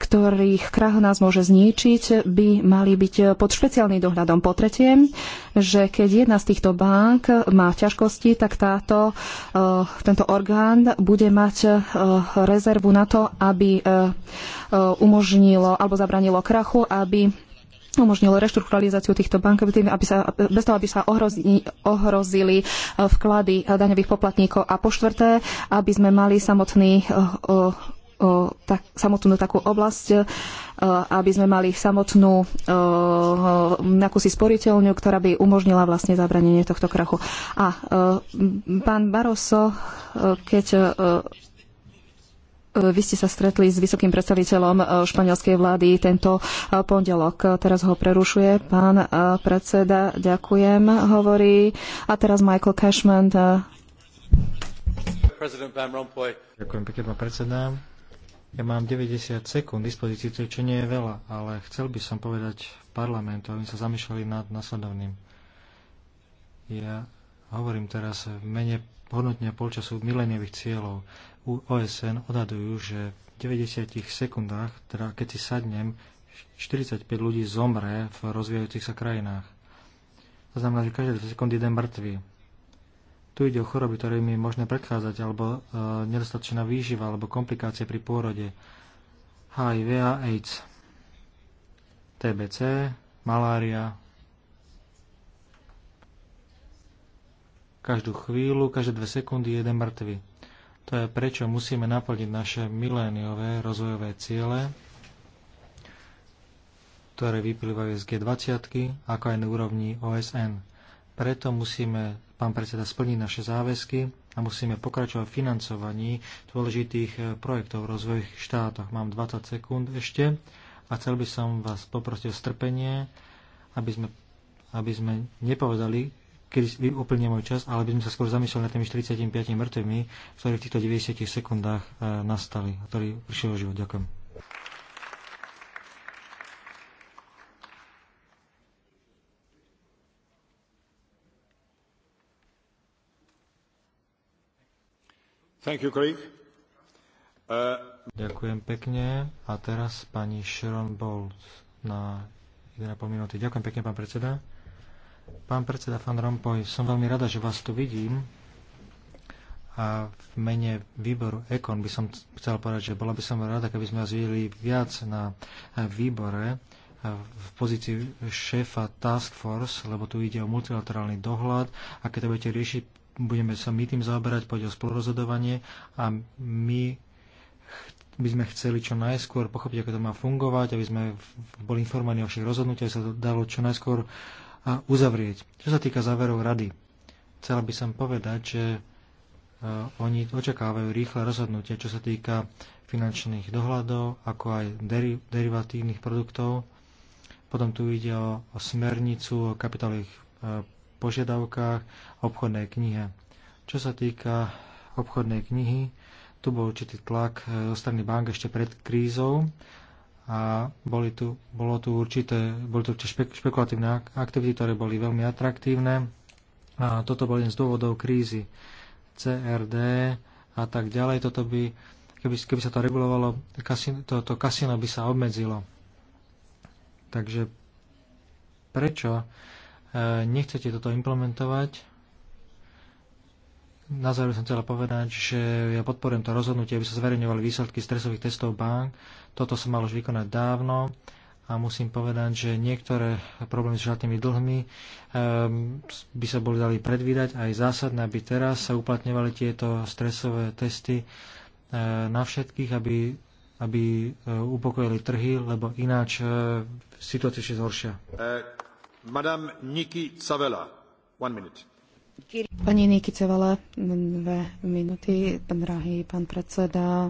ktorých krach nás môže zničiť, by mali byť pod špeciálnym dohľadom. Po tretie, že keď jedna z týchto bank má ťažkosti, tak táto, e, tento orgán bude mať e, rezervu na to, aby umožnilo alebo zabranilo krachu, aby umožnilo reštrukturalizáciu týchto bank, aby sa, bez toho, aby sa ohrozili eh, vklady eh, daňových poplatníkov. A po štvrté, aby sme mali samotný, o, eh, o, tak, samotnú takú oblasť, aby sme mali samotnú nakúsi sporiteľňu, ktorá by umožnila vlastne zabranenie tohto krachu. A pán Barroso, keď E, vy ste sa stretli s vysokým predstaviteľom e, španielskej vlády tento e, pondelok. Teraz ho prerušuje pán predseda. Ďakujem, hovorí. A teraz Michael Cashman. Ďakujem pekne, pán predseda. Ja mám 90 sekúnd dispozícii, čo nie je veľa, ale chcel by som povedať parlamentu, aby sa zamýšľali nad nasledovným. Ja hovorím teraz v mene hodnotne polčasu mileniových cieľov. OSN odhadujú, že v 90 sekundách, teda keď si sadnem, 45 ľudí zomre v rozvíjajúcich sa krajinách. To znamená, že každé 2 sekundy jeden mŕtvy. Tu ide o choroby, ktorými je možné predchádzať, alebo e, nedostatočná výživa, alebo komplikácie pri pôrode. HIV a AIDS. TBC, malária. Každú chvíľu, každé dve sekundy jeden mŕtvy. To je prečo musíme naplniť naše miléniové rozvojové ciele, ktoré vyplývajú z G20, ako aj na úrovni OSN. Preto musíme, pán predseda, splniť naše záväzky a musíme pokračovať v financovaní dôležitých eh, projektov v rozvojových štátoch. Mám 20 sekúnd ešte a chcel by som vás poprosiť o strpenie, aby sme, aby sme nepovedali kedy úplne môj čas, ale by sme sa skôr zamysleli nad tými 45 mŕtvými, ktorí v týchto 90 sekundách e, nastali, ktorí prišli o život. Ďakujem. Thank you, Uh... Ďakujem pekne. A teraz pani Sharon Bowles na 1,5 minúty. Ďakujem pekne, pán predseda. Pán predseda Fan Rompuy, som veľmi rada, že vás tu vidím a v mene výboru EKON by som chcel povedať, že bola by som rada, keby sme vás videli viac na výbore v pozícii šéfa Task Force, lebo tu ide o multilaterálny dohľad a keď to budete riešiť, budeme sa my tým zaoberať, pôjde o spolurozhodovanie a my by sme chceli čo najskôr pochopiť, ako to má fungovať, aby sme boli informovaní o všetkých rozhodnutiach, aby sa to dalo čo najskôr a uzavrieť. Čo sa týka záverov rady, chcela by som povedať, že e, oni očakávajú rýchle rozhodnutie, čo sa týka finančných dohľadov, ako aj deri- derivatívnych produktov. Potom tu ide o, o smernicu, o kapitálových e, požiadavkách, obchodnej knihe. Čo sa týka obchodnej knihy, tu bol určitý tlak e, zo strany bank ešte pred krízou a boli tu, bolo tu určité, boli tu špek, špekulatívne aktivity, ktoré boli veľmi atraktívne a toto bol jeden z dôvodov krízy CRD a tak ďalej. Toto by, keby, keby sa to regulovalo, kasino, to, to kasino by sa obmedzilo. Takže prečo e, nechcete toto implementovať na záver som chcela povedať, že ja podporujem to rozhodnutie, aby sa zverejňovali výsledky stresových testov bank. Toto sa malo už vykonať dávno a musím povedať, že niektoré problémy s žiadnymi dlhmi um, by sa boli dali predvídať aj zásadné, aby teraz sa uplatňovali tieto stresové testy uh, na všetkých, aby, aby uh, upokojili trhy, lebo ináč uh, situácia ešte zhoršia. Uh, eh, Madame Niki Savela, one minute. Pani Nikicevala, dve minúty, drahý pán predseda.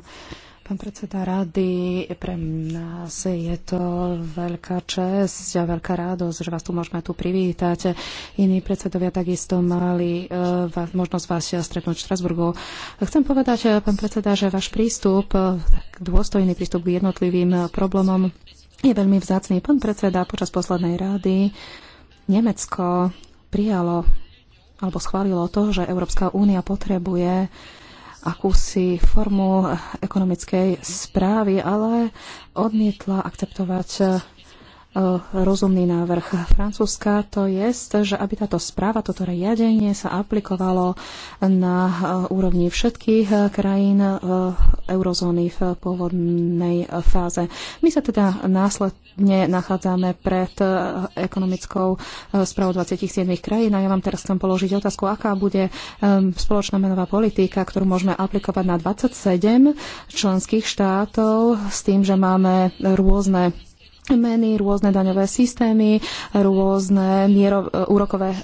Pán predseda rady, pre nás je to veľká česť a veľká radosť, že vás tu môžeme tu privítať. Iní predsedovia takisto mali uh, možnosť vás stretnúť v Štrasburgu. Chcem povedať, e, pán predseda, že váš prístup, e, tak dôstojný prístup k jednotlivým problémom je veľmi vzácný. Pán predseda, počas poslednej rady Nemecko prijalo alebo schválilo to, že Európska únia potrebuje akúsi formu ekonomickej správy, ale odmietla akceptovať Eh, rozumný návrh Francúzska, to je, že aby táto správa, toto riadenie sa aplikovalo na eh, úrovni všetkých eh, krajín eurozóny v pôvodnej fáze. My sa teda následne nachádzame pred ekonomickou správou 27 krajín a ja vám teraz chcem položiť otázku, aká bude spoločná menová politika, ktorú môžeme aplikovať na 27 členských štátov s tým, že máme rôzne meny, rôzne daňové systémy, rôzne mierov, e, úrokové e,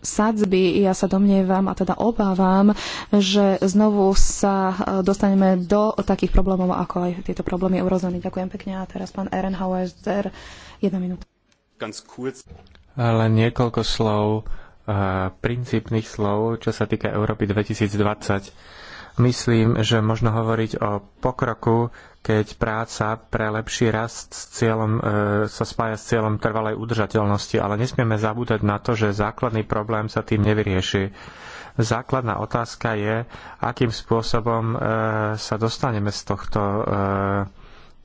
sadzby, ja sa domnievam a teda obávam, že znovu sa e, dostaneme do takých problémov, ako aj tieto problémy eurozóny. Ďakujem pekne. A teraz pán Ehrenhauer, jedna minúta. Ale niekoľko slov, princípnych slov, čo sa týka Európy 2020 Myslím, že možno hovoriť o pokroku, keď práca pre lepší rast s cieľom, e, sa spája s cieľom trvalej udržateľnosti, ale nesmieme zabúdať na to, že základný problém sa tým nevyrieši. Základná otázka je, akým spôsobom e, sa dostaneme z tohto e,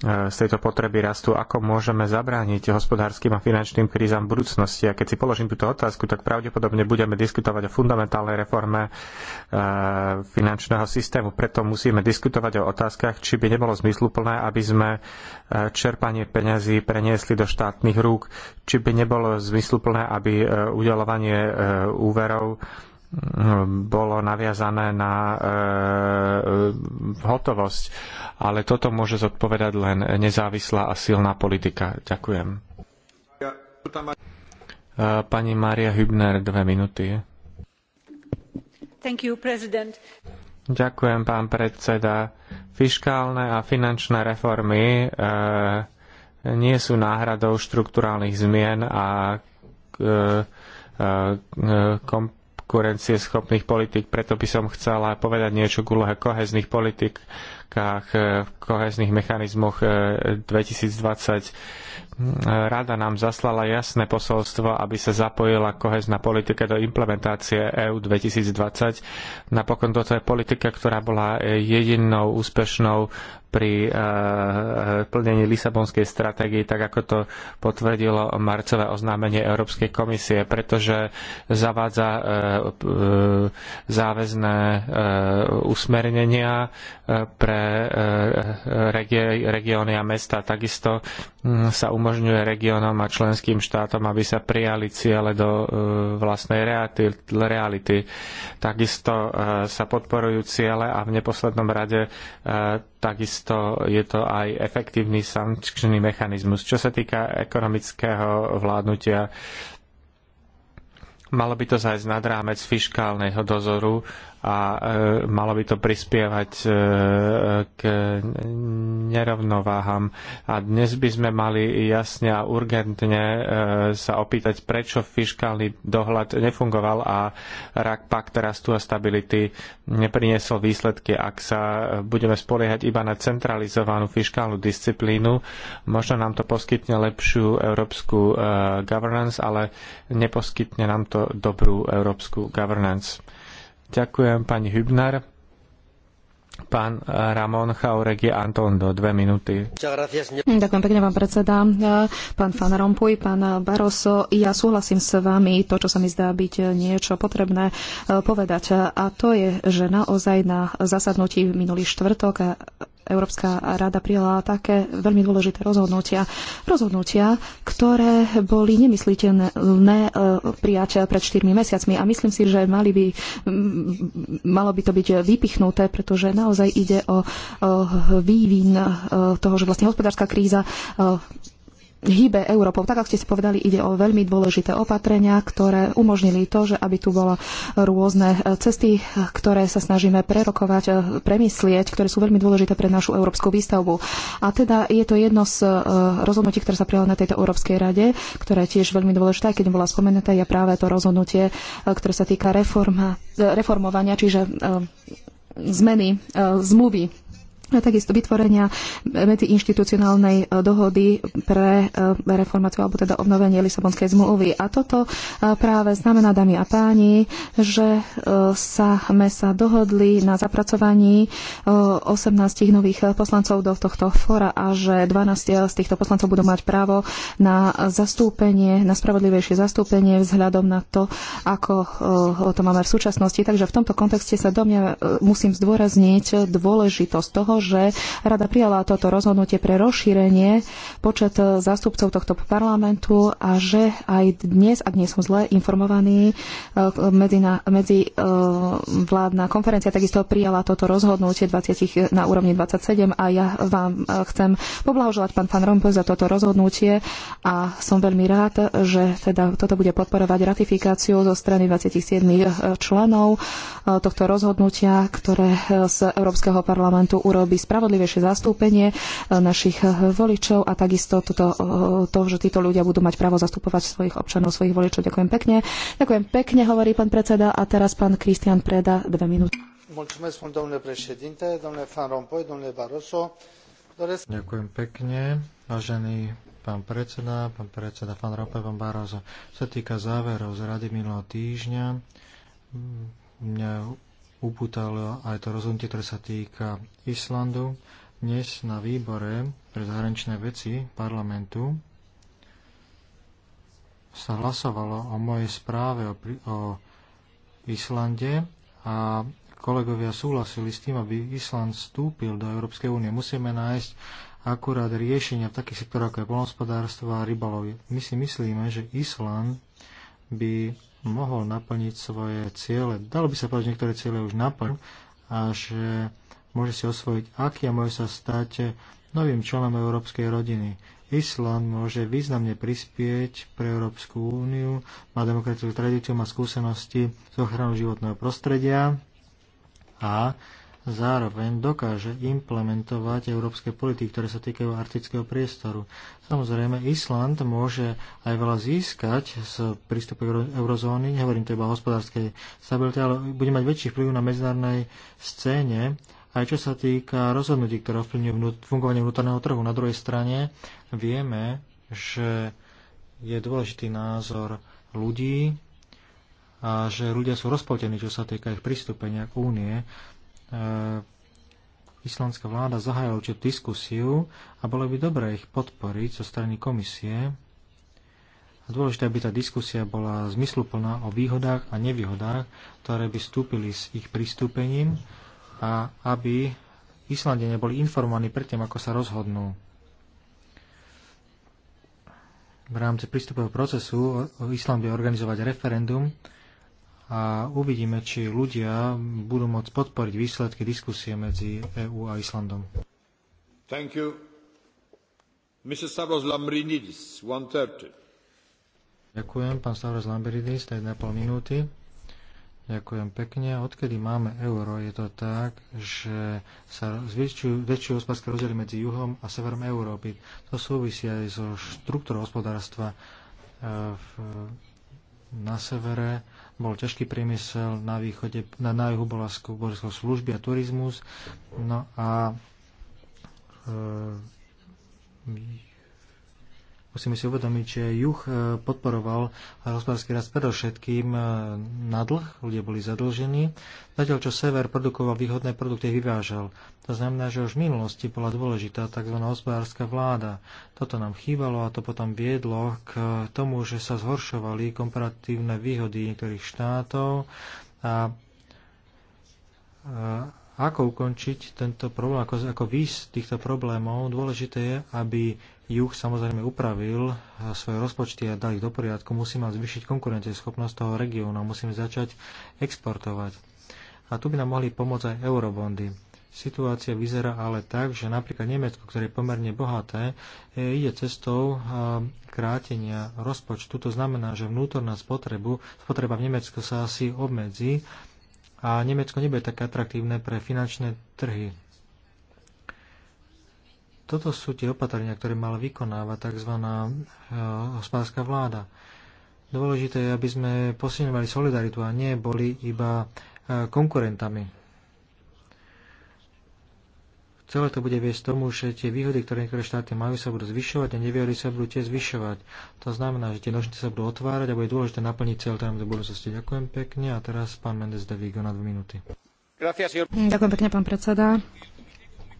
E, z tejto potreby rastu, ako môžeme zabrániť hospodárskym a finančným krízam v budúcnosti. A keď si položím túto otázku, tak pravdepodobne budeme diskutovať o fundamentálnej reforme e, finančného systému. Preto musíme diskutovať o otázkach, či by nebolo zmysluplné, aby sme e, čerpanie peňazí preniesli do štátnych rúk, či by nebolo zmysluplné, aby udelovanie úverov bolo naviazané na e, hotovosť, ale toto môže zodpovedať len nezávislá a silná politika. Ďakujem. E, pani Maria Hübner, dve minúty. Thank you, president. Ďakujem, pán predseda. Fiškálne a finančné reformy e, nie sú náhradou štruktúrálnych zmien a e, e kompetencií konkurencieschopných politik. Preto by som chcela povedať niečo k úlohe kohezných politikách, eh, v kohezných mechanizmoch eh, 2020. Rada nám zaslala jasné posolstvo, aby sa zapojila kohezná politika do implementácie EU 2020. Napokon toto je politika, ktorá bola jedinou úspešnou pri eh, eh, plnení Lisabonskej stratégie, tak ako to potvrdilo marcové oznámenie Európskej komisie, pretože zavádza eh, záväzné usmernenia pre regióny a mesta. Takisto hm, sa umožňuje umožňuje regiónom a členským štátom, aby sa prijali ciele do e, vlastnej reality. Takisto e, sa podporujú ciele a v neposlednom rade e, takisto je to aj efektívny sankčný mechanizmus. Čo sa týka ekonomického vládnutia, malo by to zájsť nad rámec fiskálneho dozoru a e, malo by to prispievať e, k nerovnováham. A dnes by sme mali jasne a urgentne e, sa opýtať, prečo fiskálny dohľad nefungoval a rak pakt rastu a stability nepriniesol výsledky. Ak sa budeme spoliehať iba na centralizovanú fiskálnu disciplínu, možno nám to poskytne lepšiu európsku governance, ale neposkytne nám to dobrú európsku governance. Ďakujem pani Hübner. Pán eh, Ramon je Anton do dve minúty. Ďakujem pekne, pán predseda. Pán Fan Rompuj, pán Barroso, ja súhlasím s vami to, čo sa mi zdá byť niečo potrebné eh, povedať. A to je, že naozaj na zasadnutí minulý štvrtok eh, Európska rada prijala také veľmi dôležité rozhodnutia. Rozhodnutia, ktoré boli nemysliteľné e, prijať pred 4 mesiacmi a myslím si, že mali by, malo by to byť vypichnuté, pretože naozaj ide o vývin e, toho, že vlastne hospodárska kríza e, hýbe Európou. Tak, ako ste si povedali, ide o veľmi dôležité opatrenia, ktoré umožnili to, že aby tu bolo rôzne cesty, ktoré sa snažíme prerokovať, premyslieť, ktoré sú veľmi dôležité pre našu európsku výstavbu. A teda je to jedno z e, rozhodnutí, ktoré sa prijalo na tejto Európskej rade, ktoré je tiež veľmi dôležité, keď bola spomenutá, je práve to rozhodnutie, e, ktoré sa týka reforma, e, reformovania, čiže zmeny zmluvy a takisto vytvorenia medziinštitucionálnej e, dohody pre e, reformáciu alebo teda obnovenie Lisabonskej zmluvy. A toto e, práve znamená, dámy a páni, že sa sme sa dohodli na zapracovaní 18 nových poslancov do tohto fóra a že 12 z týchto poslancov budú mať právo na zastúpenie, na spravodlivejšie zastúpenie vzhľadom na to, ako to máme v súčasnosti. Takže v tomto kontexte sa do mňa musím zdôrazniť dôležitosť toho, toho, že rada prijala toto rozhodnutie pre rozšírenie počet zástupcov tohto parlamentu a že aj dnes, ak nie som zle informovaný, medzivládna medzi, e, vládna konferencia takisto prijala toto rozhodnutie 20, na úrovni 27 a ja vám e, chcem poblahoželať pán Van Rompuy za toto rozhodnutie a som veľmi rád, že teda toto bude podporovať ratifikáciu zo strany 27 e, členov tohto rozhodnutia, ktoré z Európskeho parlamentu urobí by spravodlivejšie zastúpenie e, našich e, voličov a takisto toto, e, to, že títo ľudia budú mať právo zastupovať svojich občanov, svojich voličov. Ďakujem pekne. Ďakujem pekne, hovorí pán predseda. A teraz pán Kristian Preda, dve minúty. Ďakujem pekne, vážený pán predseda, pán predseda Fan Rompuy, pán Barroso. Čo sa týka záverov z rady minulého týždňa, mňa upútalo aj to rozhodnutie, ktoré sa týka Islandu. Dnes na výbore pre zahraničné veci parlamentu sa hlasovalo o mojej správe o, o Islande a kolegovia súhlasili s tým, aby Island vstúpil do Európskej únie. Musíme nájsť akurát riešenia v takých sektoroch ako je polnospodárstvo a rybalov. My si myslíme, že Island by mohol naplniť svoje ciele. Dalo by sa povedať, že niektoré ciele už naplnil a že môže si osvojiť, aký a môže sa stať novým členom európskej rodiny. Island môže významne prispieť pre Európsku úniu, má demokratickú tradíciu, má skúsenosti s ochranou životného prostredia a zároveň dokáže implementovať európske politiky, ktoré sa týkajú arktického priestoru. Samozrejme, Island môže aj veľa získať z prístupu eurozóny, nehovorím to iba o hospodárskej stabilite, ale bude mať väčší vplyv na medzinárodnej scéne, aj čo sa týka rozhodnutí, ktoré ovplyvňujú fungovanie vnútorného trhu. Na druhej strane vieme, že je dôležitý názor ľudí a že ľudia sú rozpoltení, čo sa týka ich pristúpenia k únie. E, islandská vláda zahájila určitú diskusiu a bolo by dobré ich podporiť zo strany komisie. A dôležité, aby tá diskusia bola zmysluplná o výhodách a nevýhodách, ktoré by vstúpili s ich pristúpením a aby Islandenia boli informovaní predtým, ako sa rozhodnú. V rámci prístupového procesu Island bude organizovať referendum a uvidíme, či ľudia budú môcť podporiť výsledky diskusie medzi EÚ a Islandom. Thank you. Mr. Stavros Lambrinidis, 1.30. Ďakujem, pán Stavros Lambrinidis, 1,5 minúty. Ďakujem pekne. Odkedy máme euro, je to tak, že sa zväčšujú, väčšie hospodárske rozdiely medzi juhom a severom Európy. To súvisí aj so štruktúrou hospodárstva eh, v, na severe bol ťažký priemysel, na východe, na, na juhu bola skôr služby a turizmus. No a e, Musíme si uvedomiť, že juh e, podporoval hospodársky rast predovšetkým e, na dlh, ľudia boli zadlžení, zatiaľ čo sever produkoval výhodné produkty vyvážal. To znamená, že už v minulosti bola dôležitá tzv. hospodárska vláda. Toto nám chýbalo a to potom viedlo k tomu, že sa zhoršovali komparatívne výhody niektorých štátov a, a e, ako ukončiť tento problém, ako, ako týchto problémov, dôležité je, aby juh samozrejme upravil eh, svoje rozpočty a dal ich do poriadku, musíme zvyšiť konkurencieschopnosť toho regiónu, a musíme začať exportovať. A tu by nám mohli pomôcť aj eurobondy. Situácia vyzerá ale tak, že napríklad Nemecko, ktoré je pomerne bohaté, eh, ide cestou eh, krátenia rozpočtu. To znamená, že vnútorná spotrebu, spotreba v Nemecku sa asi obmedzí a Nemecko nebude také atraktívne pre finančné trhy. Toto sú tie opatrenia, ktoré mala vykonávať tzv. E, hospodárska vláda. Dôležité je, aby sme posilňovali solidaritu a nie boli iba e, konkurentami. Celé to bude viesť tomu, že tie výhody, ktoré niektoré štáty majú, sa budú zvyšovať a nevýhody sa budú tie zvyšovať. To znamená, že tie nožnice sa budú otvárať a bude dôležité naplniť cieľ tam do budúcnosti. Ďakujem pekne a teraz pán Mendes de Vigo na dve minúty. Ďakujem pekne, pán predseda.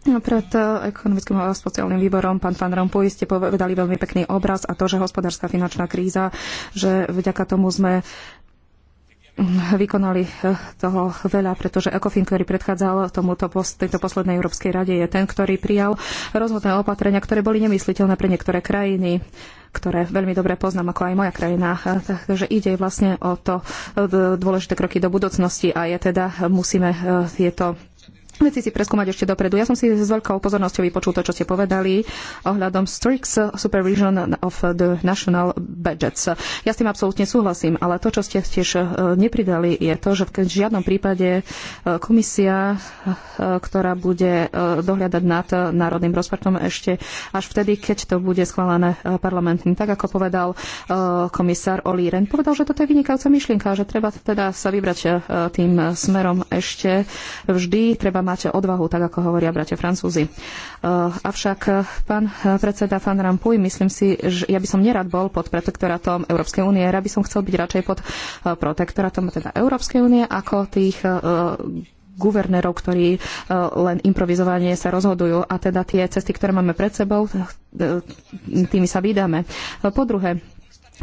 No, pred e, ekonomickým a sociálnym výborom pán Van Rompuy ste povedali veľmi pekný obraz a to, že hospodárska finančná kríza, že vďaka tomu sme vykonali e, toho veľa, pretože ECOFIN, ktorý predchádzal tomuto, tejto poslednej Európskej rade, je ten, ktorý prijal rozhodné opatrenia, ktoré boli nemysliteľné pre niektoré krajiny ktoré veľmi dobre poznám, ako aj moja krajina. E, takže ide vlastne o to dôležité kroky do budúcnosti a je teda musíme tieto veci si preskúmať ešte dopredu. Ja som si s veľkou pozornosťou vypočul to, čo ste povedali ohľadom strict supervision of the national budgets. Ja s tým absolútne súhlasím, ale to, čo ste tiež eh, nepridali, je to, že v žiadnom prípade eh, komisia, eh, ktorá bude dohľadať nad národným rozpočtom ešte až vtedy, keď to bude schválené parlamentným. Tak ako povedal komisár Oli Ren, povedal, že toto je vynikajúca myšlienka, že treba teda sa vybrať tým smerom ešte vždy, treba máte odvahu, tak ako hovoria bratia Francúzi. E, avšak, e, pán e, predseda Van Rampuj, myslím si, že ja by som nerad bol pod protektorátom Európskej únie, ja by som chcel byť radšej pod protektorátom teda Európskej únie ako tých guvernérov, ktorí len improvizovanie sa rozhodujú a teda tie cesty, ktoré máme pred sebou, tými sa vydáme. Po druhé,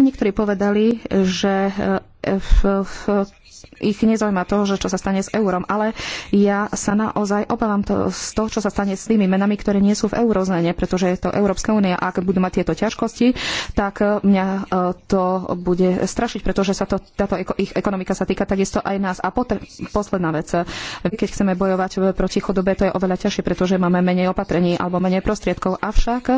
niektorí povedali, že v, v ich nezaujíma to, že čo sa stane s eurom, ale ja sa naozaj obávam to, z toho, čo sa stane s tými menami, ktoré nie sú v eurozóne, pretože je to Európska únia. Ak budú mať tieto ťažkosti, tak e, mňa e, to bude strašiť, pretože sa to, táto ich ekonomika sa týka takisto aj nás. A potr- posledná vec. Keď chceme bojovať proti chudobe, to je oveľa ťažšie, pretože máme menej opatrení alebo menej prostriedkov. Avšak e,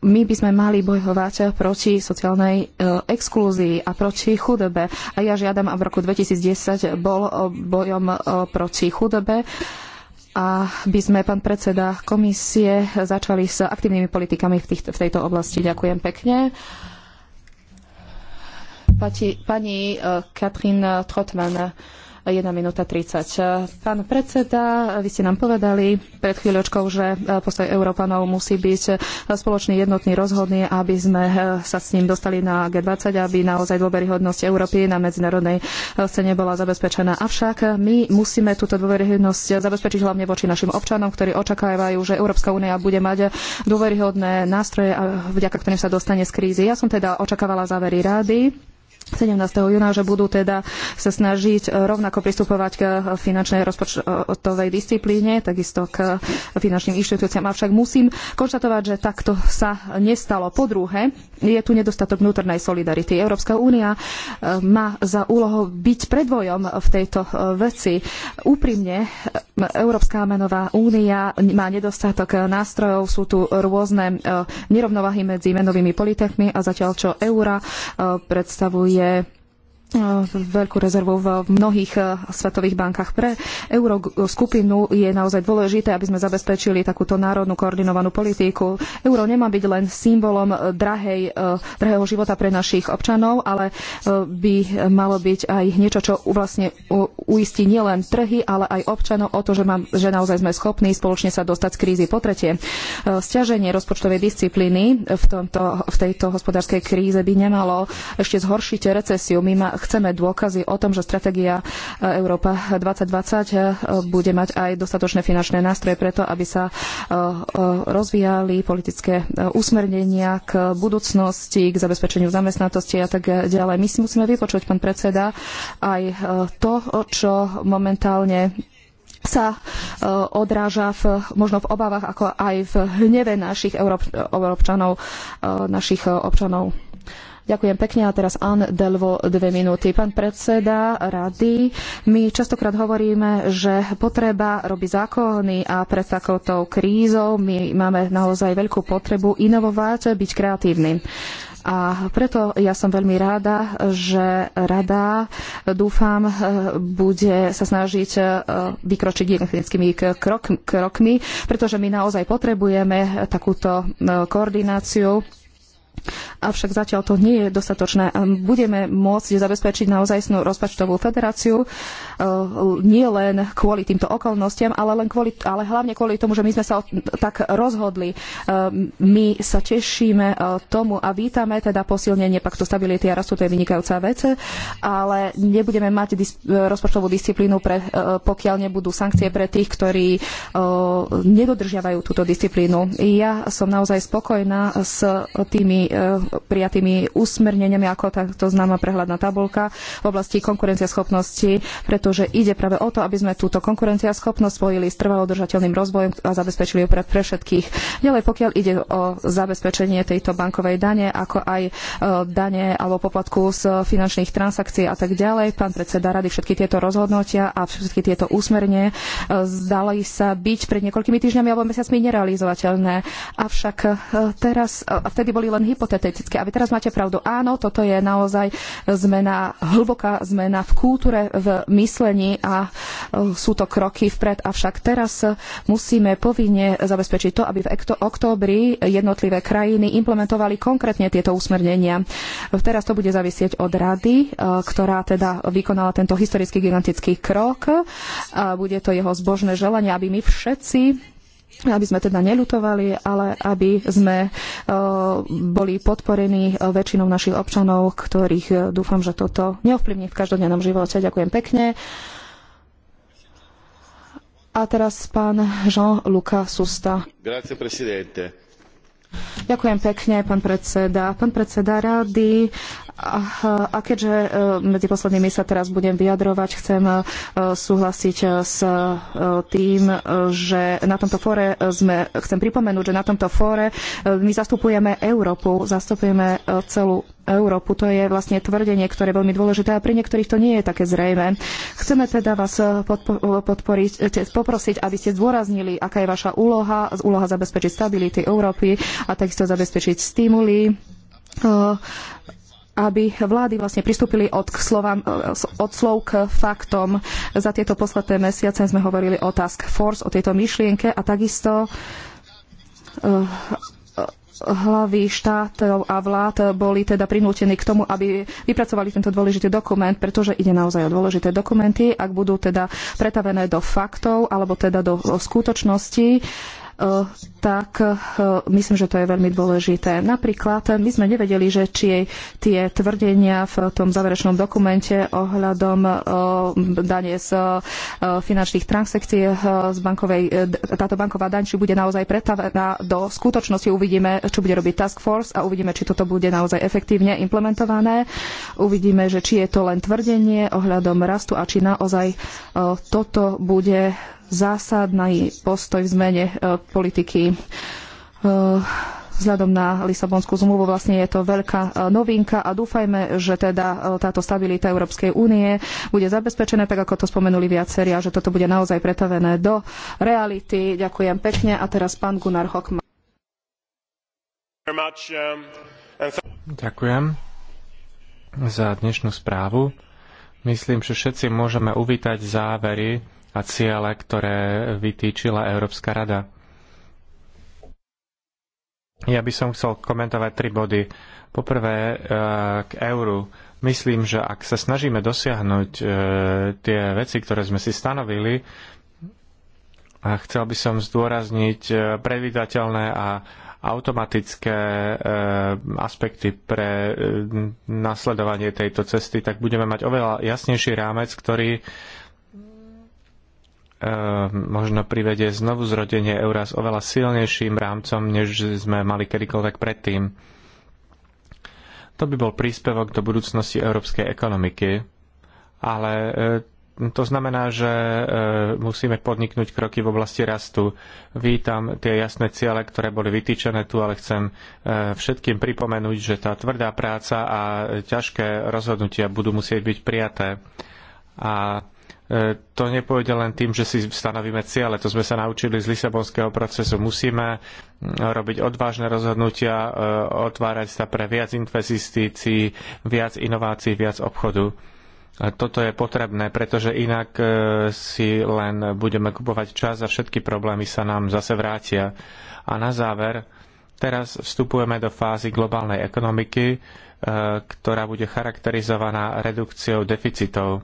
my by sme mali bojovať proti sociálnej exkluzii exklúzii a proti chudobe. A ja žiadam, aby v roku 2010 bol e, bojom e, proti chudobe a by sme, pán predseda komisie, začali s aktívnymi politikami v, v tejto oblasti. Ďakujem pekne. Pani, pani e, Katrin Trotman. 1 minúta 30. Pán predseda, vy ste nám povedali pred chvíľočkou, že e, postoj Európanov musí byť e, spoločný, jednotný, rozhodný, aby sme e, sa s ním dostali na G20, aby naozaj dôveryhodnosť Európy na medzinárodnej scéne bola zabezpečená. Avšak my musíme túto dôveryhodnosť zabezpečiť hlavne voči našim občanom, ktorí očakávajú, že Európska únia bude mať dôveryhodné nástroje, vďaka ktorým sa dostane z krízy. Ja som teda očakávala závery rády 17. júna, že budú teda sa snažiť rovnako pristupovať k finančnej rozpočtovej disciplíne, takisto k finančným inštitúciám. Avšak musím konštatovať, že takto sa nestalo. Po druhé, je tu nedostatok vnútornej solidarity. Európska únia e, má za úlohu byť predvojom v tejto e, veci. Úprimne, e, Európska menová únia má nedostatok nástrojov, sú tu rôzne nerovnováhy medzi menovými politikmi a zatiaľ čo eura predstavuje je veľkú rezervu v mnohých eh, svetových bankách. Pre euroskupinu je naozaj dôležité, aby sme zabezpečili takúto národnú koordinovanú politiku. Euro nemá byť len symbolom eh, drahej, eh, drahého života pre našich občanov, ale by malo byť aj niečo, čo vlastne uistí nielen trhy, ale aj občanov o to, že, mám, že naozaj sme schopní spoločne sa dostať z krízy. Po tretie, stiaženie rozpočtovej disciplíny v, tomto, v tejto hospodárskej kríze by nemalo ešte zhoršiť recesiu. My ma, chceme dôkazy o tom, že stratégia e, Európa 2020 e, bude mať aj dostatočné finančné nástroje preto, aby sa e, rozvíjali politické usmernenia k budúcnosti, k zabezpečeniu zamestnanosti a tak ďalej. My si musíme vypočuť, pán predseda, aj to, čo momentálne sa odráža v, možno v obavách, ako aj v hneve našich Európčanov, našich občanov. Ďakujem pekne a teraz Anne Delvo dve minúty. Pán predseda rady, my častokrát hovoríme, že potreba robí zákony a pred takouto krízou my máme naozaj veľkú potrebu inovovať, byť kreatívny. A preto ja som veľmi ráda, že rada, dúfam, bude sa snažiť e, vykročiť technickými krok, krokmi, pretože my naozaj potrebujeme takúto e, koordináciu Avšak zatiaľ to nie je dostatočné. Ehm, budeme môcť zabezpečiť naozaj rozpočtovú federáciu ehm, nie len kvôli týmto okolnostiam, ale, len kvôli, ale hlavne kvôli tomu, že my sme sa tak rozhodli. Ehm, my sa tešíme e, tomu a vítame teda posilnenie paktu stability a rastu, to je vynikajúca vec, ale nebudeme mať dis- e, rozpočtovú disciplínu, pre, e, pokiaľ nebudú sankcie pre tých, ktorí nedodržiavajú túto disciplínu. Ja som naozaj spokojná s tými E, prijatými usmerneniami, ako takto známa prehľadná tabulka v oblasti konkurencieschopnosti, pretože ide práve o to, aby sme túto konkurencieschopnosť spojili s trvalo udržateľným rozvojom a zabezpečili ju pre, pre všetkých. Ďalej, pokiaľ ide o zabezpečenie tejto bankovej dane, ako aj e, dane alebo poplatku z finančných transakcií a tak ďalej, pán predseda rady všetky tieto rozhodnutia a všetky tieto úsmerne e, zdali sa byť pred niekoľkými týždňami alebo mesiacmi nerealizovateľné. Avšak teraz, a vtedy boli len hypotetické. A vy teraz máte pravdu. Áno, toto je naozaj zmena, hlboká zmena v kultúre, v myslení a e, sú to kroky vpred. Avšak teraz musíme povinne zabezpečiť to, aby v októbri jednotlivé krajiny implementovali konkrétne tieto usmernenia. Teraz to bude zavisieť od rady, e, ktorá teda vykonala tento historický gigantický krok. Bude to jeho zbožné želanie, aby my všetci aby sme teda neľutovali, ale aby sme e, boli podporení e, väčšinou našich občanov, ktorých e, dúfam, že toto neovplyvní v každodennom živote. Ďakujem pekne. A teraz pán jean luc Susta. Ďakujem pekne, pán predseda. Pán predseda rady, a keďže e, medzi poslednými sa teraz budem vyjadrovať, chcem e, súhlasiť e, s tým, že na tomto fóre sme, chcem pripomenúť, že na tomto fóre my zastupujeme Európu, zastupujeme celú Európu. To je vlastne tvrdenie, ktoré je veľmi dôležité a pri niektorých to nie je také zrejme. Chceme teda vás podporiť, poprosiť, aby ste zdôraznili, aká je vaša úloha, úloha zabezpečiť stability Európy a takisto zabezpečiť stimuly aby vlády vlastne pristúpili od, slovám, eh, od slov k faktom. Za tieto posledné mesiace sme hovorili o Task Force, o tejto myšlienke a takisto eh, hlavy štátov a vlád boli teda prinútení k tomu, aby vypracovali tento dôležitý dokument, pretože ide naozaj o dôležité dokumenty, ak budú teda pretavené do faktov alebo teda do skutočnosti tak e, myslím, že to je veľmi dôležité. Napríklad e, my sme nevedeli, že či jej tie tvrdenia v tom záverečnom dokumente ohľadom e, dane z finančných transakcií z bankovej, táto banková daň, či bude naozaj pretavená do skutočnosti. Uvidíme, čo bude robiť Task Force a uvidíme, či toto bude naozaj efektívne implementované. Uvidíme, že či je to len tvrdenie ohľadom rastu a či naozaj toto bude zásadný postoj v zmene e, politiky e, vzhľadom na Lisabonskú zmluvu vlastne je to veľká e, novinka a dúfajme, že teda táto stabilita Európskej únie bude zabezpečená, tak ako to spomenuli viacerí a že toto bude naozaj pretavené do reality. Ďakujem pekne a teraz pán Gunnar Hockman. Ďakujem za dnešnú správu. Myslím, že všetci môžeme uvítať závery a ciele, ktoré vytýčila Európska rada. Ja by som chcel komentovať tri body. Poprvé e, k euru. Myslím, že ak sa snažíme dosiahnuť e, tie veci, ktoré sme si stanovili, a chcel by som zdôrazniť e, predvydateľné a automatické aspekty pre nasledovanie tejto cesty, tak budeme mať oveľa jasnejší rámec, ktorý Ehm, možno privedie znovu zrodenie eura s oveľa silnejším rámcom, než sme mali kedykoľvek predtým. To by bol príspevok do budúcnosti európskej ekonomiky, ale ehm, to znamená, že ehm, musíme podniknúť kroky v oblasti rastu. Vítam tie jasné ciele, ktoré boli vytýčené tu, ale chcem všetkým pripomenúť, že tá tvrdá práca a ťažké rozhodnutia budú musieť byť prijaté. A E, to nepôjde len tým, že si stanovíme ciele. To sme sa naučili z Lisabonského procesu. Musíme robiť odvážne rozhodnutia, e, otvárať sa pre viac investícií, viac inovácií, viac obchodu. Toto je potrebné, pretože inak e, si len budeme kupovať čas a všetky problémy sa nám zase vrátia. A na záver, teraz vstupujeme do fázy globálnej ekonomiky, ktorá bude charakterizovaná redukciou deficitov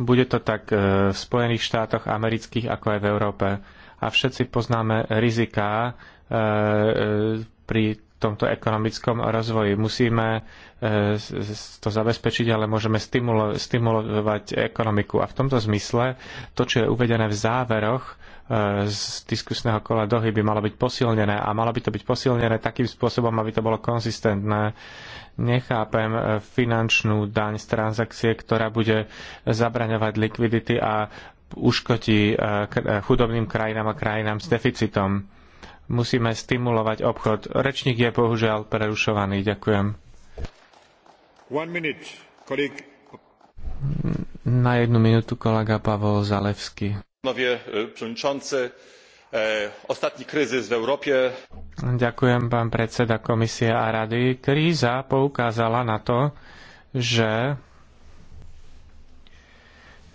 bude to tak e, v Spojených štátoch amerických, ako aj v Európe. A všetci poznáme riziká e, e, pri tomto ekonomickom rozvoji. Musíme to zabezpečiť, ale môžeme stimulo- stimulovať ekonomiku. A v tomto zmysle to, čo je uvedené v záveroch z diskusného kola dohy, by malo byť posilnené. A malo by to byť posilnené takým spôsobom, aby to bolo konzistentné nechápem e, finančnú daň z transakcie, ktorá bude zabraňovať likvidity a uškotí e, e, chudobným krajinám a krajinám s deficitom. Musíme stimulovať obchod. Rečník je bohužiaľ prerušovaný. Ďakujem. One minute, Na jednu minútu kolega Pavol Zalewski. Panowie przewodniczący, E, kryzys Ďakujem, pán predseda komisie a rady. Kríza poukázala na to, že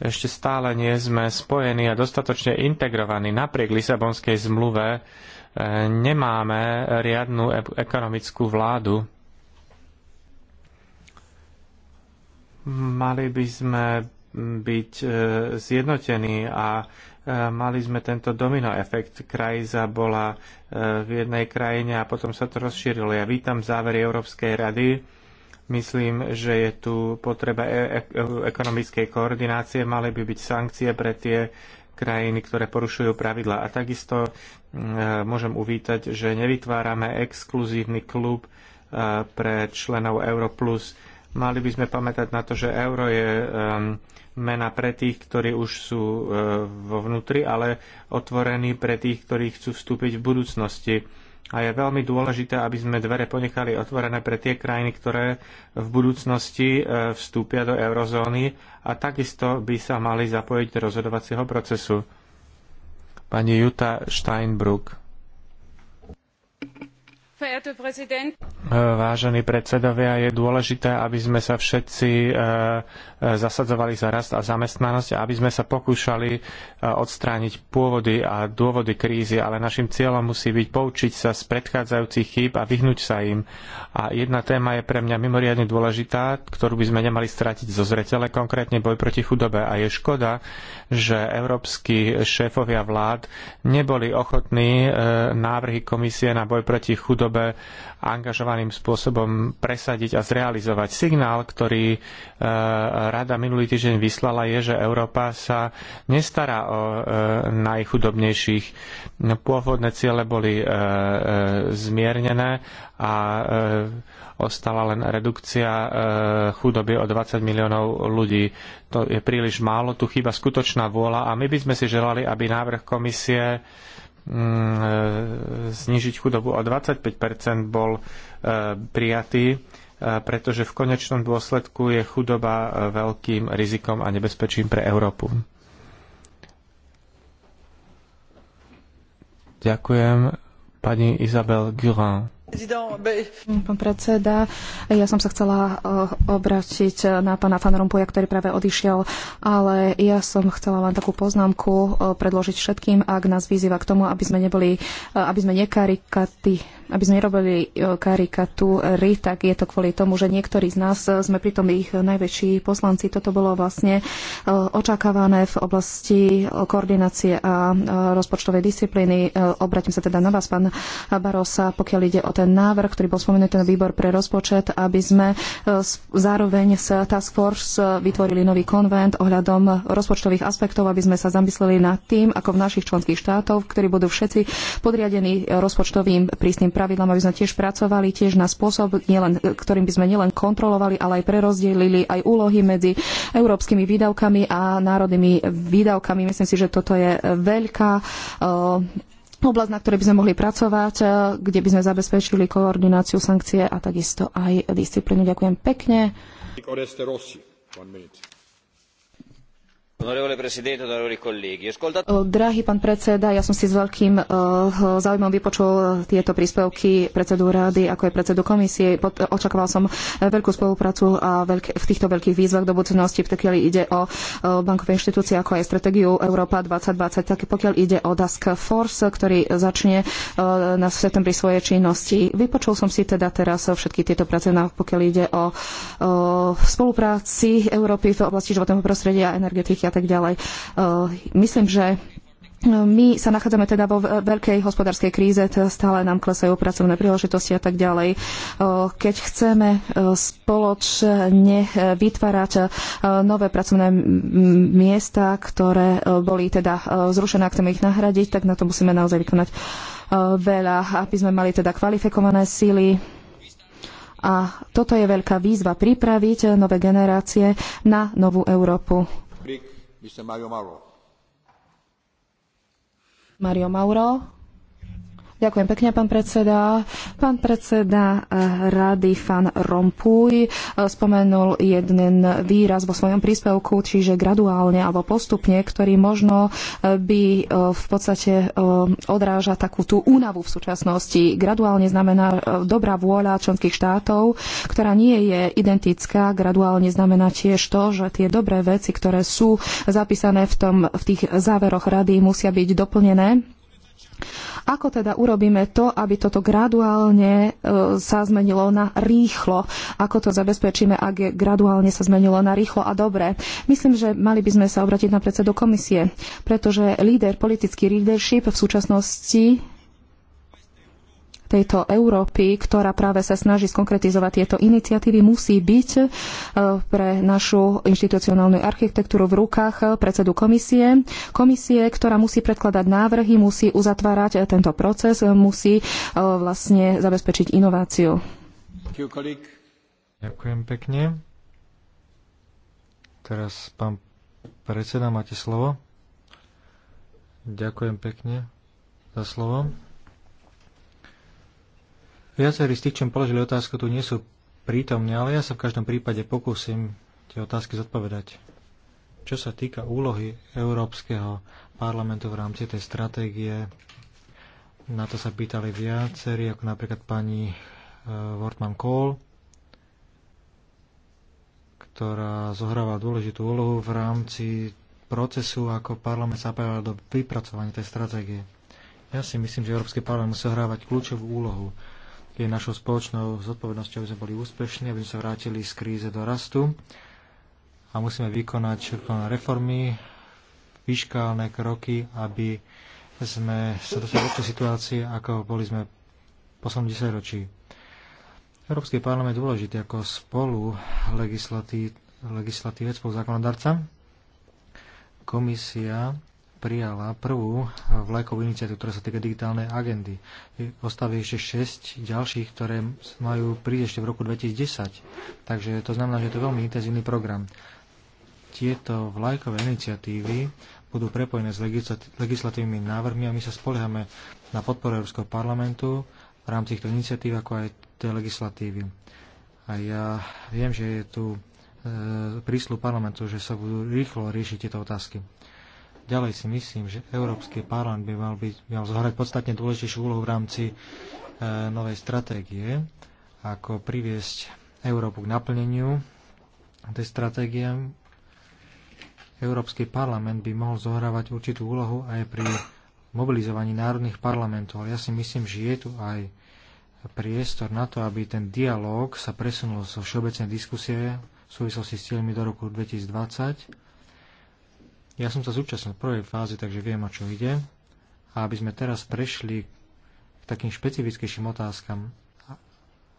ešte stále nie sme spojení a dostatočne integrovaní. Napriek Lisabonskej zmluve e, nemáme riadnu ekonomickú vládu. Mali by sme byť e, zjednotení a E, mali sme tento domino efekt. Krajza bola e, v jednej krajine a potom sa to rozšírilo. Ja vítam závery Európskej rady. Myslím, že je tu potreba e-, e ekonomickej koordinácie. Mali by byť sankcie pre tie krajiny, ktoré porušujú pravidla. A takisto môžem uvítať, že nevytvárame exkluzívny klub pre členov Europlus. Mali by sme pamätať na to, že euro je mena pre tých, ktorí už sú e, vo vnútri, ale otvorený pre tých, ktorí chcú vstúpiť v budúcnosti. A je veľmi dôležité, aby sme dvere ponechali otvorené pre tie krajiny, ktoré v budúcnosti e, vstúpia do eurozóny a takisto by sa mali zapojiť do rozhodovacieho procesu. Pani Jutta Steinbrück. Vážení predsedovia, je dôležité, aby sme sa všetci e, e, zasadzovali za rast a zamestnanosť a aby sme sa pokúšali e, odstrániť pôvody a dôvody krízy, ale našim cieľom musí byť poučiť sa z predchádzajúcich chýb a vyhnúť sa im. A jedna téma je pre mňa mimoriadne dôležitá, ktorú by sme nemali stratiť zo zretele, konkrétne boj proti chudobe. A je škoda, že európsky šéfovia vlád neboli ochotní návrhy komisie na boj proti chudobe angažovaným spôsobom presadiť a zrealizovať. Signál, ktorý e, rada minulý týždeň vyslala, je, že Európa sa nestará o e, najchudobnejších. Pôvodné ciele boli e, zmiernené a ostala len redukcia chudoby o 20 miliónov ľudí. To je príliš málo, tu chýba skutočná vôľa a my by sme si želali, aby návrh komisie Mm, e, znižiť chudobu o 25 bol e, prijatý, e, pretože v konečnom dôsledku je chudoba veľkým rizikom a nebezpečím pre Európu. Ďakujem pani Isabel Durand. Pán predseda, ja som sa chcela eh, obrátiť eh, na pána Fan Rompuja, ktorý práve odišiel, ale ja som chcela len takú poznámku eh, predložiť všetkým, ak nás vyzýva k tomu, aby sme neboli, aby sme nekarikaty aby sme nerobili e, karikatúry, tak je to kvôli tomu, že niektorí z nás e, sme pritom ich najväčší poslanci. Toto bolo vlastne e, očakávané v oblasti koordinácie a rozpočtovej disciplíny. Obratím sa teda na vás, pán Barosa, pokiaľ ide o ten návrh, ktorý bol spomenutý na výbor pre rozpočet, aby sme zároveň s Task Force vytvorili nový konvent ohľadom rozpočtových aspektov, aby sme sa zamysleli nad tým, ako v našich členských štátoch, ktorí budú všetci podriadení rozpočtovým prísnym pravidlám, aby sme tiež pracovali tiež na spôsob, nielen, ktorým by sme nielen kontrolovali, ale aj prerozdelili aj úlohy medzi európskymi výdavkami a národnými výdavkami. Myslím si, že toto je veľká eh, oblasť, na ktorej by sme mohli pracovať, eh, kde by sme zabezpečili koordináciu sankcie a takisto aj disciplínu. Ďakujem pekne. Drahý pán predseda, ja som si s veľkým záujmom vypočul e, tieto príspevky predsedu rady, ako aj predsedu komisie. E, očakával som e, veľkú spoluprácu a v týchto veľkých výzvach do budúcnosti, pokiaľ ide o bankové inštitúcie, ako aj stratégiu Európa 2020, tak pokiaľ ide o Task Force, ktorý začne na septembri svoje činnosti. Vypočul som si teda teraz všetky tieto práce, pokiaľ ide o spolupráci Európy v oblasti životného prostredia a energetiky a tak ďalej. E, myslím, že my sa nachádzame teda vo veľkej hospodárskej kríze, teda stále nám klesajú pracovné príležitosti a tak ďalej. E, keď chceme e, spoločne vytvárať nové pracovné miesta, ktoré boli teda zrušené, ak chceme ich nahradiť, tak na to musíme naozaj vykonať veľa, aby sme mali teda kvalifikované síly, a toto je veľká výzva pripraviť nové generácie na novú Európu. Mr. Mario Mauro. Mario Mauro. Ďakujem pekne, pán predseda. Pán predseda eh, rady Fan Rompuj eh, spomenul jeden výraz vo svojom príspevku, čiže graduálne alebo postupne, ktorý možno eh, by v podstate odráža takú tú únavu v súčasnosti. Graduálne znamená dobrá vôľa členských štátov, ktorá nie je identická. Graduálne znamená tiež to, že tie dobré veci, ktoré sú zapísané v, tom, v tých záveroch rady, musia byť doplnené ako teda urobíme to, aby toto graduálne e, sa zmenilo na rýchlo? Ako to zabezpečíme, ak graduálne sa zmenilo na rýchlo a dobre? Myslím, že mali by sme sa obratiť na predsedu komisie, pretože líder, politický leadership v súčasnosti tejto Európy, ktorá práve sa snaží skonkretizovať tieto iniciatívy, musí byť e, pre našu inštitucionálnu architektúru v rukách e, predsedu komisie. Komisie, ktorá musí predkladať návrhy, musí uzatvárať e, tento proces, musí vlastne zabezpečiť inováciu. Ďakujem pekne. Teraz pán predseda, máte slovo. Ďakujem pekne za slovo. Viacerí z tých, čo položili otázku, tu nie sú prítomní, ale ja sa v každom prípade pokúsim tie otázky zodpovedať. Čo sa týka úlohy Európskeho parlamentu v rámci tej stratégie, na to sa pýtali viacerí, ako napríklad pani e, Wortman Kohl, ktorá zohráva dôležitú úlohu v rámci procesu, ako parlament zapájal do vypracovania tej stratégie. Ja si myslím, že Európsky parlament musí hrávať kľúčovú úlohu. Je našou spoločnou zodpovednosťou, aby sme boli úspešní, aby sme sa vrátili z kríze do rastu a musíme vykonať štruktúrne reformy, fiškálne kroky, aby sme sa dostali do situácie, ako boli sme v 10 desaťročí. Európsky parlament je dôležitý ako spolu legislatívec, spolu zákonodarca. Komisia prijala prvú eh, vlajkovú iniciatívu, ktorá sa týka digitálnej agendy. Ostáva ešte 6 ďalších, ktoré majú prísť ešte v roku 2010. Takže to znamená, že to je to veľmi intenzívny program. Tieto vlajkové iniciatívy budú prepojené s legislatívnymi návrhmi a my sa spoliehame na podporu Európskeho parlamentu v rámci týchto iniciatív, ako aj tej legislatívy. A ja viem, že je tu e, eh, príslu parlamentu, že sa budú rýchlo riešiť tieto otázky. Ďalej si myslím, že Európsky parlament by mal, byť, by mal zohrať podstatne dôležitejšiu úlohu v rámci e, novej stratégie, ako priviesť Európu k naplneniu tej stratégie. Európsky parlament by mohol zohrávať určitú úlohu aj pri mobilizovaní národných parlamentov. Ale ja si myslím, že je tu aj priestor na to, aby ten dialog sa presunul zo so všeobecnej diskusie v súvislosti s cieľmi do roku 2020 ja som sa zúčastnil v prvej fázi, takže viem, o čo ide. A aby sme teraz prešli k takým špecifickejším otázkam,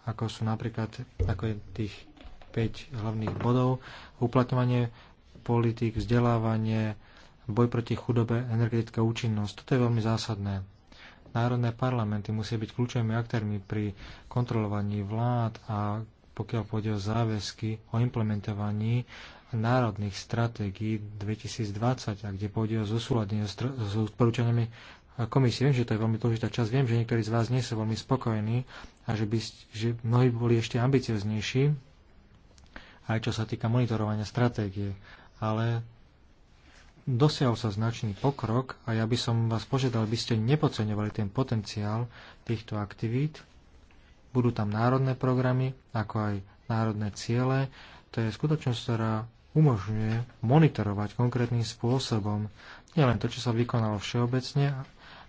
ako sú napríklad ako je tých 5 hlavných bodov, uplatňovanie politik, vzdelávanie, boj proti chudobe, energetická účinnosť. Toto je veľmi zásadné. Národné parlamenty musia byť kľúčovými aktérmi pri kontrolovaní vlád a pokiaľ pôjde o záväzky o implementovaní národných stratégií 2020 a kde pôjde o zosúladenie s odporúčaniami komisie. Viem, že to je veľmi dôležitá časť. Viem, že niektorí z vás nie sú veľmi spokojní a že, by, že mnohí boli ešte ambicioznejší, aj čo sa týka monitorovania stratégie. Ale dosiahol sa značný pokrok a ja by som vás požiadal, aby ste nepodceňovali ten potenciál týchto aktivít. Budú tam národné programy, ako aj národné ciele. To je skutočnosť, ktorá umožňuje monitorovať konkrétnym spôsobom nielen to, čo sa vykonalo všeobecne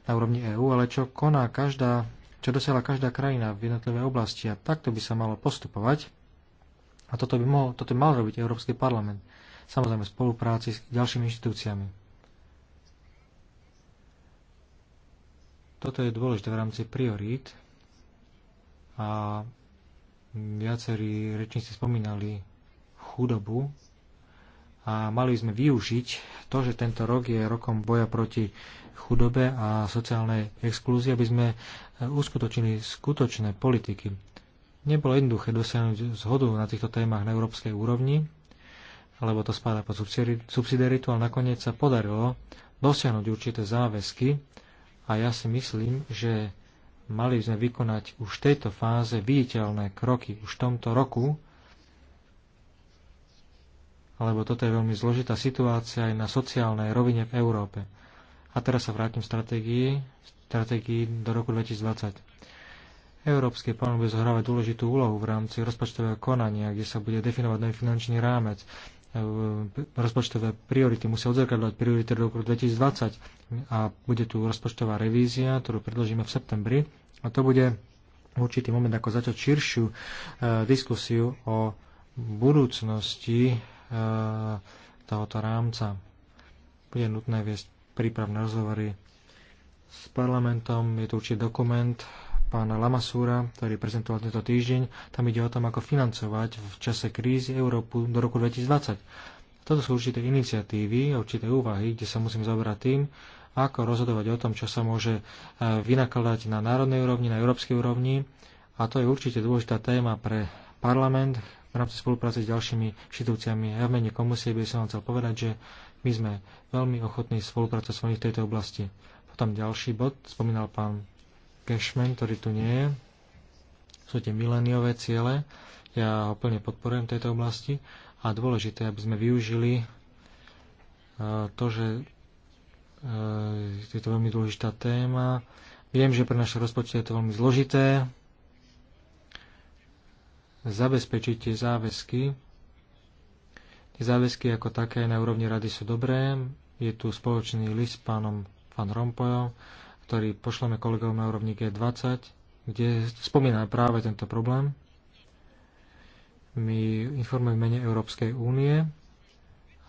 na úrovni EÚ, ale čo koná každá, čo dosiela každá krajina v jednotlivé oblasti a takto by sa malo postupovať. A toto by mohol, toto mal robiť Európsky parlament, samozrejme v spolupráci s ďalšími inštitúciami. Toto je dôležité v rámci priorít a viacerí rečníci spomínali chudobu a mali sme využiť to, že tento rok je rokom boja proti chudobe a sociálnej exklúzie, aby sme e, uskutočili skutočné politiky. Nebolo jednoduché dosiahnuť zhodu na týchto témach na európskej úrovni, lebo to spadá pod subsidiaritu, ale nakoniec sa podarilo dosiahnuť určité záväzky a ja si myslím, že mali sme vykonať už v tejto fáze viditeľné kroky už v tomto roku, alebo toto je veľmi zložitá situácia aj na sociálnej rovine v Európe. A teraz sa vrátim stratégii, stratégii do roku 2020. Európsky plán bude zohrávať dôležitú úlohu v rámci rozpočtového konania, kde sa bude definovať nový finančný rámec. E, rozpočtové priority musia odzrkadľovať priority do roku 2020 a bude tu rozpočtová revízia, ktorú predložíme v septembri a to bude určitý moment, ako začať širšiu e, diskusiu o budúcnosti Eh, tohoto rámca. Bude nutné viesť prípravné rozhovory s parlamentom. Je to určite dokument pána Lamasúra, ktorý prezentoval tento týždeň. Tam ide o tom, ako financovať v čase krízy Európu do roku 2020. Toto sú určité iniciatívy, určité úvahy, kde sa musím zaoberať tým, ako rozhodovať o tom, čo sa môže eh, vynakladať na národnej úrovni, na európskej úrovni. A to je určite dôležitá téma pre parlament v rámci spolupráce s ďalšími inštitúciami. Ja v mene komisie by som vám chcel povedať, že my sme veľmi ochotní spolupracovať s vami v tejto oblasti. Potom ďalší bod, spomínal pán Cashman, ktorý tu nie je. Sú tie mileniové ciele. Ja ho plne podporujem v tejto oblasti. A dôležité, aby sme využili e, to, že e, je to veľmi dôležitá téma. Viem, že pre naše rozpočty je to veľmi zložité, zabezpečiť tie záväzky. Tie záväzky ako také na úrovni rady sú dobré. Je tu spoločný list s pánom Van Rompuyom, ktorý pošleme kolegom na úrovni G20, kde spomína práve tento problém. My informujeme mene Európskej únie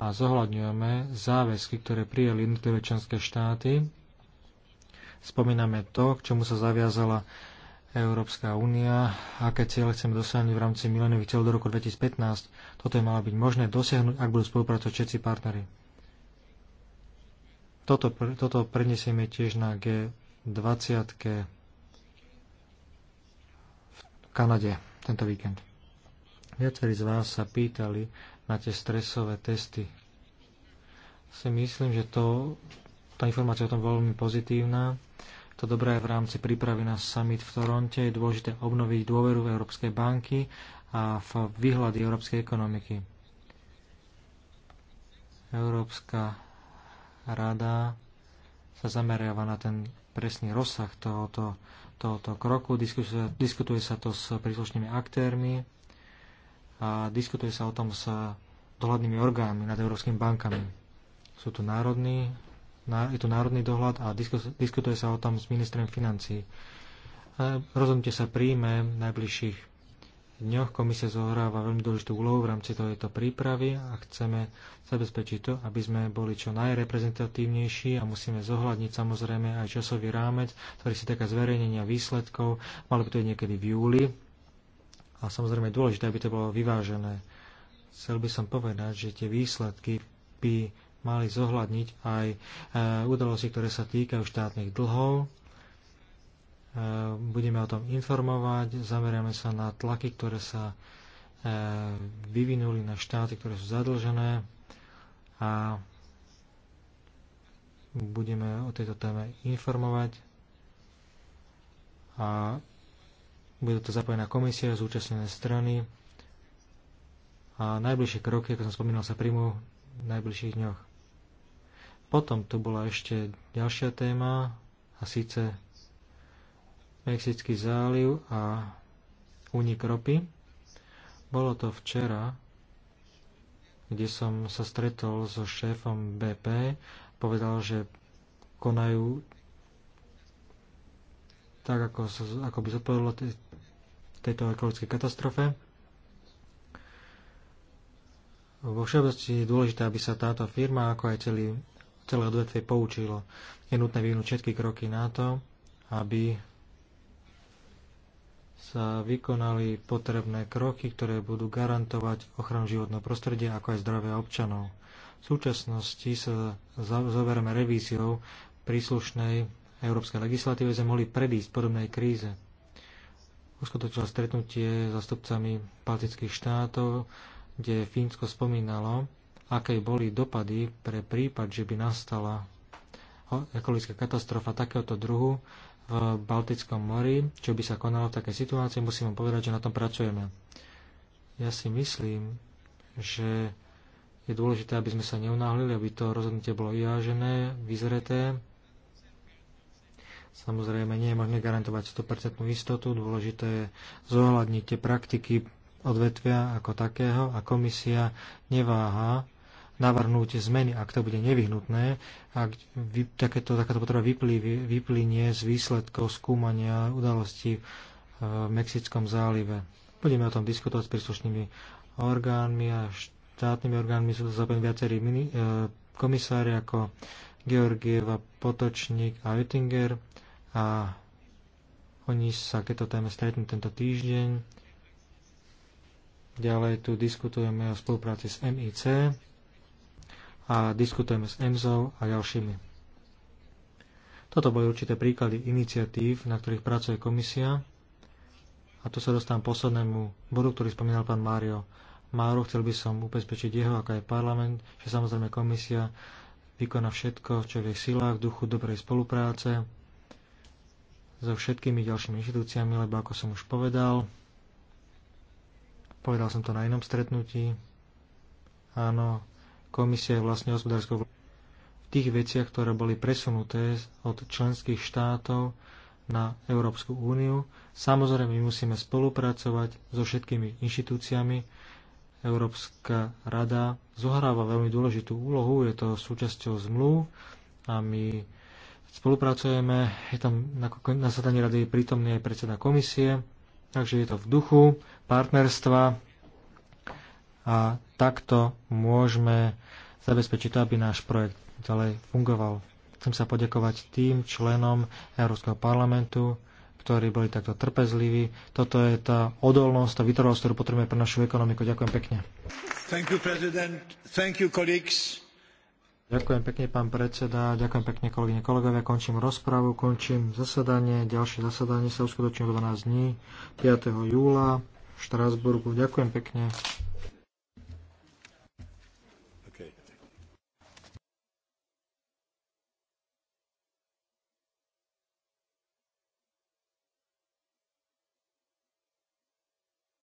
a zohľadňujeme záväzky, ktoré prijali jednotlivé členské štáty. Spomíname to, k čomu sa zaviazala Európska únia, aké cieľe chceme dosiahnuť v rámci milenových cieľov do roku 2015. Toto je malo byť možné dosiahnuť, ak budú spolupracovať všetci partnery. Toto, toto prenesieme tiež na G20 v Kanade tento víkend. Viacerí z vás sa pýtali na tie stresové testy. Si myslím, že to, tá informácia o tom veľmi pozitívna to dobré v rámci prípravy na summit v Toronte. Je dôležité obnoviť dôveru v Európskej banky a v výhľady európskej ekonomiky. Európska rada sa zameriava na ten presný rozsah tohoto, tohoto kroku. Diskutuje, diskutuje sa to s príslušnými aktérmi a diskutuje sa o tom s dohľadnými orgánmi nad európskymi bankami. Sú tu národní je tu národný dohľad a diskutuje sa o tom s ministrem financí. Rozhodnutie sa príjme v najbližších dňoch. Komisia zohráva veľmi dôležitú úlohu v rámci tejto prípravy a chceme zabezpečiť to, aby sme boli čo najreprezentatívnejší a musíme zohľadniť samozrejme aj časový rámec, ktorý si taká zverejnenia výsledkov. Malo by to byť niekedy v júli a samozrejme je dôležité, aby to bolo vyvážené. Chcel by som povedať, že tie výsledky by mali zohľadniť aj e, udalosti, ktoré sa týkajú štátnych dlhov. E, budeme o tom informovať, zameriame sa na tlaky, ktoré sa e, vyvinuli na štáty, ktoré sú zadlžené a budeme o tejto téme informovať a bude to zapojená komisia, zúčastnené strany a najbližšie kroky, ako som spomínal, sa príjmu v najbližších dňoch. Potom tu bola ešte ďalšia téma a síce Mexický záliv a únik ropy. Bolo to včera, kde som sa stretol so šéfom BP, povedal, že konajú tak, ako, ako by zodpovedalo tejto ekologické katastrofe. Vo všeobecnosti je dôležité, aby sa táto firma, ako aj celý celé odvetvie poučilo. Je nutné vyvinúť všetky kroky na to, aby sa vykonali potrebné kroky, ktoré budú garantovať ochranu životného prostredia ako aj zdravia občanov. V súčasnosti sa zoberieme revíziou príslušnej európskej legislatíve, sme mohli predísť podobnej kríze. Uskutočilo stretnutie s zastupcami baltických štátov, kde Fínsko spomínalo, aké boli dopady pre prípad, že by nastala ekologická katastrofa takéhoto druhu v Baltickom mori, čo by sa konalo v takej situácii, musím vám povedať, že na tom pracujeme. Ja si myslím, že je dôležité, aby sme sa neunáhlili, aby to rozhodnutie bolo vyvážené, vyzreté. Samozrejme, nie je možné garantovať 100% istotu, dôležité je zohľadniť tie praktiky odvetvia ako takého a komisia neváha navrhnúť zmeny, ak to bude nevyhnutné, ak vy, takéto, takáto potreba vyplynie z výsledkov skúmania udalostí v e, Mexickom zálive. Budeme o tom diskutovať s príslušnými orgánmi a štátnymi orgánmi sú to zapojení viacerí mini, e, komisári ako Georgieva, Potočník a Oettinger a oni sa keď to téme stretnú tento týždeň. Ďalej tu diskutujeme o spolupráci s MIC a diskutujeme s EMZOV a ďalšími. Toto boli určité príklady iniciatív, na ktorých pracuje komisia. A tu sa dostávam poslednému bodu, ktorý spomínal pán Mário. Máro, chcel by som upezpečiť jeho, ako aj parlament, že samozrejme komisia vykoná všetko, čo je v jej silách, v duchu dobrej spolupráce so všetkými ďalšími inštitúciami, lebo ako som už povedal, povedal som to na inom stretnutí, áno, komisia je vlastne hospodárskou v tých veciach, ktoré boli presunuté od členských štátov na Európsku úniu. Samozrejme, my musíme spolupracovať so všetkými inštitúciami. Európska rada zohráva veľmi dôležitú úlohu, je to súčasťou zmluv a my spolupracujeme. Je tam na, na zadaní rady prítomný aj predseda komisie, takže je to v duchu partnerstva a takto môžeme zabezpečiť to, aby náš projekt ďalej fungoval. Chcem sa poďakovať tým členom Európskeho parlamentu, ktorí boli takto trpezliví. Toto je tá odolnosť, tá vytrvalosť, ktorú potrebujeme pre našu ekonomiku. Ďakujem pekne. Thank you, president. Thank you, colleagues. Ďakujem pekne, pán predseda. Ďakujem pekne, kolegyne, kolegovia. Končím rozpravu, končím zasadanie. Ďalšie zasadanie sa uskutoční o 12 dní, 5. júla v Štrásburgu. Ďakujem pekne.